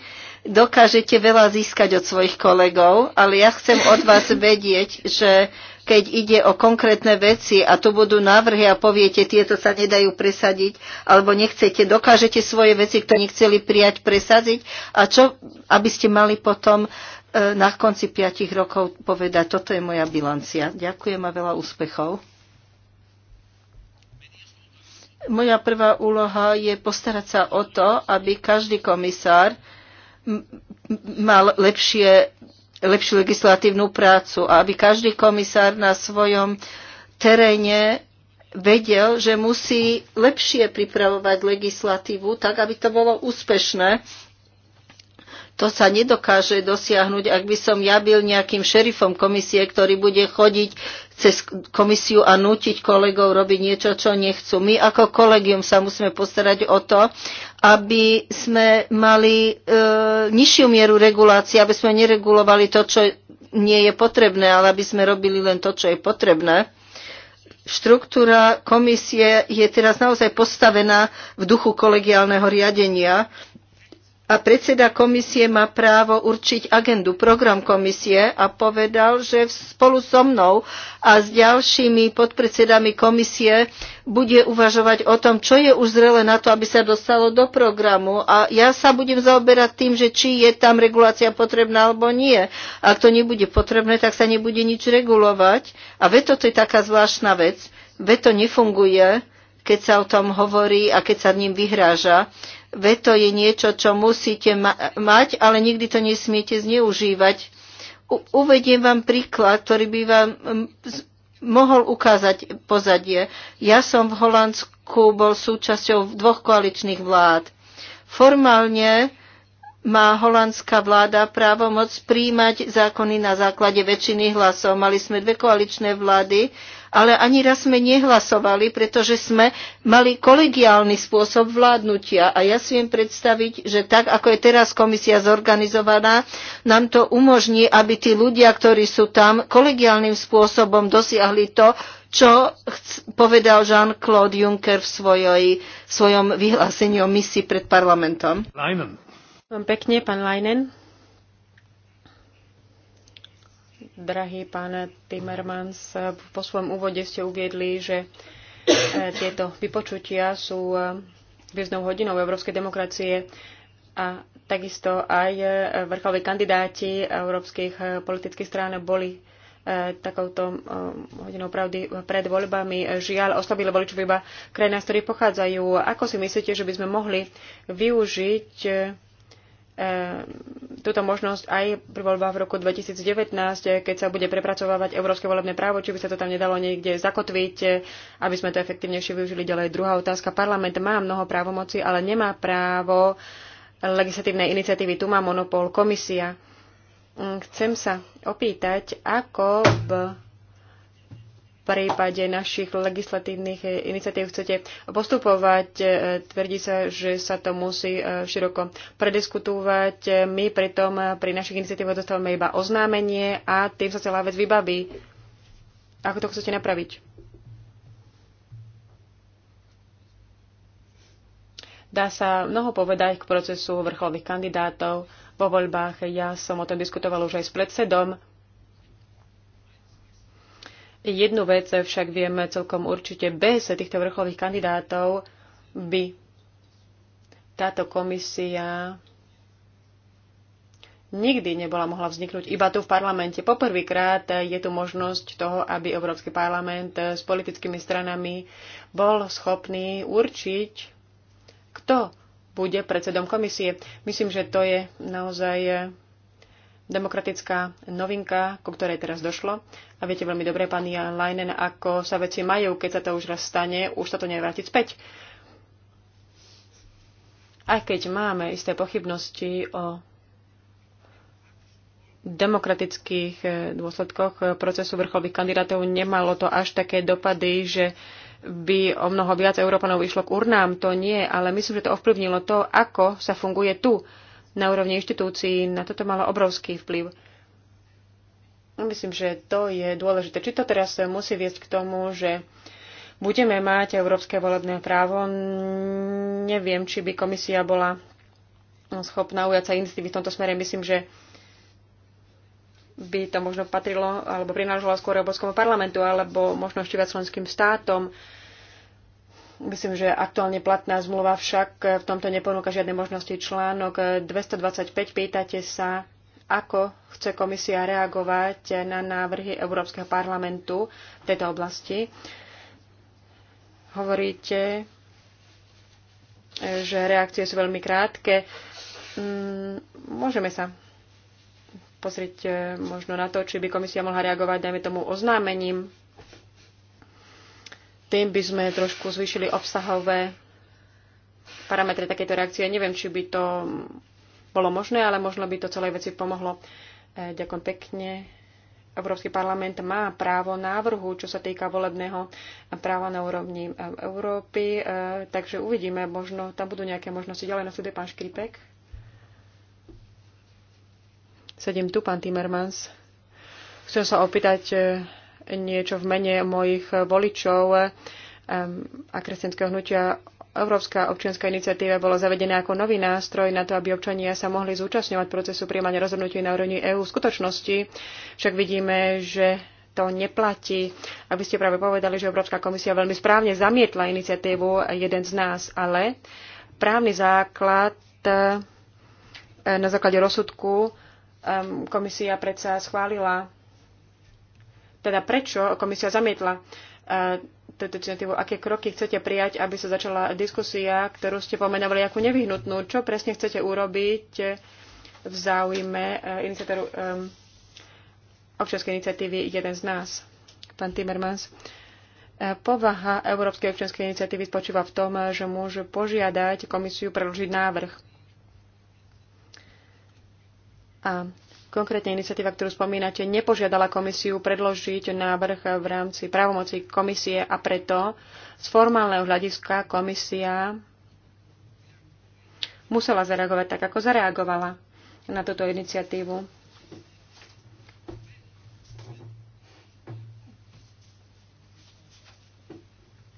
dokážete veľa získať od svojich kolegov, ale ja chcem od vás vedieť, že keď ide o konkrétne veci a tu budú návrhy a poviete, tieto sa nedajú presadiť, alebo nechcete, dokážete svoje veci, ktoré nechceli prijať, presadiť a čo, aby ste mali potom e, na konci piatich rokov povedať, toto je moja bilancia. Ďakujem a veľa úspechov. Moja prvá úloha je postarať sa o to, aby každý komisár mal lepšie lepšiu legislatívnu prácu a aby každý komisár na svojom teréne vedel, že musí lepšie pripravovať legislatívu, tak aby to bolo úspešné. To sa nedokáže dosiahnuť, ak by som ja byl nejakým šerifom komisie, ktorý bude chodiť cez komisiu a nútiť kolegov robiť niečo, čo nechcú. My ako kolegium sa musíme postarať o to, aby sme mali e, nižšiu mieru regulácie, aby sme neregulovali to, čo nie je potrebné, ale aby sme robili len to, čo je potrebné. Štruktúra komisie je teraz naozaj postavená v duchu kolegiálneho riadenia a predseda komisie má právo určiť agendu, program komisie a povedal, že spolu so mnou a s ďalšími podpredsedami komisie bude uvažovať o tom, čo je už zrele na to, aby sa dostalo do programu. A ja sa budem zaoberať tým, že či je tam regulácia potrebná alebo nie. Ak to nebude potrebné, tak sa nebude nič regulovať. A veto to je taká zvláštna vec. Veto nefunguje, keď sa o tom hovorí a keď sa ním vyhráža Veto je niečo, čo musíte ma- mať, ale nikdy to nesmiete zneužívať. U- uvediem vám príklad, ktorý by vám mohol ukázať pozadie. Ja som v Holandsku bol súčasťou dvoch koaličných vlád. Formálne má holandská vláda právomoc príjmať zákony na základe väčšiny hlasov. Mali sme dve koaličné vlády, ale ani raz sme nehlasovali, pretože sme mali kolegiálny spôsob vládnutia a ja si viem predstaviť, že tak, ako je teraz komisia zorganizovaná, nám to umožní, aby tí ľudia, ktorí sú tam, kolegiálnym spôsobom dosiahli to, čo povedal Jean-Claude Juncker v svojoj, svojom vyhlásení o misii pred parlamentom. Leinen. Pekne, pán Leinen. Drahý pán Timmermans, po svojom úvode ste uviedli, že eh, tieto vypočutia sú eh, význou hodinou európskej demokracie a takisto aj eh, vrcholoví kandidáti európskych politických strán boli takouto hodinou pravdy pred voľbami. Žiaľ, oslabili voličov iba krajina, z ktorých pochádzajú. Ako si myslíte, že by sme mohli využiť Ehm, túto možnosť aj pri voľbách v roku 2019, eh, keď sa bude prepracovávať európske volebné právo, či by sa to tam nedalo niekde zakotviť, eh, aby sme to efektívnejšie využili ďalej. Druhá otázka. Parlament má mnoho právomoci, ale nemá právo legislatívnej iniciatívy. Tu má monopol komisia. Hm, chcem sa opýtať, ako v prípade našich legislatívnych eh, iniciatív chcete postupovať. Eh, tvrdí sa, že sa to musí eh, široko prediskutovať. My pritom pri našich iniciatívach dostávame iba oznámenie a tým sa celá vec vybaví. Ako to chcete napraviť? Dá sa mnoho povedať k procesu vrcholných kandidátov vo voľbách. Ja som o tom diskutovala už aj s predsedom Jednu vec však vieme celkom určite, bez týchto vrcholových kandidátov by táto komisia nikdy nebola mohla vzniknúť iba tu v parlamente. Poprvýkrát je tu možnosť toho, aby Európsky parlament s politickými stranami bol schopný určiť, kto bude predsedom komisie. Myslím, že to je naozaj demokratická novinka, ku ktorej teraz došlo. A viete veľmi dobre, pani Leinen, ako sa veci majú, keď sa to už raz stane, už sa to nevráti späť. Aj keď máme isté pochybnosti o demokratických eh, dôsledkoch procesu vrchových kandidátov, nemalo to až také dopady, že by o mnoho viac Európanov išlo k urnám. To nie, ale myslím, že to ovplyvnilo to, ako sa funguje tu na úrovni inštitúcií na toto malo obrovský vplyv. Myslím, že to je dôležité. Či to teraz musí viesť k tomu, že budeme mať európske volebné právo, neviem, či by komisia bola schopná ujať sa iniciatívy v tomto smere. Myslím, že by to možno patrilo alebo prináležalo skôr Európskemu parlamentu alebo možno ešte viac členským státom. Myslím, že aktuálne platná zmluva však v tomto neponúka žiadne možnosti. Článok 225 pýtate sa, ako chce komisia reagovať na návrhy Európskeho parlamentu v tejto oblasti. Hovoríte, že reakcie sú veľmi krátke. Mm, môžeme sa pozrieť eh, možno na to, či by komisia mohla reagovať, dajme tomu, oznámením tým by sme trošku zvýšili obsahové parametre takéto reakcie. Neviem, či by to bolo možné, ale možno by to celej veci pomohlo. E, ďakujem pekne. Európsky parlament má právo návrhu, čo sa týka volebného práva na úrovni e, Európy, e, takže uvidíme, možno tam budú nejaké možnosti. Ďalej nasleduje pán Škripek. Sedím tu, pán Timmermans. Chcem sa opýtať, niečo v mene mojich voličov um, a kresťanského hnutia. Európska občianská iniciatíva bola zavedená ako nový nástroj na to, aby občania sa mohli zúčastňovať procesu príjmania rozhodnutí na úrovni EÚ. V skutočnosti však vidíme, že to neplatí. A vy ste práve povedali, že Európska komisia veľmi správne zamietla iniciatívu jeden z nás, ale právny základ eh, na základe rozsudku eh, komisia predsa schválila teda prečo komisia zamietla e, túto iniciatívu? Aké kroky chcete prijať, aby sa začala diskusia, ktorú ste pomenovali ako nevyhnutnú? Čo presne chcete urobiť v záujme e, iniciatoru e, občianskej iniciatívy Jeden z nás, pán Timmermans? Povaha Európskej občianskej iniciatívy spočíva v tom, že môže požiadať komisiu predložiť návrh. A Konkrétne iniciatíva, ktorú spomínate, nepožiadala komisiu predložiť návrh v rámci právomoci komisie a preto z formálneho hľadiska komisia musela zareagovať tak, ako zareagovala na túto iniciatívu.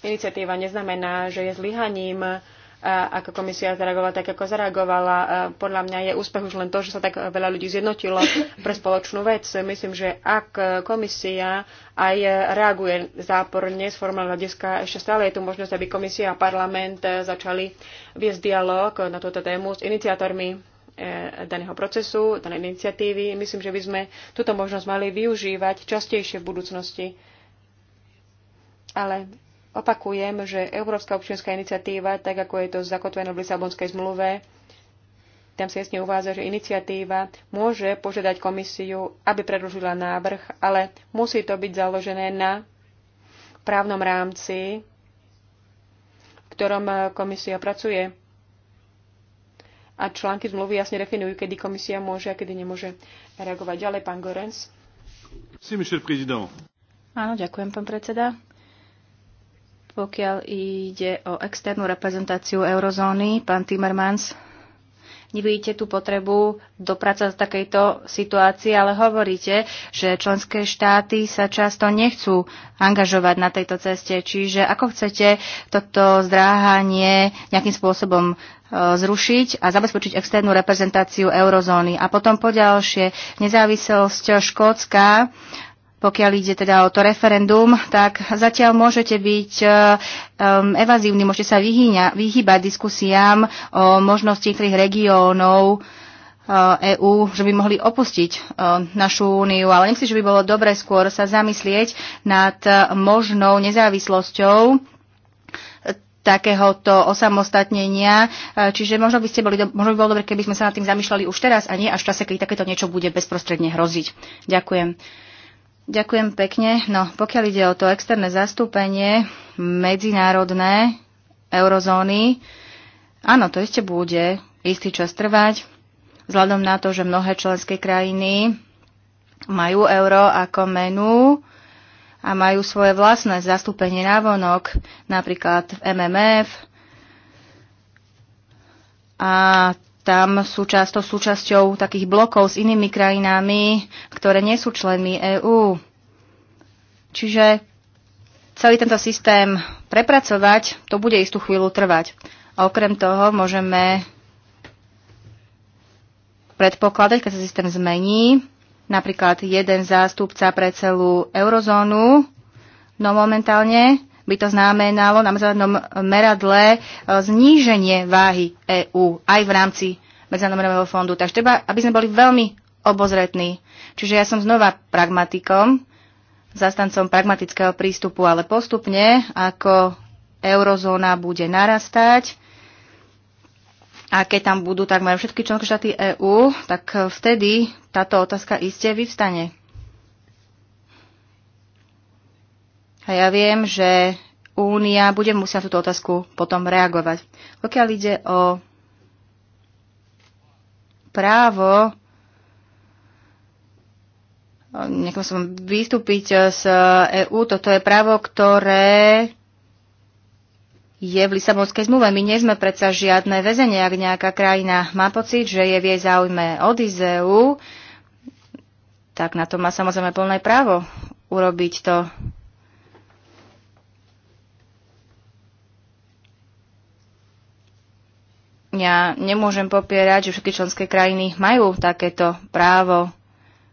Iniciatíva neznamená, že je zlyhaním ako komisia zareagovala tak, ako zareagovala. Podľa mňa je úspech už len to, že sa tak veľa ľudí zjednotilo pre spoločnú vec. Myslím, že ak komisia aj reaguje záporne z formálneho hľadiska, ešte stále je tu možnosť, aby komisia a parlament začali viesť dialog na túto tému s iniciátormi e, daného procesu, danej iniciatívy. Myslím, že by sme túto možnosť mali využívať častejšie v budúcnosti. Ale Opakujem, že Európska občianská iniciatíva, tak ako je to zakotvené v Lisabonskej zmluve, tam sa jasne uvádza, že iniciatíva môže požiadať komisiu, aby predložila návrh, ale musí to byť založené na právnom rámci, v ktorom komisia pracuje. A články zmluvy jasne definujú, kedy komisia môže a kedy nemôže reagovať. Ďalej, pán Gorenc. Áno, ďakujem, pán predseda. Pokiaľ ide o externú reprezentáciu eurozóny, pán Timmermans, nevidíte tú potrebu dopracať z takejto situácii, ale hovoríte, že členské štáty sa často nechcú angažovať na tejto ceste. Čiže ako chcete toto zdráhanie nejakým spôsobom e, zrušiť a zabezpečiť externú reprezentáciu eurozóny. A potom poďalšie, nezávislosť Škótska pokiaľ ide teda o to referendum, tak zatiaľ môžete byť um, evazívni, môžete sa vyhýňa, vyhýbať diskusiám o možnosti tých regiónov EÚ, e že by mohli opustiť e, našu úniu. Ale myslím, že by bolo dobre skôr sa zamyslieť nad možnou nezávislosťou takéhoto osamostatnenia. Čiže možno by, ste boli, možno by bolo dobre, keby sme sa nad tým zamýšľali už teraz a nie až v čase, keď takéto niečo bude bezprostredne hroziť. Ďakujem. Ďakujem pekne. No, pokiaľ ide o to externé zastúpenie medzinárodné eurozóny, áno, to ešte bude istý čas trvať, vzhľadom na to, že mnohé členské krajiny majú euro ako menu a majú svoje vlastné zastúpenie vonok, napríklad v MMF. A tam sú často súčasťou takých blokov s inými krajinami, ktoré nie sú členmi EÚ. Čiže celý tento systém prepracovať, to bude istú chvíľu trvať. A okrem toho môžeme predpokladať, keď sa systém zmení, napríklad jeden zástupca pre celú eurozónu, no momentálne by to znamenalo na medzinárodnom meradle e, zníženie váhy EÚ aj v rámci Medzinárodného fondu. Takže treba, aby sme boli veľmi obozretní. Čiže ja som znova pragmatikom, zastancom pragmatického prístupu, ale postupne, ako eurozóna bude narastať, a keď tam budú takmer všetky členské štáty EÚ, tak vtedy táto otázka iste vyvstane. A ja viem, že Únia bude musieť na túto otázku potom reagovať. Pokiaľ ide o právo nechom som vystúpiť z EÚ, toto je právo, ktoré je v Lisabonskej zmluve. My nie sme predsa žiadne väzenie, ak nejaká krajina má pocit, že je v jej záujme od z EÚ, tak na to má samozrejme plné právo urobiť to. Ja nemôžem popierať, že všetky členské krajiny majú takéto právo,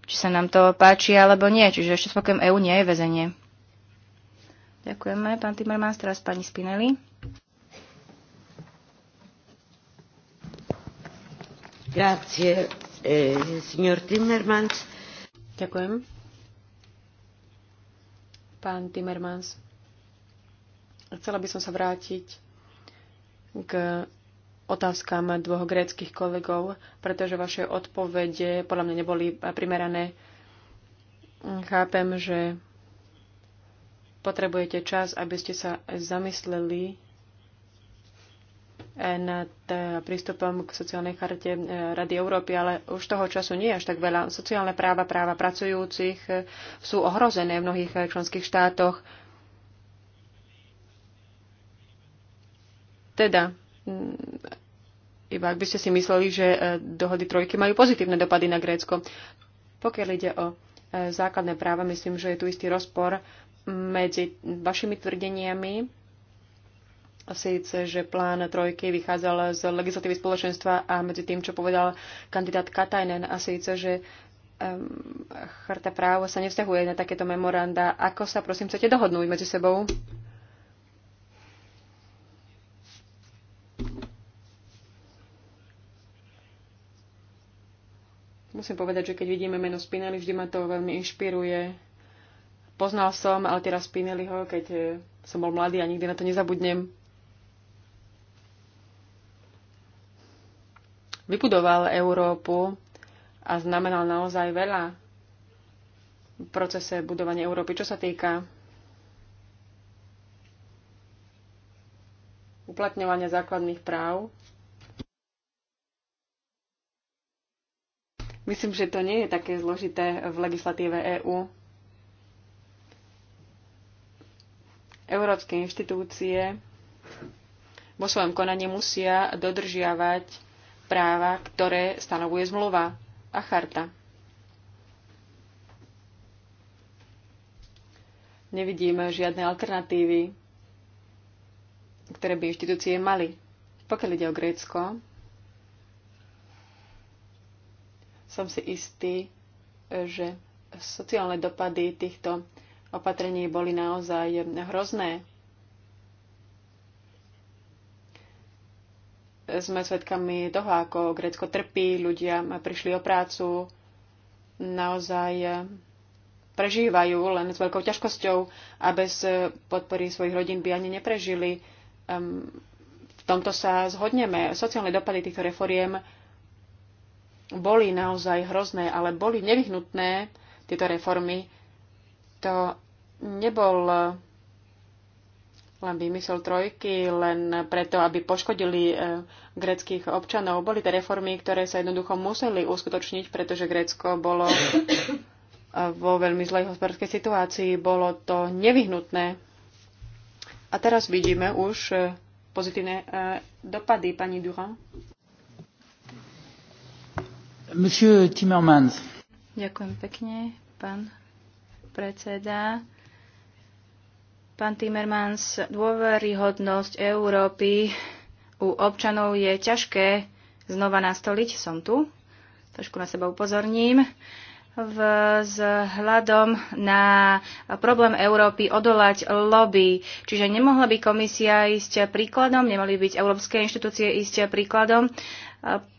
či sa nám to páči alebo nie. Čiže ešte spokojem EÚ nie je väzenie. Ďakujeme, pán Timmermans, teraz pani Spinelli. Grazie, eh, signor Timmermans. Ďakujem. Pán Timmermans, chcela by som sa vrátiť k otázkam dvoch gréckých kolegov, pretože vaše odpovede podľa mňa neboli primerané. Chápem, že potrebujete čas, aby ste sa zamysleli e, nad e, prístupom k sociálnej charte e, Rady Európy, ale už toho času nie je až tak veľa. Sociálne práva, práva pracujúcich sú ohrozené v mnohých členských štátoch. Teda, iba ak by ste si mysleli, že e, dohody trojky majú pozitívne dopady na Grécko. Pokiaľ ide o e, základné práva, myslím, že je tu istý rozpor medzi vašimi tvrdeniami, síce, že plán trojky vychádzal z legislatívy spoločenstva a medzi tým, čo povedal kandidát Katajnen, a síce, že um, charta právo sa nevzťahuje na takéto memoranda. Ako sa, prosím, chcete dohodnúť medzi sebou? Musím povedať, že keď vidíme meno Spinelli, vždy ma to veľmi inšpiruje. Poznal som Altiera Spinelliho, keď eh, som bol mladý a nikdy na to nezabudnem. Vybudoval Európu a znamenal naozaj veľa v procese budovania Európy. Čo sa týka uplatňovania základných práv, Myslím, že to nie je také zložité v legislatíve EÚ. EU. Európske inštitúcie vo svojom konaní musia dodržiavať práva, ktoré stanovuje zmluva a charta. Nevidíme žiadne alternatívy, ktoré by inštitúcie mali. Pokiaľ ide o Grécko, Som si istý, že sociálne dopady týchto opatrení boli naozaj hrozné. Sme svedkami toho, ako Grécko trpí, ľudia prišli o prácu, naozaj prežívajú len s veľkou ťažkosťou a bez podpory svojich rodín by ani neprežili. V tomto sa zhodneme. Sociálne dopady týchto reforiem boli naozaj hrozné, ale boli nevyhnutné tieto reformy, to nebol eh, len vymysel trojky, len preto, aby poškodili eh, greckých občanov. Boli to reformy, ktoré sa jednoducho museli uskutočniť, pretože Grécko bolo eh, vo veľmi zlej hospodárskej situácii. Bolo to nevyhnutné. A teraz vidíme už pozitívne dopady, pani Durand. Monsieur Timmermans. Ďakujem pekne, pán predseda. Pán Timmermans, dôveryhodnosť Európy u občanov je ťažké znova nastoliť. Som tu. Trošku na seba upozorním vzhľadom na problém Európy odolať lobby. Čiže nemohla by komisia ísť príkladom, nemali byť európske inštitúcie ísť príkladom.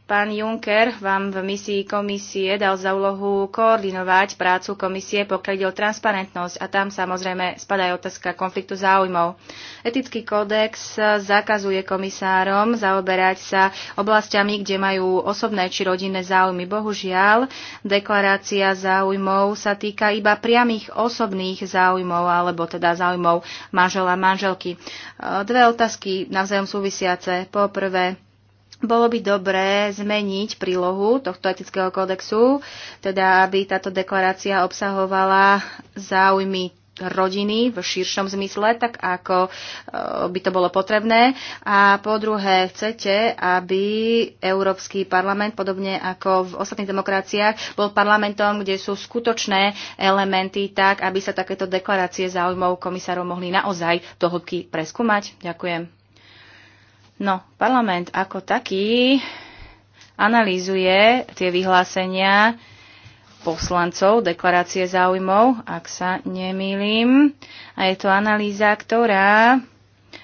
Pán Juncker vám v misii komisie dal za úlohu koordinovať prácu komisie, pokiaľ ide o transparentnosť a tam samozrejme spadá aj otázka konfliktu záujmov. Etický kódex zakazuje komisárom zaoberať sa oblastiami, kde majú osobné či rodinné záujmy. Bohužiaľ, deklarácia záujmov sa týka iba priamých osobných záujmov, alebo teda záujmov manžela a manželky. Dve otázky navzájom súvisiace. Po prvé, bolo by dobré zmeniť prílohu tohto etického kódexu, teda aby táto deklarácia obsahovala záujmy rodiny v širšom zmysle, tak ako eh, by to bolo potrebné. A po druhé, chcete, aby Európsky parlament, podobne ako v ostatných demokraciách, bol parlamentom, kde sú skutočné elementy tak, aby sa takéto deklarácie záujmov komisárov mohli naozaj do hĺbky preskúmať. Ďakujem. No, parlament ako taký analýzuje tie vyhlásenia poslancov, deklarácie záujmov, ak sa nemýlim. A je to analýza, ktorá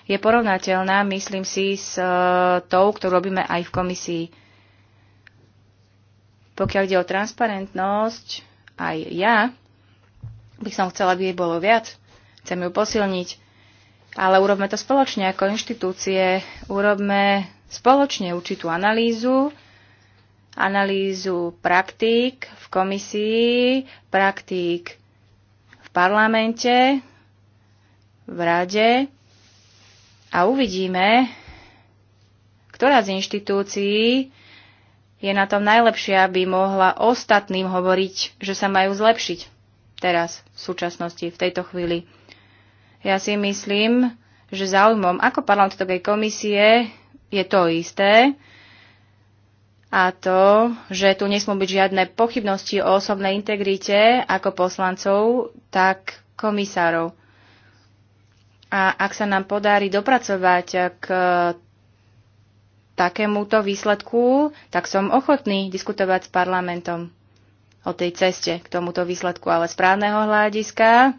je porovnateľná, myslím si, s e, tou, ktorú robíme aj v komisii. Pokiaľ ide o transparentnosť, aj ja by som chcela, aby jej bolo viac. Chcem ju posilniť ale urobme to spoločne ako inštitúcie. Urobme spoločne určitú analýzu, analýzu praktík v komisii, praktík v parlamente, v rade a uvidíme, ktorá z inštitúcií je na tom najlepšia, aby mohla ostatným hovoriť, že sa majú zlepšiť teraz, v súčasnosti, v tejto chvíli. Ja si myslím, že záujmom ako parlamentovej komisie je to isté, a to, že tu nesmú byť žiadne pochybnosti o osobnej integrite ako poslancov, tak komisárov. A ak sa nám podarí dopracovať k takémuto výsledku, tak som ochotný diskutovať s parlamentom o tej ceste k tomuto výsledku, ale správneho hľadiska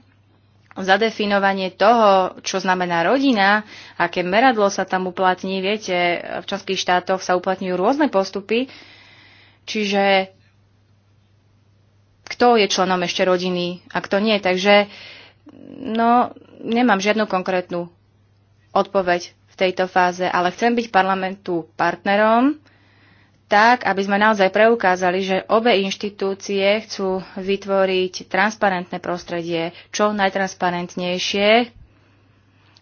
zadefinovanie toho, čo znamená rodina, aké meradlo sa tam uplatní. Viete, v členských štátoch sa uplatňujú rôzne postupy, čiže kto je členom ešte rodiny a kto nie. Takže no, nemám žiadnu konkrétnu odpoveď v tejto fáze, ale chcem byť parlamentu partnerom tak, aby sme naozaj preukázali, že obe inštitúcie chcú vytvoriť transparentné prostredie, čo najtransparentnejšie,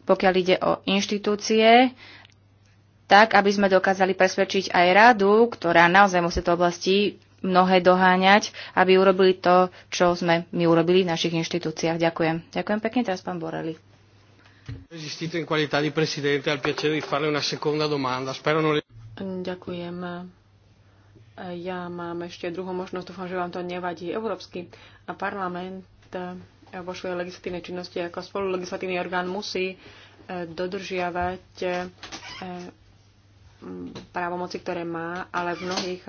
pokiaľ ide o inštitúcie, tak, aby sme dokázali presvedčiť aj radu, ktorá naozaj musí to oblasti mnohé doháňať, aby urobili to, čo sme my urobili v našich inštitúciách. Ďakujem. Ďakujem pekne, teraz pán Borelli. Ďakujem. Ja mám ešte druhú možnosť, dúfam, že vám to nevadí. Európsky parlament eh, vo svojej legislatívnej činnosti ako spolulegislatívny orgán musí eh, dodržiavať eh, právomoci, ktoré má, ale v mnohých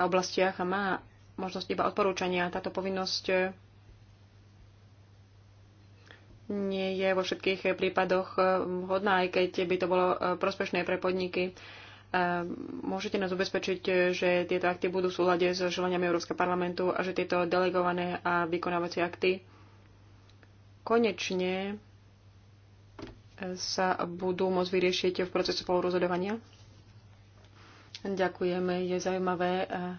oblastiach má možnosť iba odporúčania. Táto povinnosť nie je vo všetkých prípadoch vhodná, aj keď by to bolo prospešné pre podniky. Ehm, môžete nás ubezpečiť, že tieto akty budú v súlade s želaniami Európskeho parlamentu a že tieto delegované a vykonávacie akty konečne sa budú môcť vyriešiť v procese spolurozhodovania? Ďakujeme. Je zaujímavé ehm,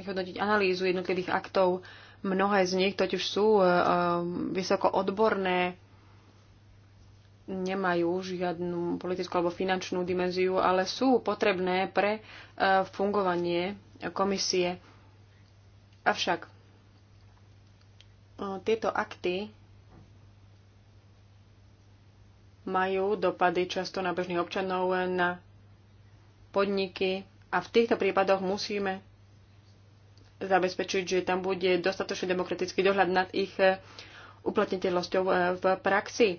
vyhodnotiť analýzu jednotlivých aktov. Mnohé z nich totiž sú ehm, vysoko odborné, nemajú žiadnu politickú alebo finančnú dimenziu, ale sú potrebné pre e, fungovanie komisie. Avšak e, tieto akty majú dopady často na bežných občanov, na podniky a v týchto prípadoch musíme zabezpečiť, že tam bude dostatočný demokratický dohľad nad ich e, uplatniteľnosťou v praxi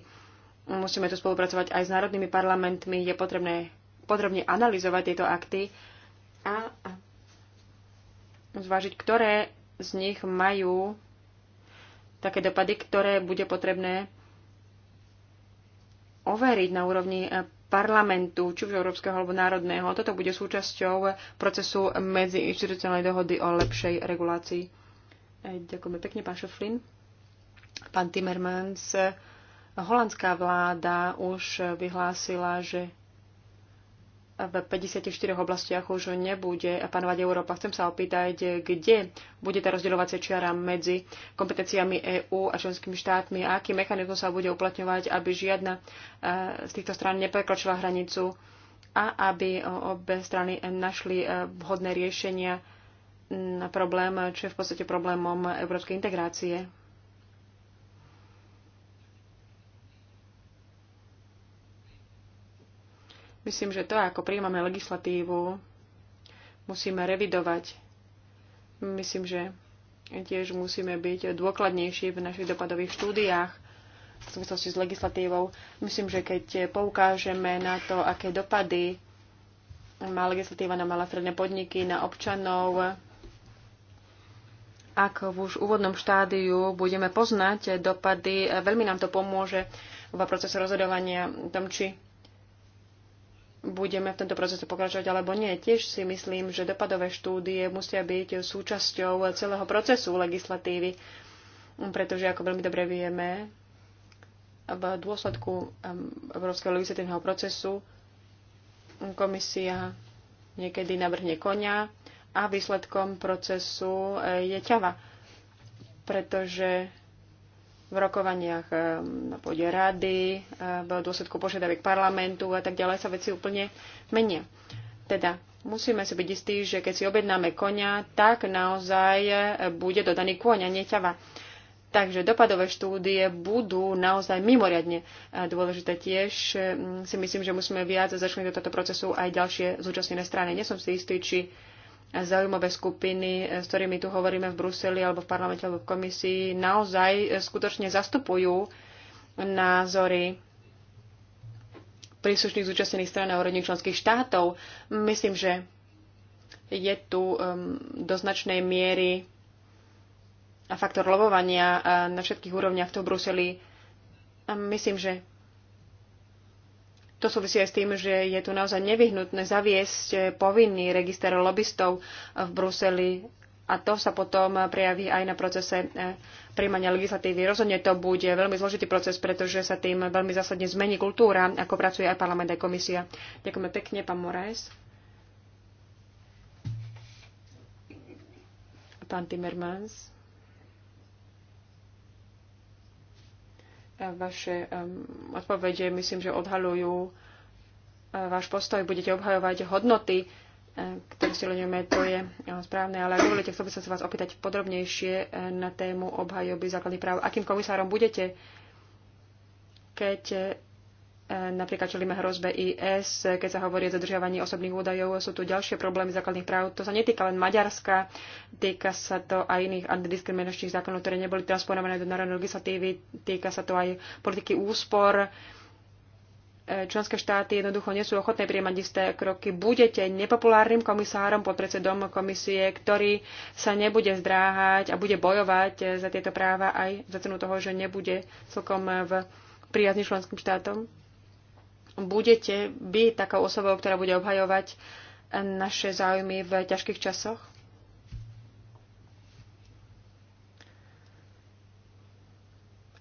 Musíme tu spolupracovať aj s národnými parlamentmi. Je potrebné podrobne analyzovať tieto akty a zvážiť, ktoré z nich majú také dopady, ktoré bude potrebné overiť na úrovni eh, parlamentu, či už európskeho alebo národného. Toto bude súčasťou procesu medzi inštitucionálnej dohody o lepšej regulácii. Eh, ďakujeme pekne, pán Šoflin. Pán Timmermans Holandská vláda už vyhlásila, že v 54 oblastiach už nebude panovať Európa. Chcem sa opýtať, kde bude tá rozdeľovacia čiara medzi kompetenciami EÚ a členskými štátmi a aký mechanizmus sa bude uplatňovať, aby žiadna eh, z týchto strán neprekročila hranicu a aby obe strany našli eh, vhodné riešenia na problém, čo je v podstate problémom európskej integrácie. Myslím, že to, ako príjmame legislatívu, musíme revidovať. Myslím, že tiež musíme byť dôkladnejší v našich dopadových štúdiách v súvislosti s legislatívou. Myslím, že keď poukážeme na to, aké dopady má legislatíva na malé stredné podniky, na občanov, ak v už úvodnom štádiu budeme poznať dopady, veľmi nám to pomôže v procese rozhodovania tom, či budeme v tomto procese pokračovať alebo nie. Tiež si myslím, že dopadové štúdie musia byť súčasťou celého procesu legislatívy, pretože ako veľmi dobre vieme, v dôsledku Európskeho legislatívneho procesu komisia niekedy navrhne konia a výsledkom procesu eh, je ťava, pretože v rokovaniach eh, na pôde rady, eh, v dôsledku požiadaviek parlamentu a tak ďalej sa veci úplne menia. Teda musíme si byť istí, že keď si objednáme konia, tak naozaj eh, bude dodaný kôň a neťava. Takže dopadové štúdie budú naozaj mimoriadne dôležité tiež. Si myslím, že musíme viac začať do tohto procesu aj ďalšie zúčastnené strany. Nie som si istý, či zaujímavé skupiny, eh, s ktorými tu hovoríme v Bruseli alebo v parlamente alebo v komisii, naozaj eh, skutočne zastupujú názory príslušných zúčastnených stran a úrovni členských štátov. Myslím, že je tu um, do značnej miery a faktor lobovania eh, na všetkých úrovniach v Bruseli. A myslím, že to súvisí aj s tým, že je tu naozaj nevyhnutné zaviesť eh, povinný register lobbystov eh, v Bruseli a to sa potom eh, prejaví aj na procese príjmania legislatívy. Rozhodne to bude veľmi zložitý proces, pretože sa tým veľmi zásadne zmení kultúra, ako pracuje aj parlament, aj komisia. Ďakujeme pekne, pán Moraes. Pán Timmermans. Vaše odpovede, myslím, že odhalujú e, váš postoj. Budete obhajovať hodnoty, e, ktoré si lenujeme, to je e, správne, ale dovolite, chcel by som sa vás opýtať podrobnejšie na tému obhajoby základných práv. Akým komisárom budete, keď Napríklad čelíme hrozbe IS, keď sa hovorí o zadržiavaní osobných údajov, sú tu ďalšie problémy základných práv. To sa netýka len Maďarska, týka sa to aj iných antidiskriminačných zákonov, ktoré neboli transponované do národnej legislatívy, týka sa to aj politiky úspor. Členské štáty jednoducho nie sú ochotné prijímať isté kroky. Budete nepopulárnym komisárom, podpredsedom komisie, ktorý sa nebude zdráhať a bude bojovať za tieto práva aj za cenu toho, že nebude celkom v priazni členským štátom? budete vy takou osobou, ktorá bude obhajovať eh, naše záujmy v ťažkých časoch?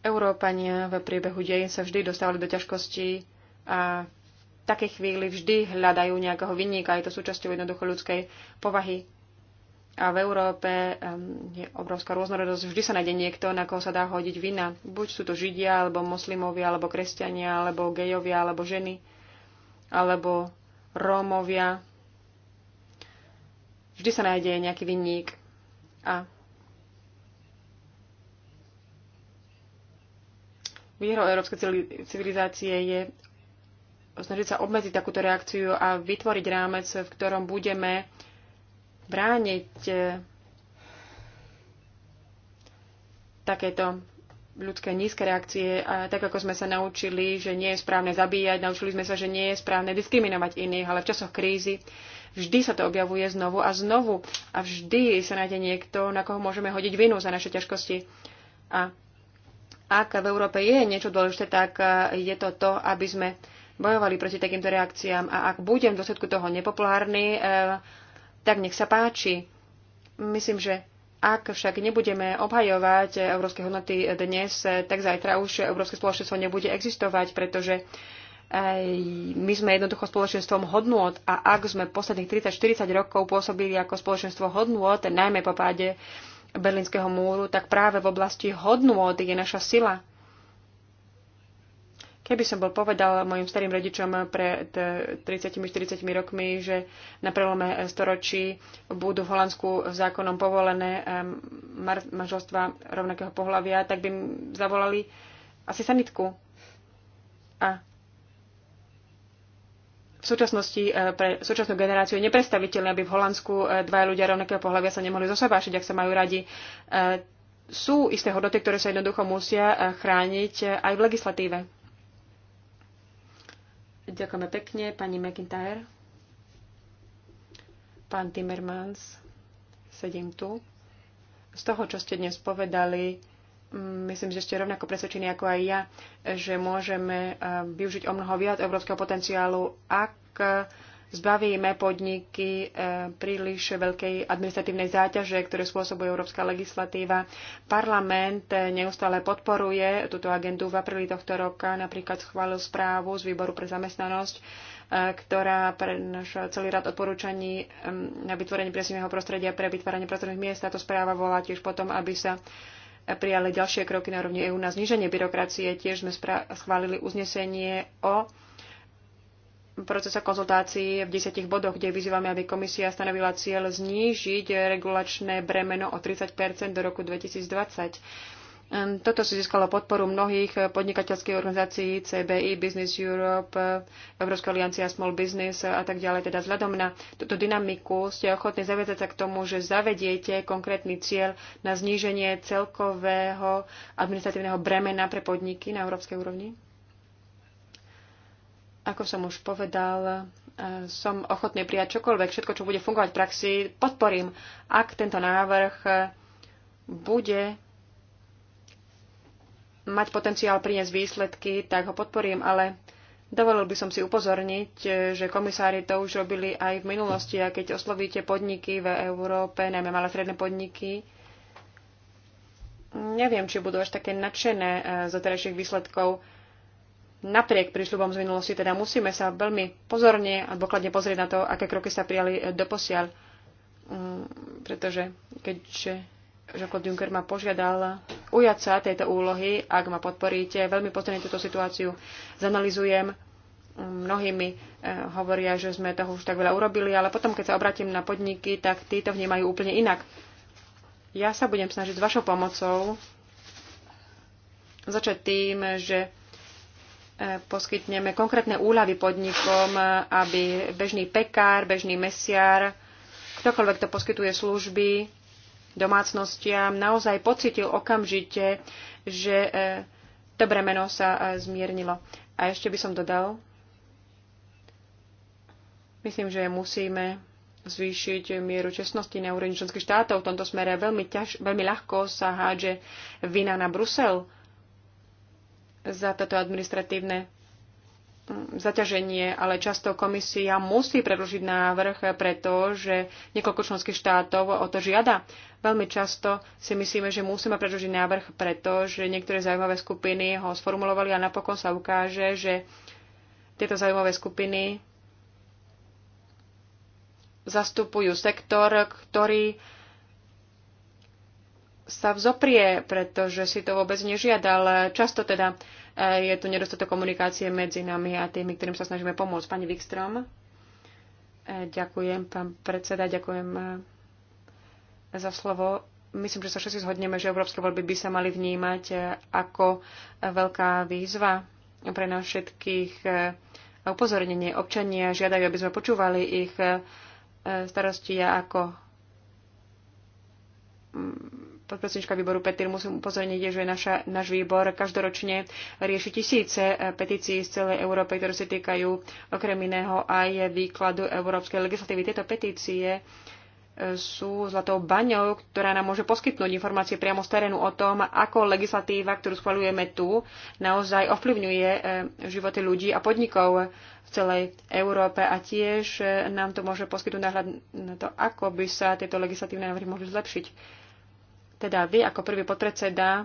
Európania v priebehu dejín sa vždy dostávali do ťažkostí a v takej chvíli vždy hľadajú nejakého vinníka. Je to súčasťou jednoducho ľudskej povahy. A v Európe ehm, je obrovská rôznorodosť. Vždy sa nájde niekto, na koho sa dá hodiť vina. Buď sú to Židia, alebo moslimovia, alebo kresťania, alebo gejovia, alebo ženy, alebo Rómovia. Vždy sa nájde nejaký vinník. A výhrou európskej civilizácie je snažiť sa obmedziť takúto reakciu a vytvoriť rámec, v ktorom budeme brániť e, takéto ľudské nízke reakcie, a tak ako sme sa naučili, že nie je správne zabíjať, naučili sme sa, že nie je správne diskriminovať iných, ale v časoch krízy vždy sa to objavuje znovu a znovu a vždy sa nájde niekto, na koho môžeme hodiť vinu za naše ťažkosti. A ak v Európe je niečo dôležité, tak e, je to to, aby sme bojovali proti takýmto reakciám. A ak budem v dôsledku toho nepopulárny, e, tak nech sa páči. Myslím, že ak však nebudeme obhajovať európske hodnoty dnes, tak zajtra už európske spoločenstvo nebude existovať, pretože my sme jednoducho spoločenstvom hodnôt a ak sme posledných 30-40 rokov pôsobili ako spoločenstvo hodnôt, najmä po páde Berlínskeho múru, tak práve v oblasti hodnôt je naša sila. Keby som bol povedal mojim starým rodičom pred 30-40 rokmi, že na prelome storočí budú v Holandsku zákonom povolené manželstva rovnakého pohľavia, tak by zavolali asi sanitku. A v súčasnosti e, pre súčasnú generáciu je neprestaviteľné, aby v Holandsku e, dva ľudia rovnakého pohľavia sa nemohli zosobášiť, ak sa majú radi. E, sú isté hodnoty, ktoré sa jednoducho musia chrániť aj v legislatíve. Ďakujeme pekne, pani McIntyre. Pán Timmermans, sedím tu. Z toho, čo ste dnes povedali, mm, myslím, že ste rovnako presvedčení ako aj ja, že môžeme eh, využiť o mnoho viac európskeho potenciálu, ak zbavíme podniky e, príliš veľkej administratívnej záťaže, ktoré spôsobuje európska legislatíva. Parlament e, neustále podporuje túto agendu. V apríli tohto roka napríklad schválil správu z výboru pre zamestnanosť, e, ktorá pre náš celý rad odporúčaní na vytvorenie presného prostredia pre vytváranie pracovných miest. Táto správa volá tiež potom, aby sa prijali ďalšie kroky na rovni EÚ na zníženie byrokracie. Tiež sme schválili uznesenie o procesa konzultácií v desiatich bodoch, kde vyzývame, aby komisia stanovila cieľ znížiť regulačné bremeno o 30 do roku 2020. Ehm, toto si získalo podporu mnohých podnikateľských organizácií CBI, Business Europe, Európska aliancia Small Business a tak ďalej. Teda vzhľadom na túto dynamiku ste ochotní zaviazať sa k tomu, že zavediete konkrétny cieľ na zníženie celkového administratívneho bremena pre podniky na európskej úrovni? Ako som už povedal, e, som ochotný prijať čokoľvek, všetko, čo bude fungovať v praxi, podporím, ak tento návrh e, bude mať potenciál priniesť výsledky, tak ho podporím, ale dovolil by som si upozorniť, e, že komisári to už robili aj v minulosti a keď oslovíte podniky v Európe, najmä malé stredné podniky, neviem, či budú až také nadšené z výsledkov napriek prísľubom z minulosti, teda musíme sa veľmi pozorne a dôkladne pozrieť na to, aké kroky sa prijali e, doposiaľ. Mm, pretože keď Jean-Claude Juncker ma požiadal ujať sa tejto úlohy, ak ma podporíte, veľmi pozorne túto situáciu zanalizujem. Mm, Mnohí mi e, hovoria, že sme toho už tak veľa urobili, ale potom, keď sa obratím na podniky, tak títo vnímajú úplne inak. Ja sa budem snažiť s vašou pomocou začať tým, že poskytneme konkrétne úľavy podnikom, aby bežný pekár, bežný mesiar, ktokoľvek to poskytuje služby domácnostiam, naozaj pocitil okamžite, že e, to bremeno sa e, zmiernilo. A ešte by som dodal, myslím, že musíme zvýšiť mieru čestnosti na úrovni členských štátov. V tomto smere veľmi, ťaž, veľmi ľahko sa hádže vina na Brusel za toto administratívne mm, zaťaženie, ale často komisia musí predložiť návrh, pretože niekoľko členských štátov o to žiada. Veľmi často si myslíme, že musíme predložiť návrh, pretože niektoré zaujímavé skupiny ho sformulovali a napokon sa ukáže, že tieto zaujímavé skupiny zastupujú sektor, ktorý sa vzoprie, pretože si to vôbec ale Často teda e, je tu nedostatok komunikácie medzi nami a tými, ktorým sa snažíme pomôcť. Pani Wikström. E, ďakujem, pán predseda, ďakujem e, za slovo. Myslím, že sa všetci zhodneme, že európske voľby by sa mali vnímať ako veľká výzva pre nás všetkých upozornenie. Občania žiadajú, aby sme počúvali ich starosti ako podpredsednička výboru Petir, musím upozorniť, že naša, náš výbor každoročne rieši tisíce eh, petícií z celej Európy, ktoré sa týkajú okrem iného aj výkladu európskej legislatívy. Tieto petície eh, sú zlatou baňou, ktorá nám môže poskytnúť informácie priamo z terénu o tom, ako legislatíva, ktorú schvaľujeme tu, naozaj ovplyvňuje eh, životy ľudí a podnikov v celej Európe a tiež nám to môže poskytnúť náhľad na to, ako by sa tieto legislatívne návrhy mohli zlepšiť teda vy ako prvý podpredseda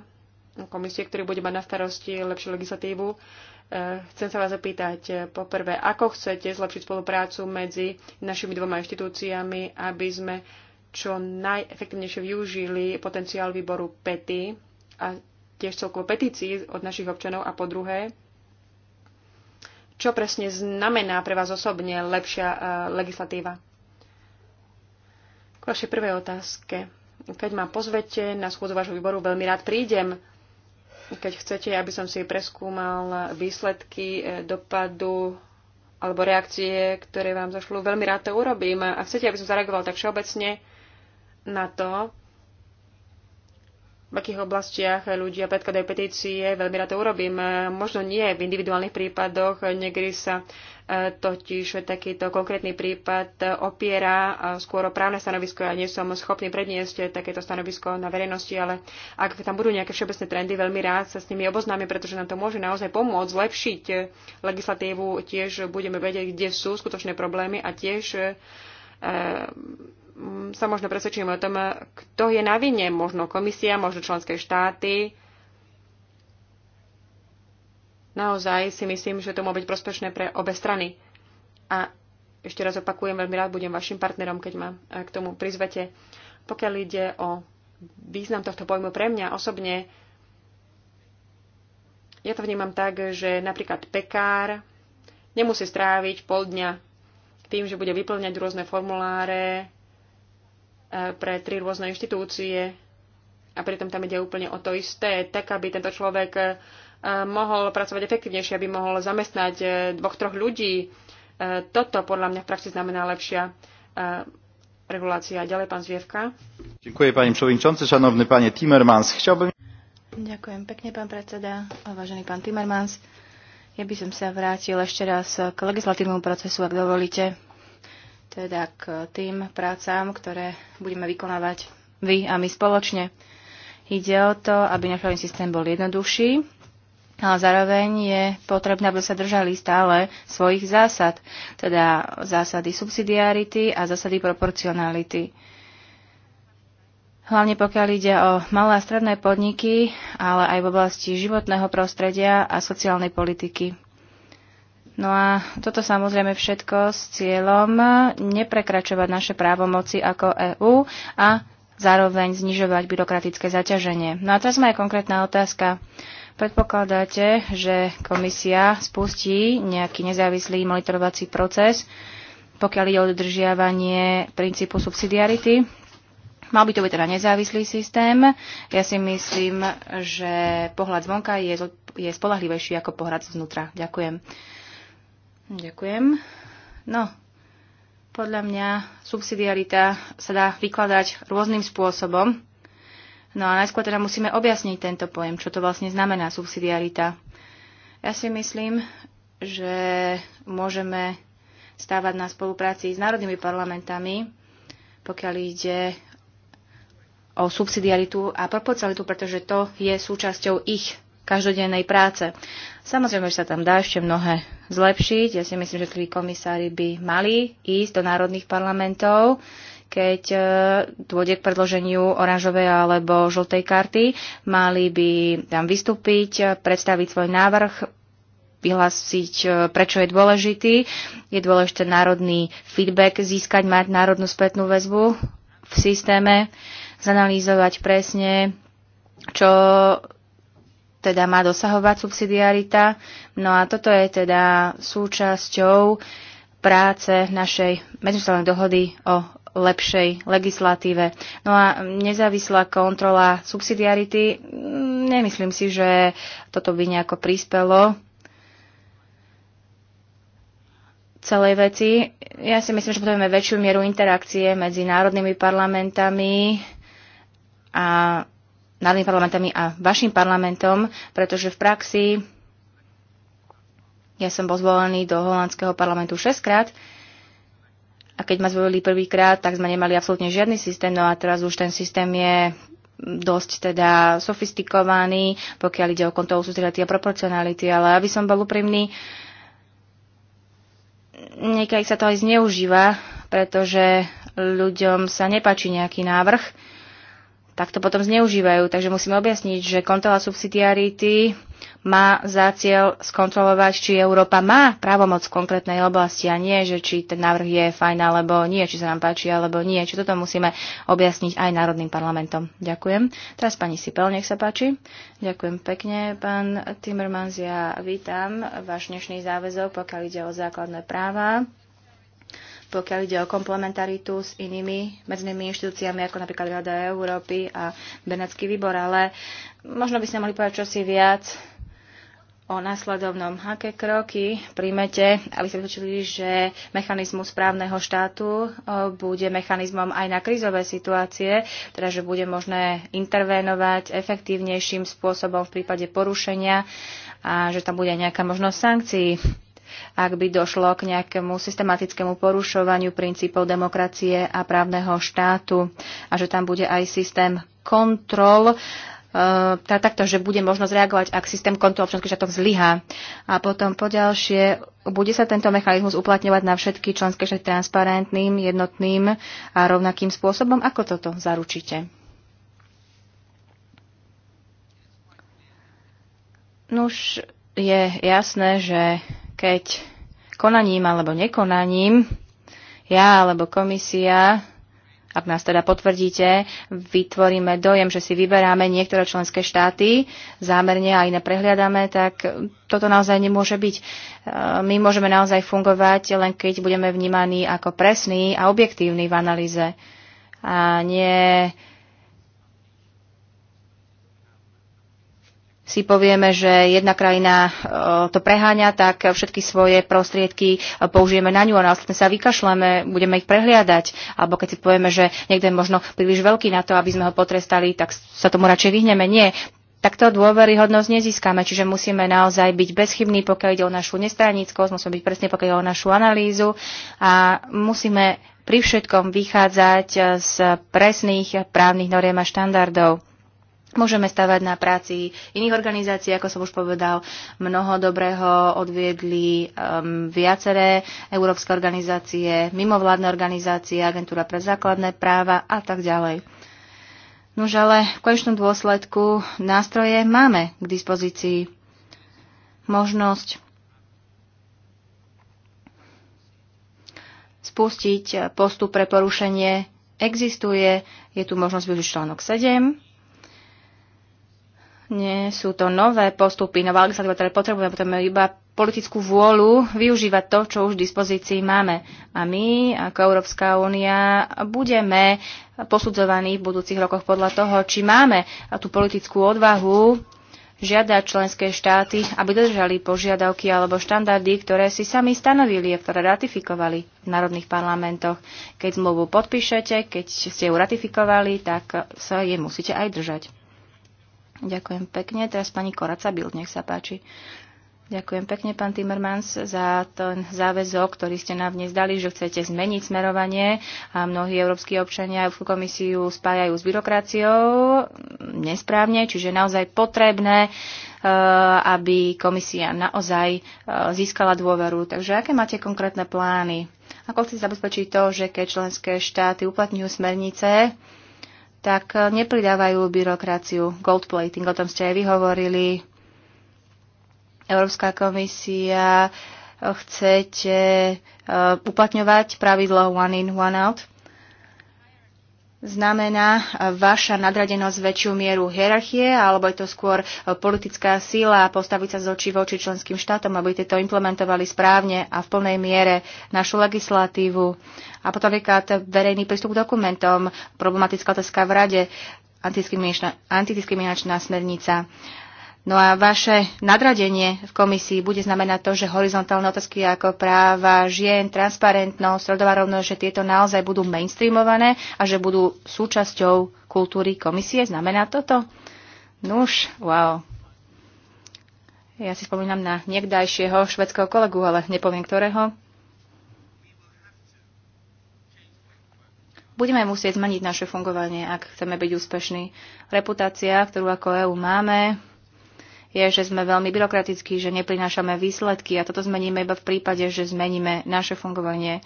komisie, ktorý bude mať na starosti lepšiu legislatívu, e, chcem sa vás zapýtať e, poprvé, ako chcete zlepšiť spoluprácu medzi našimi dvoma inštitúciami, aby sme čo najefektívnejšie využili potenciál výboru PETI a tiež celkovo petícií od našich občanov a po druhé, čo presne znamená pre vás osobne lepšia e, legislatíva? K vašej prvej otázke. Keď ma pozvete na schôdzu vášho výboru, veľmi rád prídem. Keď chcete, aby som si preskúmal výsledky eh, dopadu alebo reakcie, ktoré vám zašlo, veľmi rád to urobím. A chcete, aby som zareagoval tak všeobecne na to, v akých oblastiach ľudia predkladajú petície, veľmi rád to urobím. Možno nie v individuálnych prípadoch, niekedy sa e, totiž takýto konkrétny prípad opiera e, skôr o právne stanovisko. Ja nie som schopný predniesť takéto stanovisko na verejnosti, ale ak tam budú nejaké všeobecné trendy, veľmi rád sa s nimi oboznámim, pretože nám to môže naozaj pomôcť zlepšiť legislatívu. Tiež budeme vedieť, kde sú skutočné problémy a tiež e, Mm, sa možno presvedčíme o tom, kto je na vine, možno komisia, možno členské štáty. Naozaj si myslím, že to môže byť prospešné pre obe strany. A ešte raz opakujem, veľmi rád budem vašim partnerom, keď ma eh, k tomu prizvete. Pokiaľ ide o význam tohto pojmu pre mňa osobne, ja to vnímam tak, že napríklad pekár nemusí stráviť pol dňa tým, že bude vyplňať rôzne formuláre, Eh, pre tri rôzne inštitúcie a pritom tam ide úplne o to isté, tak aby tento človek eh, mohol pracovať efektívnejšie, aby mohol zamestnať eh, dvoch, troch ľudí. Toto podľa mňa v praxi znamená lepšia regulácia. Ďalej pán Zvievka. Ďakujem pani Čovinčonce, šanovný panie Timmermans. Chciałbym... Ďakujem pekne, pán predseda, vážený pán Timmermans. Ja by som sa vrátil ešte raz k legislatívnemu procesu, ak dovolíte teda k tým prácám, ktoré budeme vykonávať vy a my spoločne. Ide o to, aby náš systém bol jednoduchší, ale zároveň je potrebné, aby sa držali stále svojich zásad, teda zásady subsidiarity a zásady proporcionality. Hlavne pokiaľ ide o malé a stredné podniky, ale aj v oblasti životného prostredia a sociálnej politiky. No a toto samozrejme všetko s cieľom neprekračovať naše právomoci ako EÚ a zároveň znižovať byrokratické zaťaženie. No a teraz má konkrétna otázka. Predpokladáte, že komisia spustí nejaký nezávislý monitorovací proces, pokiaľ ide o dodržiavanie princípu subsidiarity? Mal by to byť teda nezávislý systém. Ja si myslím, že pohľad zvonka je, je spolahlivejší ako pohľad zvnútra. Ďakujem. Ďakujem. No, podľa mňa subsidiarita sa dá vykladať rôznym spôsobom. No a najskôr teda musíme objasniť tento pojem, čo to vlastne znamená subsidiarita. Ja si myslím, že môžeme stávať na spolupráci s národnými parlamentami, pokiaľ ide o subsidiaritu a proporcionalitu, pretože to je súčasťou ich každodennej práce. Samozrejme, že sa tam dá ešte mnohé zlepšiť. Ja si myslím, že tí komisári by mali ísť do národných parlamentov, keď e, dôjde k predloženiu oranžovej alebo žltej karty. Mali by tam vystúpiť, e, predstaviť svoj návrh, vyhlásiť, e, prečo je dôležitý. Je dôležité národný feedback získať, mať národnú spätnú väzbu v systéme, zanalýzovať presne, čo teda má dosahovať subsidiarita. No a toto je teda súčasťou práce našej medzinárodnej dohody o lepšej legislatíve. No a nezávislá kontrola subsidiarity, nemyslím si, že toto by nejako prispelo celej veci. Ja si myslím, že potrebujeme väčšiu mieru interakcie medzi národnými parlamentami a národnými parlamentami a vašim parlamentom, pretože v praxi ja som bol zvolený do holandského parlamentu 6 krát a keď ma zvolili prvýkrát, tak sme nemali absolútne žiadny systém, no a teraz už ten systém je dosť teda sofistikovaný, pokiaľ ide o kontrolu sústredatí a proporcionality, ale aby som bol úprimný, niekedy sa to aj zneužíva, pretože ľuďom sa nepáči nejaký návrh, tak to potom zneužívajú. Takže musíme objasniť, že kontrola subsidiarity má za cieľ skontrolovať, či Európa má právomoc v konkrétnej oblasti a nie, že či ten návrh je fajn alebo nie, či sa nám páči alebo nie. Či toto musíme objasniť aj národným parlamentom. Ďakujem. Teraz pani Sipel, nech sa páči. Ďakujem pekne, pán Timmermans. Ja vítam váš dnešný záväzok, pokiaľ ide o základné práva pokiaľ ide o komplementaritu s inými medzinými inštitúciami, ako napríklad Rada Európy a Benátsky výbor, ale možno by sme mohli povedať čosi viac o následovnom. Aké kroky príjmete, aby ste vytočili, že mechanizmus správneho štátu bude mechanizmom aj na krizové situácie, teda že bude možné intervenovať efektívnejším spôsobom v prípade porušenia a že tam bude nejaká možnosť sankcií? ak by došlo k nejakému systematickému porušovaniu princípov demokracie a právneho štátu a že tam bude aj systém kontrol, teda takto, že bude možnosť reagovať, ak systém kontrol občanských štátov zlyhá. A potom poďalšie, bude sa tento mechanizmus uplatňovať na všetky členské štáty transparentným, jednotným a rovnakým spôsobom? Ako toto zaručíte? Nuž je jasné, že keď konaním alebo nekonaním ja alebo komisia, ak nás teda potvrdíte, vytvoríme dojem, že si vyberáme niektoré členské štáty zámerne a iné prehliadame, tak toto naozaj nemôže byť. E, my môžeme naozaj fungovať len keď budeme vnímaní ako presní a objektívni v analýze a nie si povieme, že jedna krajina e, to preháňa, tak všetky svoje prostriedky e, použijeme na ňu a následne sa vykašľame, budeme ich prehliadať. Alebo keď si povieme, že niekto je možno príliš veľký na to, aby sme ho potrestali, tak sa tomu radšej vyhneme. Nie. Takto dôveryhodnosť nezískame, čiže musíme naozaj byť bezchybní, pokiaľ ide o našu nestranickosť, musíme byť presne, pokiaľ ide o našu analýzu a musíme pri všetkom vychádzať e, z presných právnych noriem a štandardov. Môžeme stavať na práci iných organizácií, ako som už povedal, mnoho dobrého odviedli um, viaceré európske organizácie, mimovládne organizácie, agentúra pre základné práva a tak ďalej. Nož ale v konečnom dôsledku nástroje máme k dispozícii. Možnosť spustiť postup pre porušenie existuje. Je tu možnosť využiť článok 7 nie sú to nové postupy, nová legislatíva, ktoré potrebujeme, potrebujeme iba politickú vôľu využívať to, čo už v dispozícii máme. A my, ako Európska únia, budeme posudzovaní v budúcich rokoch podľa toho, či máme tú politickú odvahu žiadať členské štáty, aby dodržali požiadavky alebo štandardy, ktoré si sami stanovili a ktoré ratifikovali v národných parlamentoch. Keď zmluvu podpíšete, keď ste ju ratifikovali, tak sa jej musíte aj držať. Ďakujem pekne. Teraz pani Koraca Bild, nech sa páči. Ďakujem pekne, pán Timmermans, za ten záväzok, ktorý ste nám dnes dali, že chcete zmeniť smerovanie a mnohí európsky občania Európsku komisiu spájajú s byrokraciou nesprávne, čiže naozaj potrebné eh, aby komisia naozaj eh, získala dôveru. Takže aké máte konkrétne plány? Ako chcete zabezpečiť to, že keď členské štáty uplatňujú smernice, tak e, nepridávajú byrokraciu. Gold plating, o tom ste aj vyhovorili. Európska komisia e, chcete e, uplatňovať pravidlo one in, one out Znamená e, vaša nadradenosť väčšiu mieru hierarchie, alebo je to skôr e, politická síla postaviť sa z očí voči členským štátom, aby tieto implementovali správne a v plnej miere našu legislatívu? A potom napríklad verejný prístup k dokumentom, problematická otázka v rade, antidiskriminačná, smernica. Uh, No a vaše nadradenie v komisii bude znamenať to, že horizontálne otázky ako práva žien, transparentnosť, rodová rovnosť, že tieto naozaj budú mainstreamované a že budú súčasťou kultúry komisie. Znamená toto? Nuž, wow. Ja si spomínam na niekdajšieho švedského kolegu, ale nepoviem ktorého. Budeme musieť zmeniť naše fungovanie, ak chceme byť úspešní. Reputácia, ktorú ako EU máme, je, že sme veľmi byrokratickí, že neprinášame výsledky a toto zmeníme iba v prípade, že zmeníme naše fungovanie.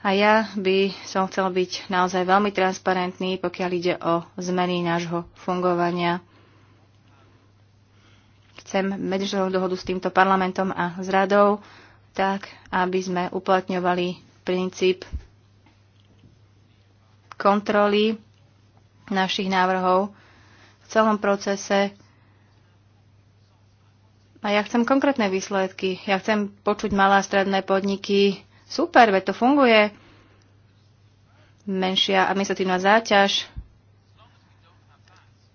A ja by som chcel byť naozaj veľmi transparentný, pokiaľ ide o zmeny nášho fungovania. Chcem medzinárodnú dohodu s týmto parlamentom a s radou, tak aby sme uplatňovali princíp kontroly našich návrhov v celom procese a ja chcem konkrétne výsledky. Ja chcem počuť malé a stredné podniky. Super, veď to funguje. Menšia administratívna záťaž.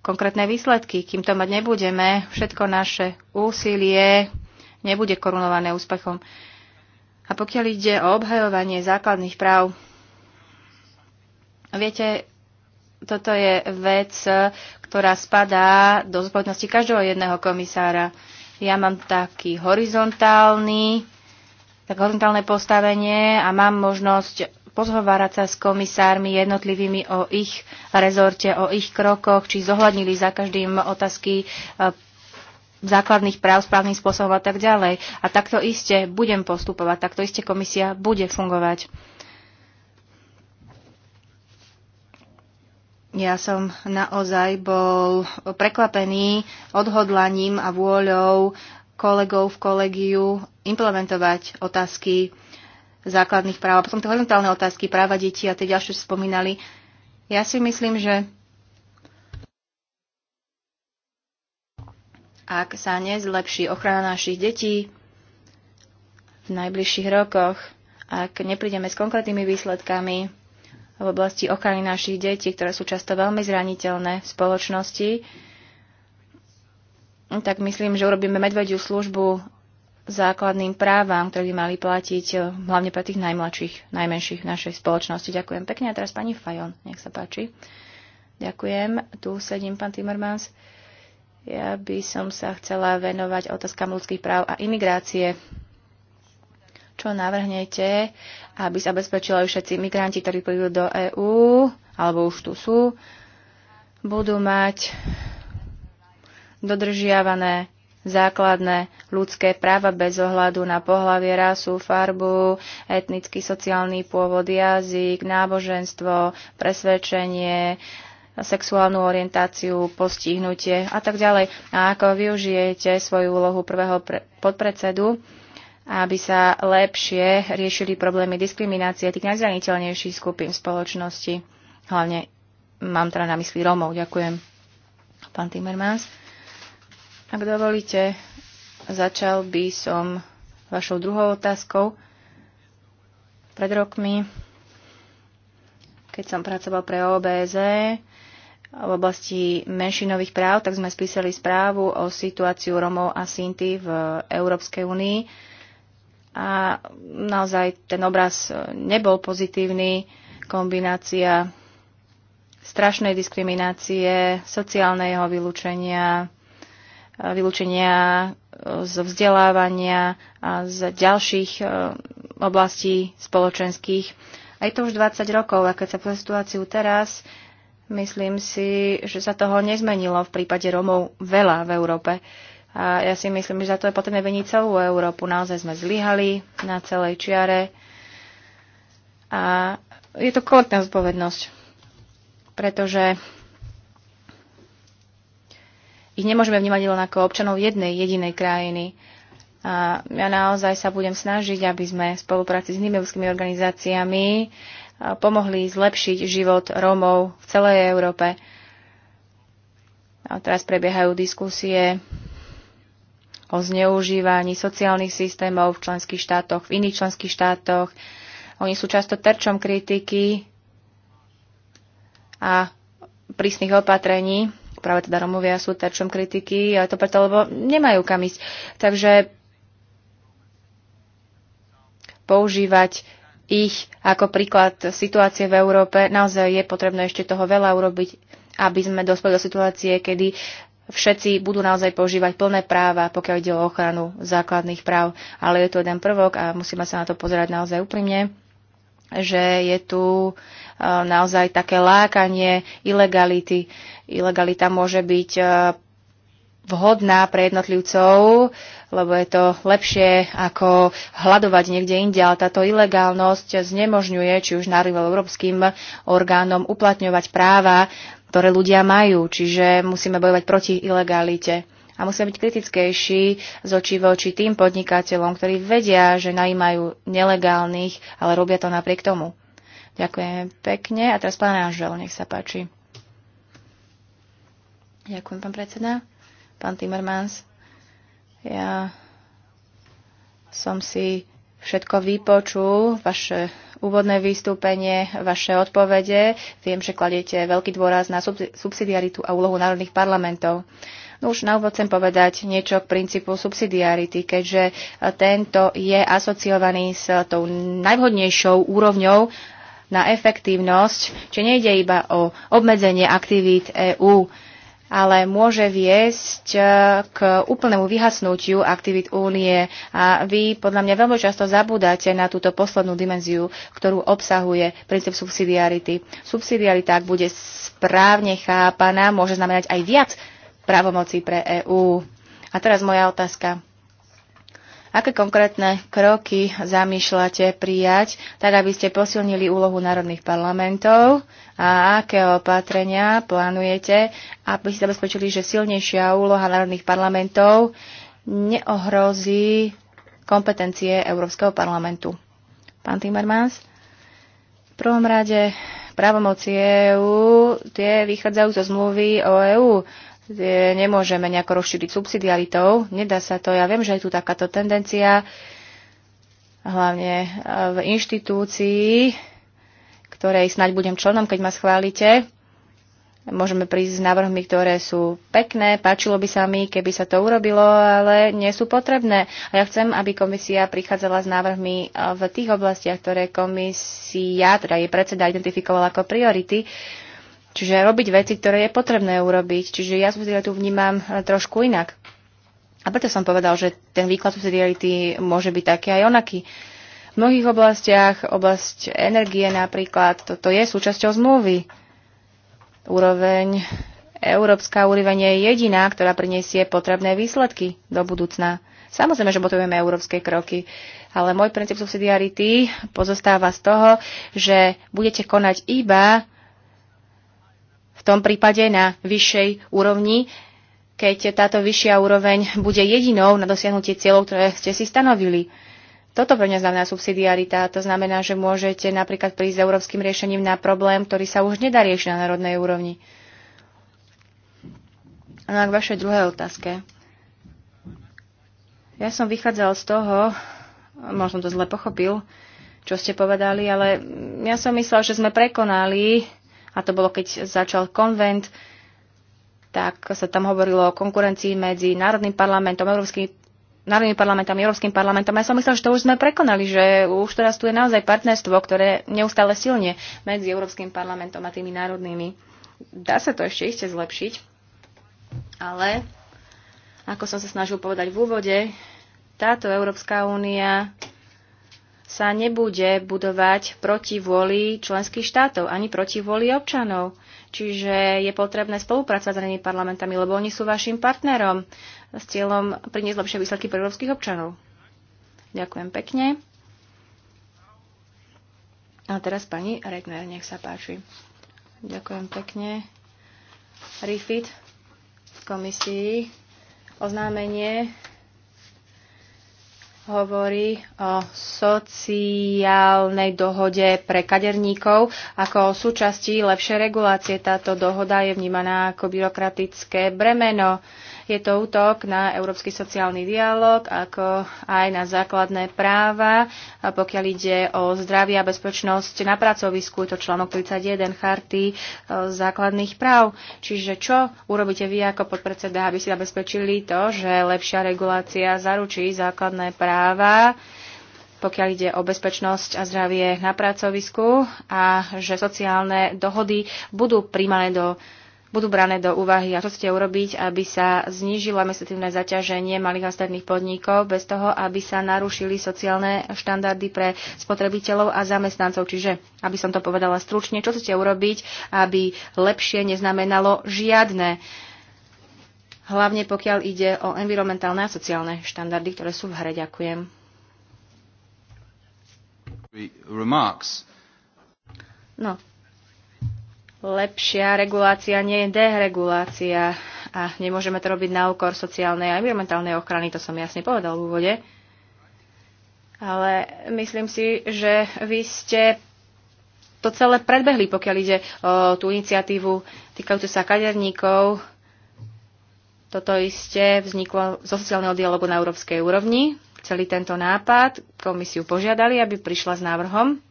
Konkrétne výsledky. Kým to mať nebudeme, všetko naše úsilie nebude korunované úspechom. A pokiaľ ide o obhajovanie základných práv, viete, toto je vec, ktorá spadá do zodpovednosti každého jedného komisára. Ja mám taký horizontálny, tak horizontálne postavenie a mám možnosť pozhovárať sa s komisármi jednotlivými o ich rezorte, o ich krokoch, či zohľadnili za každým otázky e, základných práv správnym spôsobom a tak ďalej. A takto iste budem postupovať, takto iste komisia bude fungovať. Ja som naozaj bol prekvapený odhodlaním a vôľou kolegov v kolegiu implementovať otázky základných práv, a potom tie horizontálne otázky, práva detí a tie ďalšie spomínali. Ja si myslím, že ak sa nezlepší ochrana našich detí v najbližších rokoch, ak neprídeme s konkrétnymi výsledkami, v oblasti ochrany našich detí, ktoré sú často veľmi zraniteľné v spoločnosti, tak myslím, že urobíme medvediu službu základným právam, ktoré by mali platiť eh, hlavne pre tých najmladších, najmenších v našej spoločnosti. Ďakujem pekne. A teraz pani Fajon, nech sa páči. Ďakujem. Tu sedím, pán Timmermans. Ja by som sa chcela venovať otázkam ľudských práv a imigrácie čo navrhnete, aby sa bezpečili všetci migranti, ktorí prídu do EÚ, alebo už tu sú, budú mať dodržiavané základné ľudské práva bez ohľadu na pohlavie, rasu, farbu, etnický, sociálny pôvod, jazyk, náboženstvo, presvedčenie, sexuálnu orientáciu, postihnutie a tak ďalej. A ako využijete svoju úlohu prvého podpredsedu, aby sa lepšie riešili problémy diskriminácie tých najzraniteľnejších skupín spoločnosti. Hlavne mám teda na mysli Rómov. Ďakujem, pán Timmermans. Ak dovolíte, začal by som vašou druhou otázkou. Pred rokmi, keď som pracoval pre OBZ v oblasti menšinových práv, tak sme spísali správu o situáciu Romov a Sinti v Európskej únii a naozaj ten obraz nebol pozitívny. Kombinácia strašnej diskriminácie, sociálneho vylúčenia, vylúčenia zo vzdelávania a z ďalších e, oblastí spoločenských. Aj to už 20 rokov a keď sa po situáciu teraz, myslím si, že sa toho nezmenilo v prípade Romov veľa v Európe. A ja si myslím, že za to je potrebné veniť celú Európu. Naozaj sme zlyhali na celej čiare. A je to kolektívna zodpovednosť, pretože ich nemôžeme vnímať len ako občanov jednej jedinej krajiny. A ja naozaj sa budem snažiť, aby sme v spolupráci s nímevskými organizáciami pomohli zlepšiť život Rómov v celej Európe. A teraz prebiehajú diskusie o zneužívaní sociálnych systémov v členských štátoch, v iných členských štátoch. Oni sú často terčom kritiky a prísnych opatrení. Práve teda Romovia sú terčom kritiky, ale to preto, lebo nemajú kam ísť. Takže používať ich ako príklad situácie v Európe, naozaj je potrebné ešte toho veľa urobiť, aby sme dospeli do situácie, kedy všetci budú naozaj používať plné práva, pokiaľ ide o ochranu základných práv. Ale je tu jeden prvok a musíme sa na to pozerať naozaj úprimne že je tu e, naozaj také lákanie ilegality. Ilegalita môže byť e, vhodná pre jednotlivcov, lebo je to lepšie ako hľadovať niekde inde, ale táto ilegálnosť znemožňuje či už národným európskym orgánom uplatňovať práva ktoré ľudia majú, čiže musíme bojovať proti ilegalite. A musíme byť kritickejší z očí voči tým podnikateľom, ktorí vedia, že najímajú nelegálnych, ale robia to napriek tomu. Ďakujem pekne. A teraz pán Anžel, nech sa páči. Ďakujem, pán predseda. Pán Timmermans, ja som si všetko vypočul, vaše úvodné vystúpenie, vaše odpovede. Viem, že kladiete veľký dôraz na subsidiaritu a úlohu národných parlamentov. No už na úvod chcem povedať niečo k princípu subsidiarity, keďže e, tento je asociovaný s tou najvhodnejšou úrovňou na efektívnosť, či nejde iba o obmedzenie aktivít EÚ ale môže viesť e, k úplnému vyhasnutiu aktivít únie. A vy podľa mňa veľmi často zabúdate na túto poslednú dimenziu, ktorú obsahuje princíp subsidiarity. Subsidiarita, ak bude správne chápaná, môže znamenať aj viac právomocí pre EÚ. A teraz moja otázka. Aké konkrétne kroky zamýšľate prijať, tak aby ste posilnili úlohu národných parlamentov a aké opatrenia plánujete, aby ste zabezpečili, že silnejšia úloha národných parlamentov neohrozí kompetencie Európskeho parlamentu? Pán Timmermans? V prvom rade právomoci EÚ, tie vychádzajú zo zmluvy o EÚ nemôžeme nejako rozšíriť subsidiaritou. Nedá sa to. Ja viem, že je tu takáto tendencia, hlavne e, v inštitúcii, ktorej snaď budem členom, keď ma schválite. Môžeme prísť s návrhmi, ktoré sú pekné, páčilo by sa mi, keby sa to urobilo, ale nie sú potrebné. A ja chcem, aby komisia prichádzala s návrhmi e, v tých oblastiach, ktoré komisia, teda jej predseda, identifikovala ako priority, Čiže robiť veci, ktoré je potrebné urobiť. Čiže ja subsidiaritu vnímam eh, trošku inak. A preto som povedal, že ten výklad subsidiarity môže byť taký aj onaký. V mnohých oblastiach, oblasť energie napríklad, toto je súčasťou zmluvy. Úroveň, európska úroveň je jediná, ktorá priniesie potrebné výsledky do budúcna. Samozrejme, že potrebujeme európske kroky, ale môj princíp subsidiarity pozostáva z toho, že budete konať iba tom prípade na vyššej úrovni, keď táto vyššia úroveň bude jedinou na dosiahnutie cieľov, ktoré ste si stanovili. Toto pre mňa znamená subsidiarita. To znamená, že môžete napríklad prísť s európskym riešením na problém, ktorý sa už nedá riešiť na národnej úrovni. No a k vašej druhej otázke. Ja som vychádzal z toho, možno to zle pochopil, čo ste povedali, ale ja som myslel, že sme prekonali a to bolo, keď začal konvent, tak sa tam hovorilo o konkurencii medzi Národným parlamentom, Európskym národnými parlamentami, Európskym parlamentom. Ja som myslel, že to už sme prekonali, že už teraz tu je naozaj partnerstvo, ktoré neustále silne medzi Európskym parlamentom a tými národnými. Dá sa to ešte ešte zlepšiť, ale ako som sa snažil povedať v úvode, táto Európska únia sa nebude budovať proti vôli členských štátov, ani proti vôli občanov. Čiže je potrebné spolupracovať s danými parlamentami, lebo oni sú vašim partnerom s cieľom priniesť lepšie výsledky pre európskych občanov. Ďakujem pekne. A teraz pani Regner, nech sa páči. Ďakujem pekne. Refit v komisii oznámenie hovorí o sociálnej dohode pre kaderníkov ako o súčasti lepšej regulácie. Táto dohoda je vnímaná ako byrokratické bremeno. Je to útok na európsky sociálny dialog, ako aj na základné práva, pokiaľ ide o zdravie a bezpečnosť na pracovisku, je to článok 31 charty e, základných práv. Čiže čo urobíte vy ako podpredseda, aby si zabezpečili to, že lepšia regulácia zaručí základné práva, pokiaľ ide o bezpečnosť a zdravie na pracovisku a že sociálne dohody budú príjmané do budú brané do úvahy a čo chcete urobiť, aby sa znížilo administratívne zaťaženie malých a stredných podnikov bez toho, aby sa narušili sociálne štandardy pre spotrebiteľov a zamestnancov. Čiže, aby som to povedala stručne, čo chcete urobiť, aby lepšie neznamenalo žiadne hlavne pokiaľ ide o environmentálne a sociálne štandardy, ktoré sú v hre. Ďakujem. No, lepšia regulácia nie je deregulácia a nemôžeme to robiť na úkor sociálnej a environmentálnej ochrany, to som jasne povedal v úvode. Ale myslím si, že vy ste to celé predbehli, pokiaľ ide o tú iniciatívu týkajúcu sa kaderníkov. Toto iste vzniklo zo sociálneho dialogu na európskej úrovni. Celý tento nápad komisiu požiadali, aby prišla s návrhom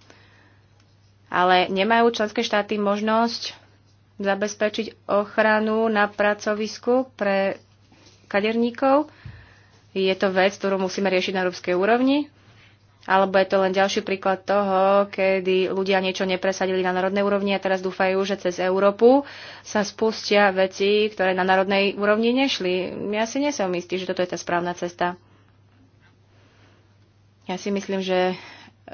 ale nemajú členské štáty možnosť zabezpečiť ochranu na pracovisku pre kaderníkov? Je to vec, ktorú musíme riešiť na európskej úrovni? Alebo je to len ďalší príklad toho, kedy ľudia niečo nepresadili na národnej úrovni a teraz dúfajú, že cez Európu sa spustia veci, ktoré na národnej úrovni nešli. Ja si nesom istý, že toto je tá správna cesta. Ja si myslím, že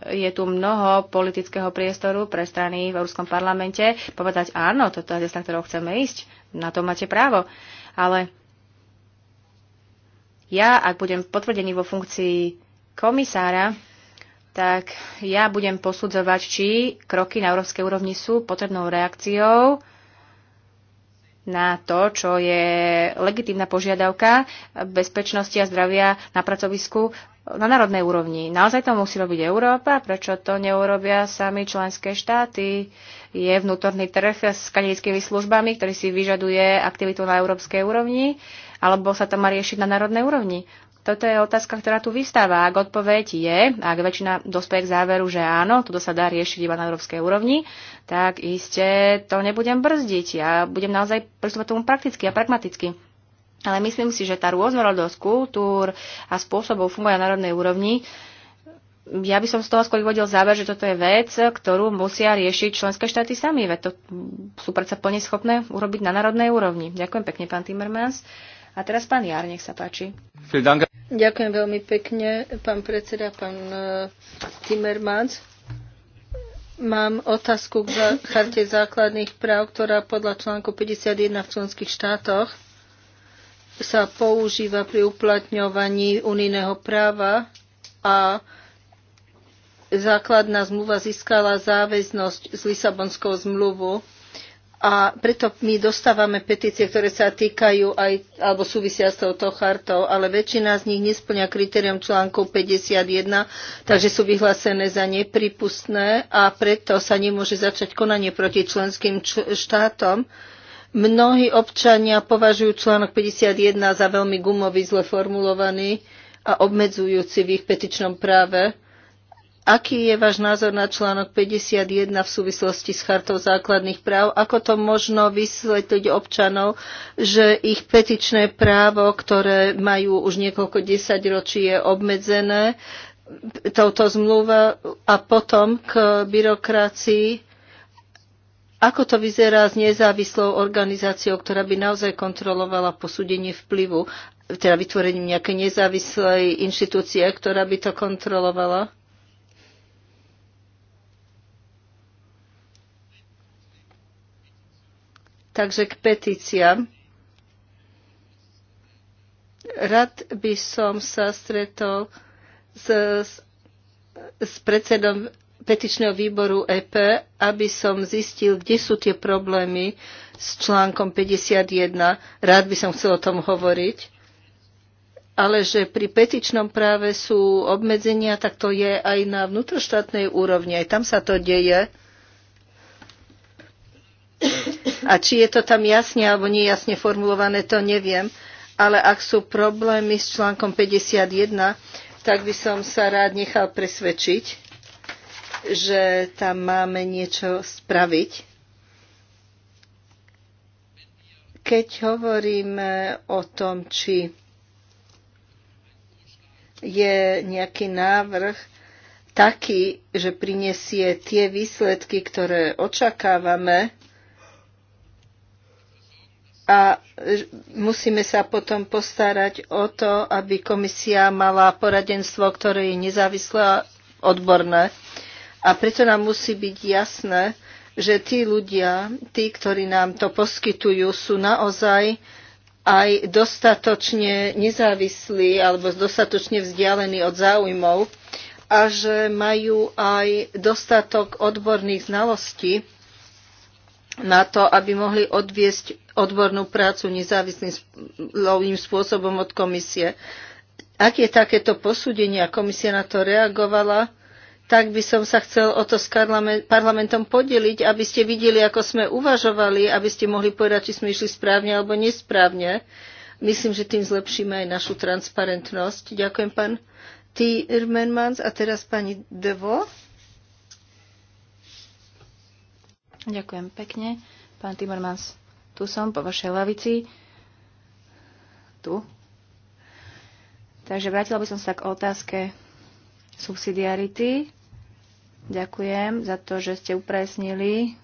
je tu mnoho politického priestoru pre strany v Európskom parlamente povedať áno, toto je cesta, ktorou chceme ísť, na to máte právo. Ale ja, ak budem potvrdený vo funkcii komisára, tak ja budem posudzovať, či kroky na európskej úrovni sú potrebnou reakciou na to, čo je legitímna požiadavka bezpečnosti a zdravia na pracovisku na národnej úrovni. Naozaj to musí robiť Európa? Prečo to neurobia sami členské štáty? Je vnútorný trh s kanadickými službami, ktorý si vyžaduje aktivitu na európskej úrovni? Alebo sa to má riešiť na národnej úrovni? Toto je otázka, ktorá tu vystáva. Ak odpoveď je, ak väčšina dospeje k záveru, že áno, toto sa dá riešiť iba na európskej úrovni, tak iste to nebudem brzdiť. Ja budem naozaj pristúpať tomu prakticky a pragmaticky. Ale myslím si, že tá rôznorodosť kultúr a spôsobov fungovania na národnej úrovni ja by som z toho skôr vodil záver, že toto je vec, ktorú musia riešiť členské štáty sami, veď to sú predsa plne schopné urobiť na národnej úrovni. Ďakujem pekne, pán Timmermans. A teraz pán Jar, nech sa páči. Ďakujem veľmi pekne, pán predseda, pán eh, Timmermans. Mám otázku k charte základných práv, ktorá podľa článku 51 v členských štátoch sa používa pri uplatňovaní unijného práva a základná zmluva získala záväznosť z Lisabonskou zmluvu a preto my dostávame petície, ktoré sa týkajú aj, alebo súvisia s touto chartou, ale väčšina z nich nesplňa kritérium článku 51, takže sú vyhlásené za nepripustné a preto sa nemôže začať konanie proti členským štátom. Mnohí občania považujú článok 51 za veľmi gumový, zle formulovaný a obmedzujúci v ich petičnom práve Aký je váš názor na článok 51 v súvislosti s chartou základných práv? Ako to možno vysvetliť občanov, že ich petičné právo, ktoré majú už niekoľko desaťročí, je obmedzené touto zmluvou a potom k byrokracii? Ako to vyzerá s nezávislou organizáciou, ktorá by naozaj kontrolovala posúdenie vplyvu, teda vytvorením nejakej nezávislej inštitúcie, ktorá by to kontrolovala? Takže k petíciám. Rád by som sa stretol s, s, s predsedom petičného výboru EP, aby som zistil, kde sú tie problémy s článkom 51. Rád by som chcel o tom hovoriť. Ale že pri petičnom práve sú obmedzenia, tak to je aj na vnútroštátnej úrovni. Aj tam sa to deje. A či je to tam jasne alebo nejasne formulované, to neviem. Ale ak sú problémy s článkom 51, tak by som sa rád nechal presvedčiť, že tam máme niečo spraviť. Keď hovoríme o tom, či je nejaký návrh taký, že prinesie tie výsledky, ktoré očakávame, a musíme sa potom postarať o to, aby komisia mala poradenstvo, ktoré je nezávislé a odborné. A preto nám musí byť jasné, že tí ľudia, tí, ktorí nám to poskytujú, sú naozaj aj dostatočne nezávislí alebo dostatočne vzdialení od záujmov a že majú aj dostatok odborných znalostí na to, aby mohli odviesť odbornú prácu nezávislým lovým spôsobom od komisie. Ak je takéto posúdenie a komisia na to reagovala, tak by som sa chcel o to s parlamentom podeliť, aby ste videli, ako sme uvažovali, aby ste mohli povedať, či sme išli správne alebo nesprávne. Myslím, že tým zlepšíme aj našu transparentnosť. Ďakujem, pán Tiermans. A teraz pani Devo. Ďakujem pekne. Pán Timmermans, tu som, po vašej lavici. Tu. Takže vrátila by som sa k otázke subsidiarity. Ďakujem za to, že ste upresnili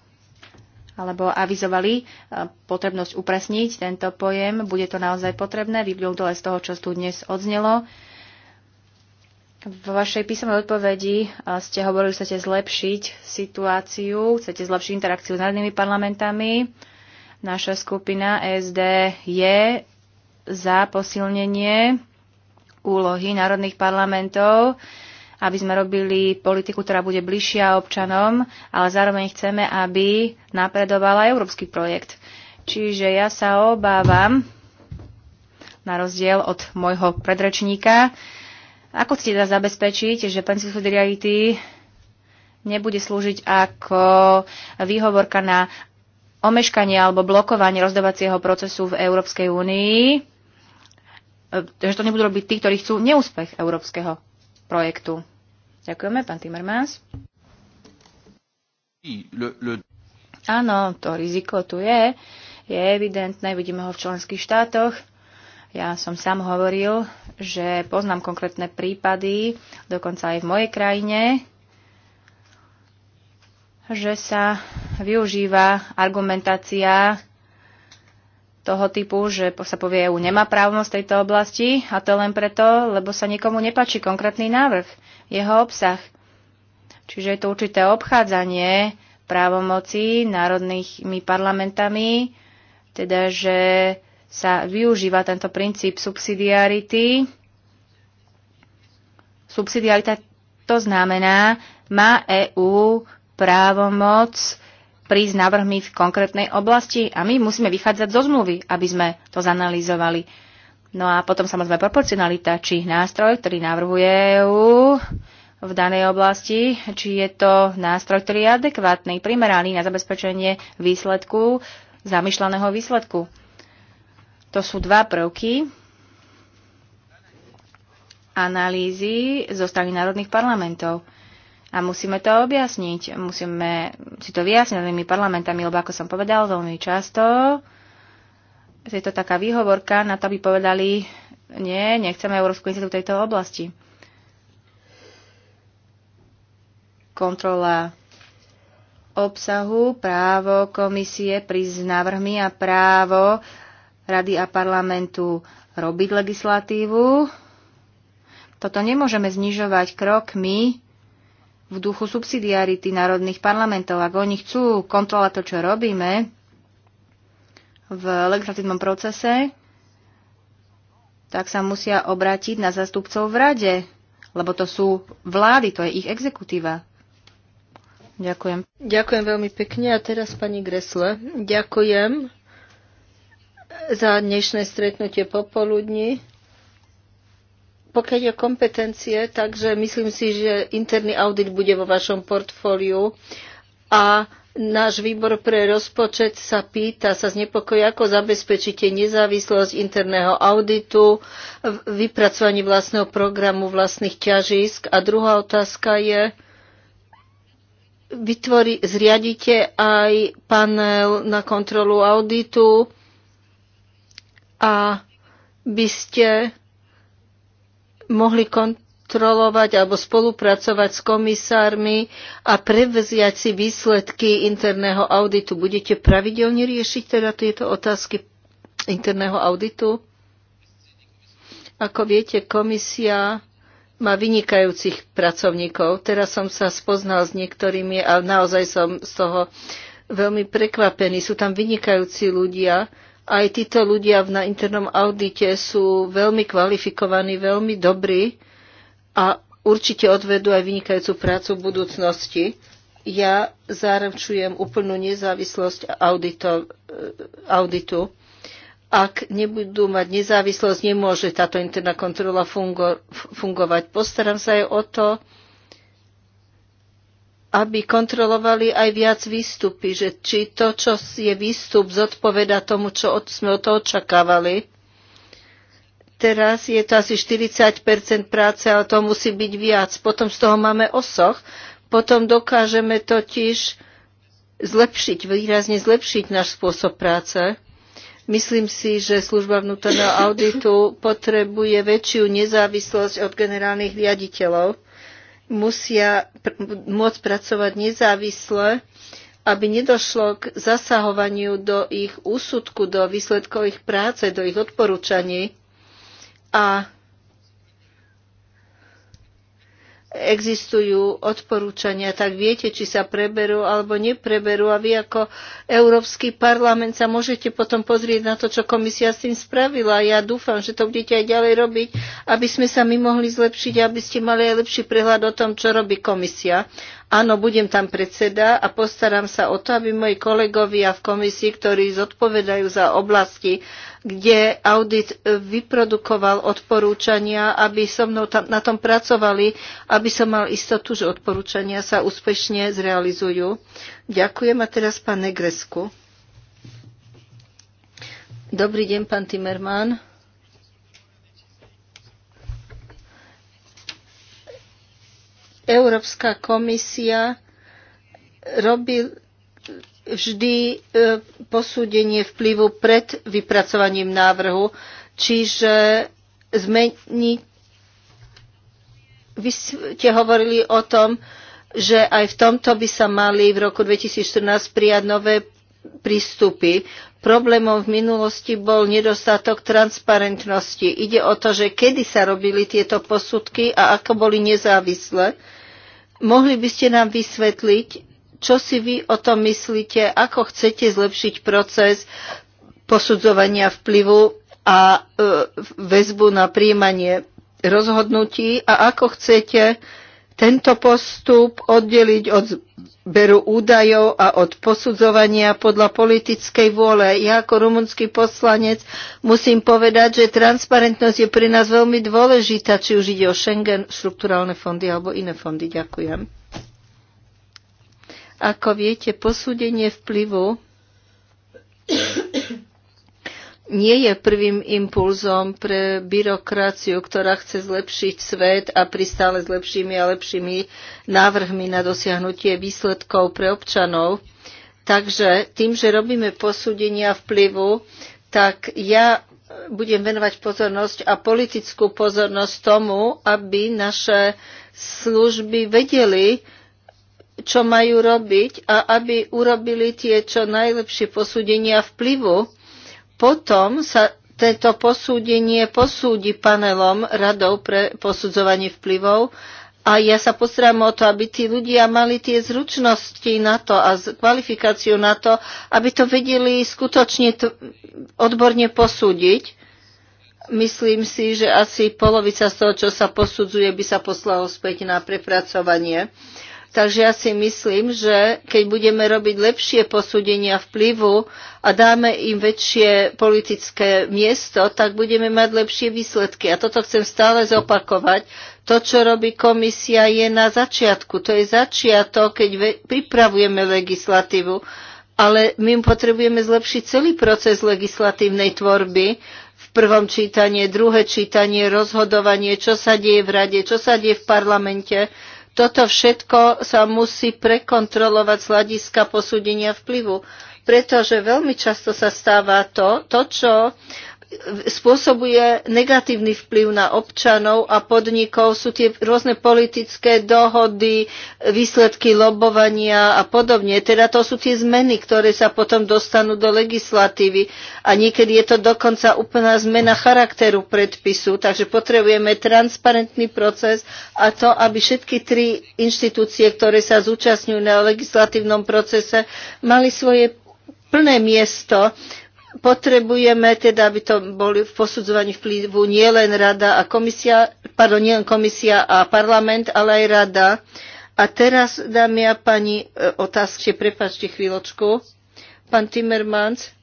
alebo avizovali e, potrebnosť upresniť tento pojem. Bude to naozaj potrebné, vyplnul to aj z toho, čo tu dnes odznelo. V vašej písomnej odpovedi e, ste hovorili, že chcete zlepšiť situáciu, chcete zlepšiť interakciu s národnými parlamentami. Naša skupina SD je za posilnenie úlohy národných parlamentov, aby sme robili politiku, ktorá bude bližšia občanom, ale zároveň chceme, aby napredovala európsky projekt. Čiže ja sa obávam, na rozdiel od môjho predrečníka, ako chcete teda zabezpečiť, že pencil solidarity nebude slúžiť ako výhovorka na omeškanie alebo blokovanie rozdávacieho procesu v Európskej únii, e, že to nebudú robiť tí, ktorí chcú neúspech európskeho projektu. Ďakujeme, pán Timmermans. Le, le... Áno, to riziko tu je. Je evidentné, vidíme ho v členských štátoch. Ja som sám hovoril, že poznám konkrétne prípady, dokonca aj v mojej krajine, že sa využíva argumentácia toho typu, že sa povie EU nemá právnosť v tejto oblasti a to len preto, lebo sa nikomu nepačí konkrétny návrh, jeho obsah. Čiže je to určité obchádzanie právomoci národnými parlamentami, teda že sa využíva tento princíp subsidiarity. Subsidiarita to znamená, má EÚ právomoc prísť návrhmi v konkrétnej oblasti a my musíme vychádzať zo zmluvy, aby sme to zanalizovali. No a potom samozrejme proporcionalita, či nástroj, ktorý navrhuje EU v danej oblasti, či je to nástroj, ktorý je adekvátny, primeraný na zabezpečenie výsledku, zamýšľaného výsledku. To sú dva prvky analýzy zo strany národných parlamentov. A musíme to objasniť, musíme si to vyjasniť tými parlamentami, lebo ako som povedal veľmi často, je to taká výhovorka na to, aby povedali, nie, nechceme Európsku iniciatívu v tejto oblasti. Kontrola obsahu, právo komisie prísť s návrhmi a právo rady a parlamentu robiť legislatívu. Toto nemôžeme znižovať krokmi, v duchu subsidiarity národných parlamentov. Ak oni chcú kontrolovať to, čo robíme v legislatívnom procese, tak sa musia obrátiť na zastupcov v rade, lebo to sú vlády, to je ich exekutíva. Ďakujem. Ďakujem veľmi pekne. A teraz pani Gresle. Ďakujem za dnešné stretnutie popoludní pokiaľ je kompetencie, takže myslím si, že interný audit bude vo vašom portfóliu a náš výbor pre rozpočet sa pýta, sa znepokojí, ako zabezpečíte nezávislosť interného auditu, vypracovanie vlastného programu, vlastných ťažisk. A druhá otázka je, vytvorí, zriadite aj panel na kontrolu auditu a by ste mohli kontrolovať alebo spolupracovať s komisármi a prevziať si výsledky interného auditu. Budete pravidelne riešiť teda tieto otázky interného auditu? Ako viete, komisia má vynikajúcich pracovníkov. Teraz som sa spoznal s niektorými a naozaj som z toho veľmi prekvapený. Sú tam vynikajúci ľudia, aj títo ľudia na internom audite sú veľmi kvalifikovaní, veľmi dobrí a určite odvedú aj vynikajúcu prácu v budúcnosti. Ja zaručujem úplnú nezávislosť audito, eh, auditu. Ak nebudú mať nezávislosť, nemôže táto interná kontrola fungo, fungovať. Postaram sa aj o to, aby kontrolovali aj viac výstupy, že či to, čo je výstup, zodpoveda tomu, čo od, sme od toho očakávali. Teraz je to asi 40 práce, ale to musí byť viac. Potom z toho máme osoch. Potom dokážeme totiž zlepšiť, výrazne zlepšiť náš spôsob práce. Myslím si, že služba vnútorného auditu potrebuje väčšiu nezávislosť od generálnych riaditeľov musia pr- môcť pracovať nezávisle, aby nedošlo k zasahovaniu do ich úsudku, do výsledkov ich práce, do ich odporúčaní. A existujú odporúčania, tak viete, či sa preberú alebo nepreberú a vy ako Európsky parlament sa môžete potom pozrieť na to, čo komisia s tým spravila. Ja dúfam, že to budete aj ďalej robiť, aby sme sa my mohli zlepšiť a aby ste mali aj lepší prehľad o tom, čo robí komisia. Áno, budem tam predseda a postaram sa o to, aby moji kolegovia v komisii, ktorí zodpovedajú za oblasti, kde audit vyprodukoval odporúčania, aby so mnou tam, na tom pracovali, aby som mal istotu, že odporúčania sa úspešne zrealizujú. Ďakujem a teraz pán Negresku. Dobrý deň, pán Timerman. Európska komisia robí vždy e, posúdenie vplyvu pred vypracovaním návrhu, čiže zmení. Vy ste hovorili o tom, že aj v tomto by sa mali v roku 2014 prijať nové prístupy. Problémom v minulosti bol nedostatok transparentnosti. Ide o to, že kedy sa robili tieto posudky a ako boli nezávislé Mohli by ste nám vysvetliť, čo si vy o tom myslíte, ako chcete zlepšiť proces posudzovania vplyvu a e, väzbu na príjmanie rozhodnutí a ako chcete tento postup oddeliť od zberu údajov a od posudzovania podľa politickej vôle. Ja ako rumunský poslanec musím povedať, že transparentnosť je pri nás veľmi dôležitá, či už ide o Schengen, štrukturálne fondy alebo iné fondy. Ďakujem. Ako viete, posúdenie vplyvu nie je prvým impulzom pre byrokraciu, ktorá chce zlepšiť svet a pristále s lepšími a lepšími návrhmi na dosiahnutie výsledkov pre občanov. Takže tým, že robíme posúdenia vplyvu, tak ja budem venovať pozornosť a politickú pozornosť tomu, aby naše služby vedeli, čo majú robiť a aby urobili tie čo najlepšie posúdenia vplyvu potom sa tento posúdenie posúdi panelom radov pre posudzovanie vplyvov a ja sa postaram o to, aby tí ľudia mali tie zručnosti na to a kvalifikáciu na to, aby to vedeli skutočne odborne posúdiť. Myslím si, že asi polovica z toho, čo sa posudzuje, by sa poslalo späť na prepracovanie. Uh, Takže ja si myslím, že keď budeme robiť lepšie posúdenia vplyvu a dáme im väčšie politické miesto, tak budeme mať lepšie výsledky. A toto chcem stále zopakovať. To, čo robí komisia, je na začiatku. To je začiatok, keď pripravujeme legislatívu. Ale my potrebujeme zlepšiť celý proces legislatívnej tvorby, v prvom čítanie, druhé čítanie, rozhodovanie, čo sa deje v rade, čo sa deje v parlamente. Toto všetko sa musí prekontrolovať z hľadiska posúdenia vplyvu, pretože veľmi často sa stáva to, to čo spôsobuje negatívny vplyv na občanov a podnikov. Sú tie rôzne politické dohody, výsledky lobovania a podobne. Teda to sú tie zmeny, ktoré sa potom dostanú do legislatívy. A niekedy je to dokonca úplná zmena charakteru predpisu. Takže potrebujeme transparentný proces a to, aby všetky tri inštitúcie, ktoré sa zúčastňujú na legislatívnom procese, mali svoje plné miesto potrebujeme teda, aby to boli v posudzovaní vplyvu nielen rada a komisia, pardon, nielen komisia a parlament, ale aj rada. A teraz, dámy a pani, e, otázky, prepáčte chvíľočku. Pán Timmermans,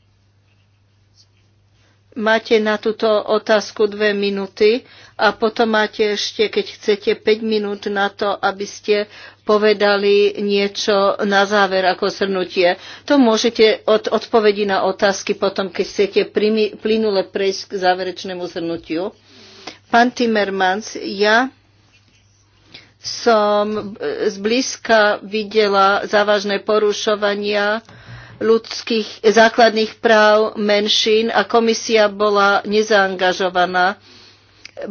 Máte na túto otázku dve minúty a potom máte ešte, keď chcete, 5 minút na to, aby ste povedali niečo na záver ako zhrnutie. To môžete od odpovedi na otázky potom, keď chcete plynule prejsť k záverečnému zhrnutiu. Pán Timmermans, ja som zblízka videla závažné porušovania ľudských základných práv menšín a komisia bola nezaangažovaná,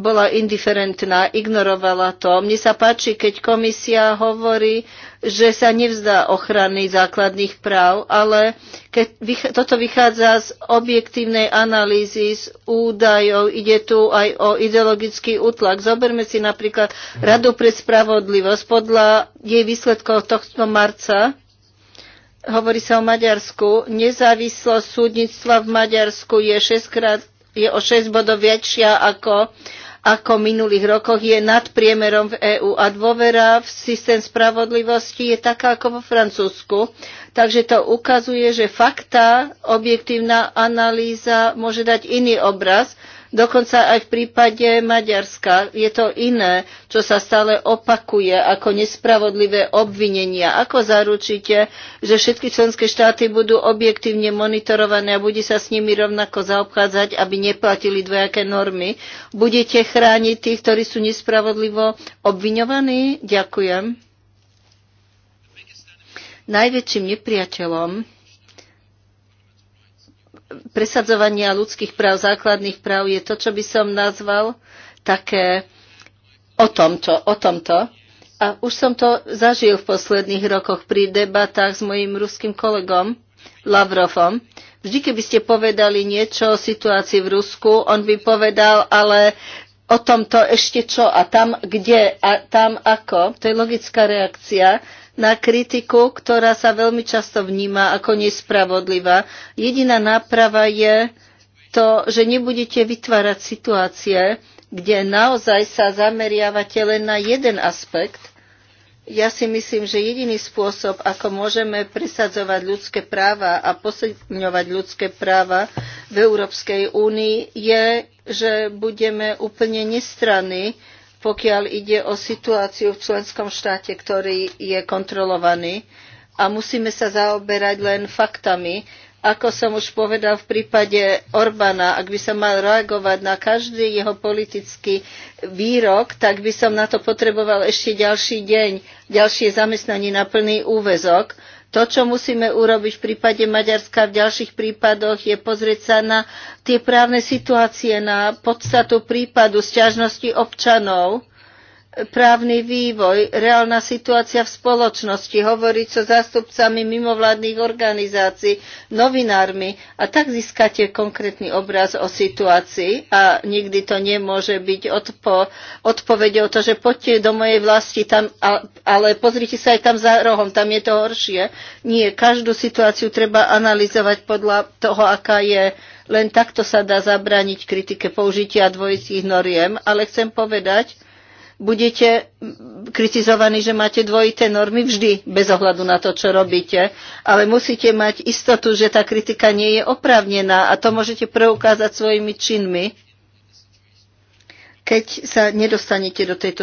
bola indiferentná, ignorovala to. Mne sa páči, keď komisia hovorí, že sa nevzdá ochrany základných práv, ale keď toto vychádza z objektívnej analýzy, z údajov, ide tu aj o ideologický útlak. Zoberme si napríklad Radu pre spravodlivosť. Podľa jej výsledkov tohto marca hovorí sa o Maďarsku, nezávislosť súdnictva v Maďarsku je, 6 krát, je o 6 bodov väčšia ako ako v minulých rokoch je nad priemerom v EÚ a dôvera v systém spravodlivosti je taká ako vo Francúzsku. Takže to ukazuje, že fakta, objektívna analýza môže dať iný obraz Dokonca aj v prípade Maďarska je to iné, čo sa stále opakuje ako nespravodlivé obvinenia. Ako zaručíte, že všetky členské štáty budú objektívne monitorované a bude sa s nimi rovnako zaobchádzať, aby neplatili dvojaké normy? Budete chrániť tých, ktorí sú nespravodlivo obviňovaní? Ďakujem. Najväčším nepriateľom presadzovania ľudských práv, základných práv je to, čo by som nazval také o tomto, o tomto. A už som to zažil v posledných rokoch pri debatách s mojim ruským kolegom Lavrovom. Vždy, keby ste povedali niečo o situácii v Rusku, on by povedal, ale o tomto ešte čo a tam kde a tam ako. To je logická reakcia na kritiku, ktorá sa veľmi často vníma ako nespravodlivá. Jediná náprava je to, že nebudete vytvárať situácie, kde naozaj sa zameriavate len na jeden aspekt. Ja si myslím, že jediný spôsob, ako môžeme presadzovať ľudské práva a posilňovať ľudské práva v Európskej únii, je, že budeme úplne nestranní pokiaľ ide o situáciu v členskom štáte, ktorý je kontrolovaný. A musíme sa zaoberať len faktami. Ako som už povedal v prípade Orbána, ak by som mal reagovať na každý jeho politický výrok, tak by som na to potreboval ešte ďalší deň, ďalšie zamestnanie na plný úvezok to, čo musíme urobiť v prípade Maďarska v ďalších prípadoch, je pozrieť sa na tie právne situácie, na podstatu prípadu, sťažnosti občanov, právny vývoj, reálna situácia v spoločnosti, hovoriť so zástupcami mimovládnych organizácií, novinármi a tak získate konkrétny obraz o situácii a nikdy to nemôže byť odpo, o to, že poďte do mojej vlasti tam, ale pozrite sa aj tam za rohom, tam je to horšie. Nie, každú situáciu treba analyzovať podľa toho, aká je len takto sa dá zabrániť kritike použitia dvojitých noriem, ale chcem povedať, budete kritizovaní, že máte dvojité normy vždy, bez ohľadu na to, čo robíte. Ale musíte mať istotu, že tá kritika nie je oprávnená a to môžete preukázať svojimi činmi, keď sa nedostanete do tejto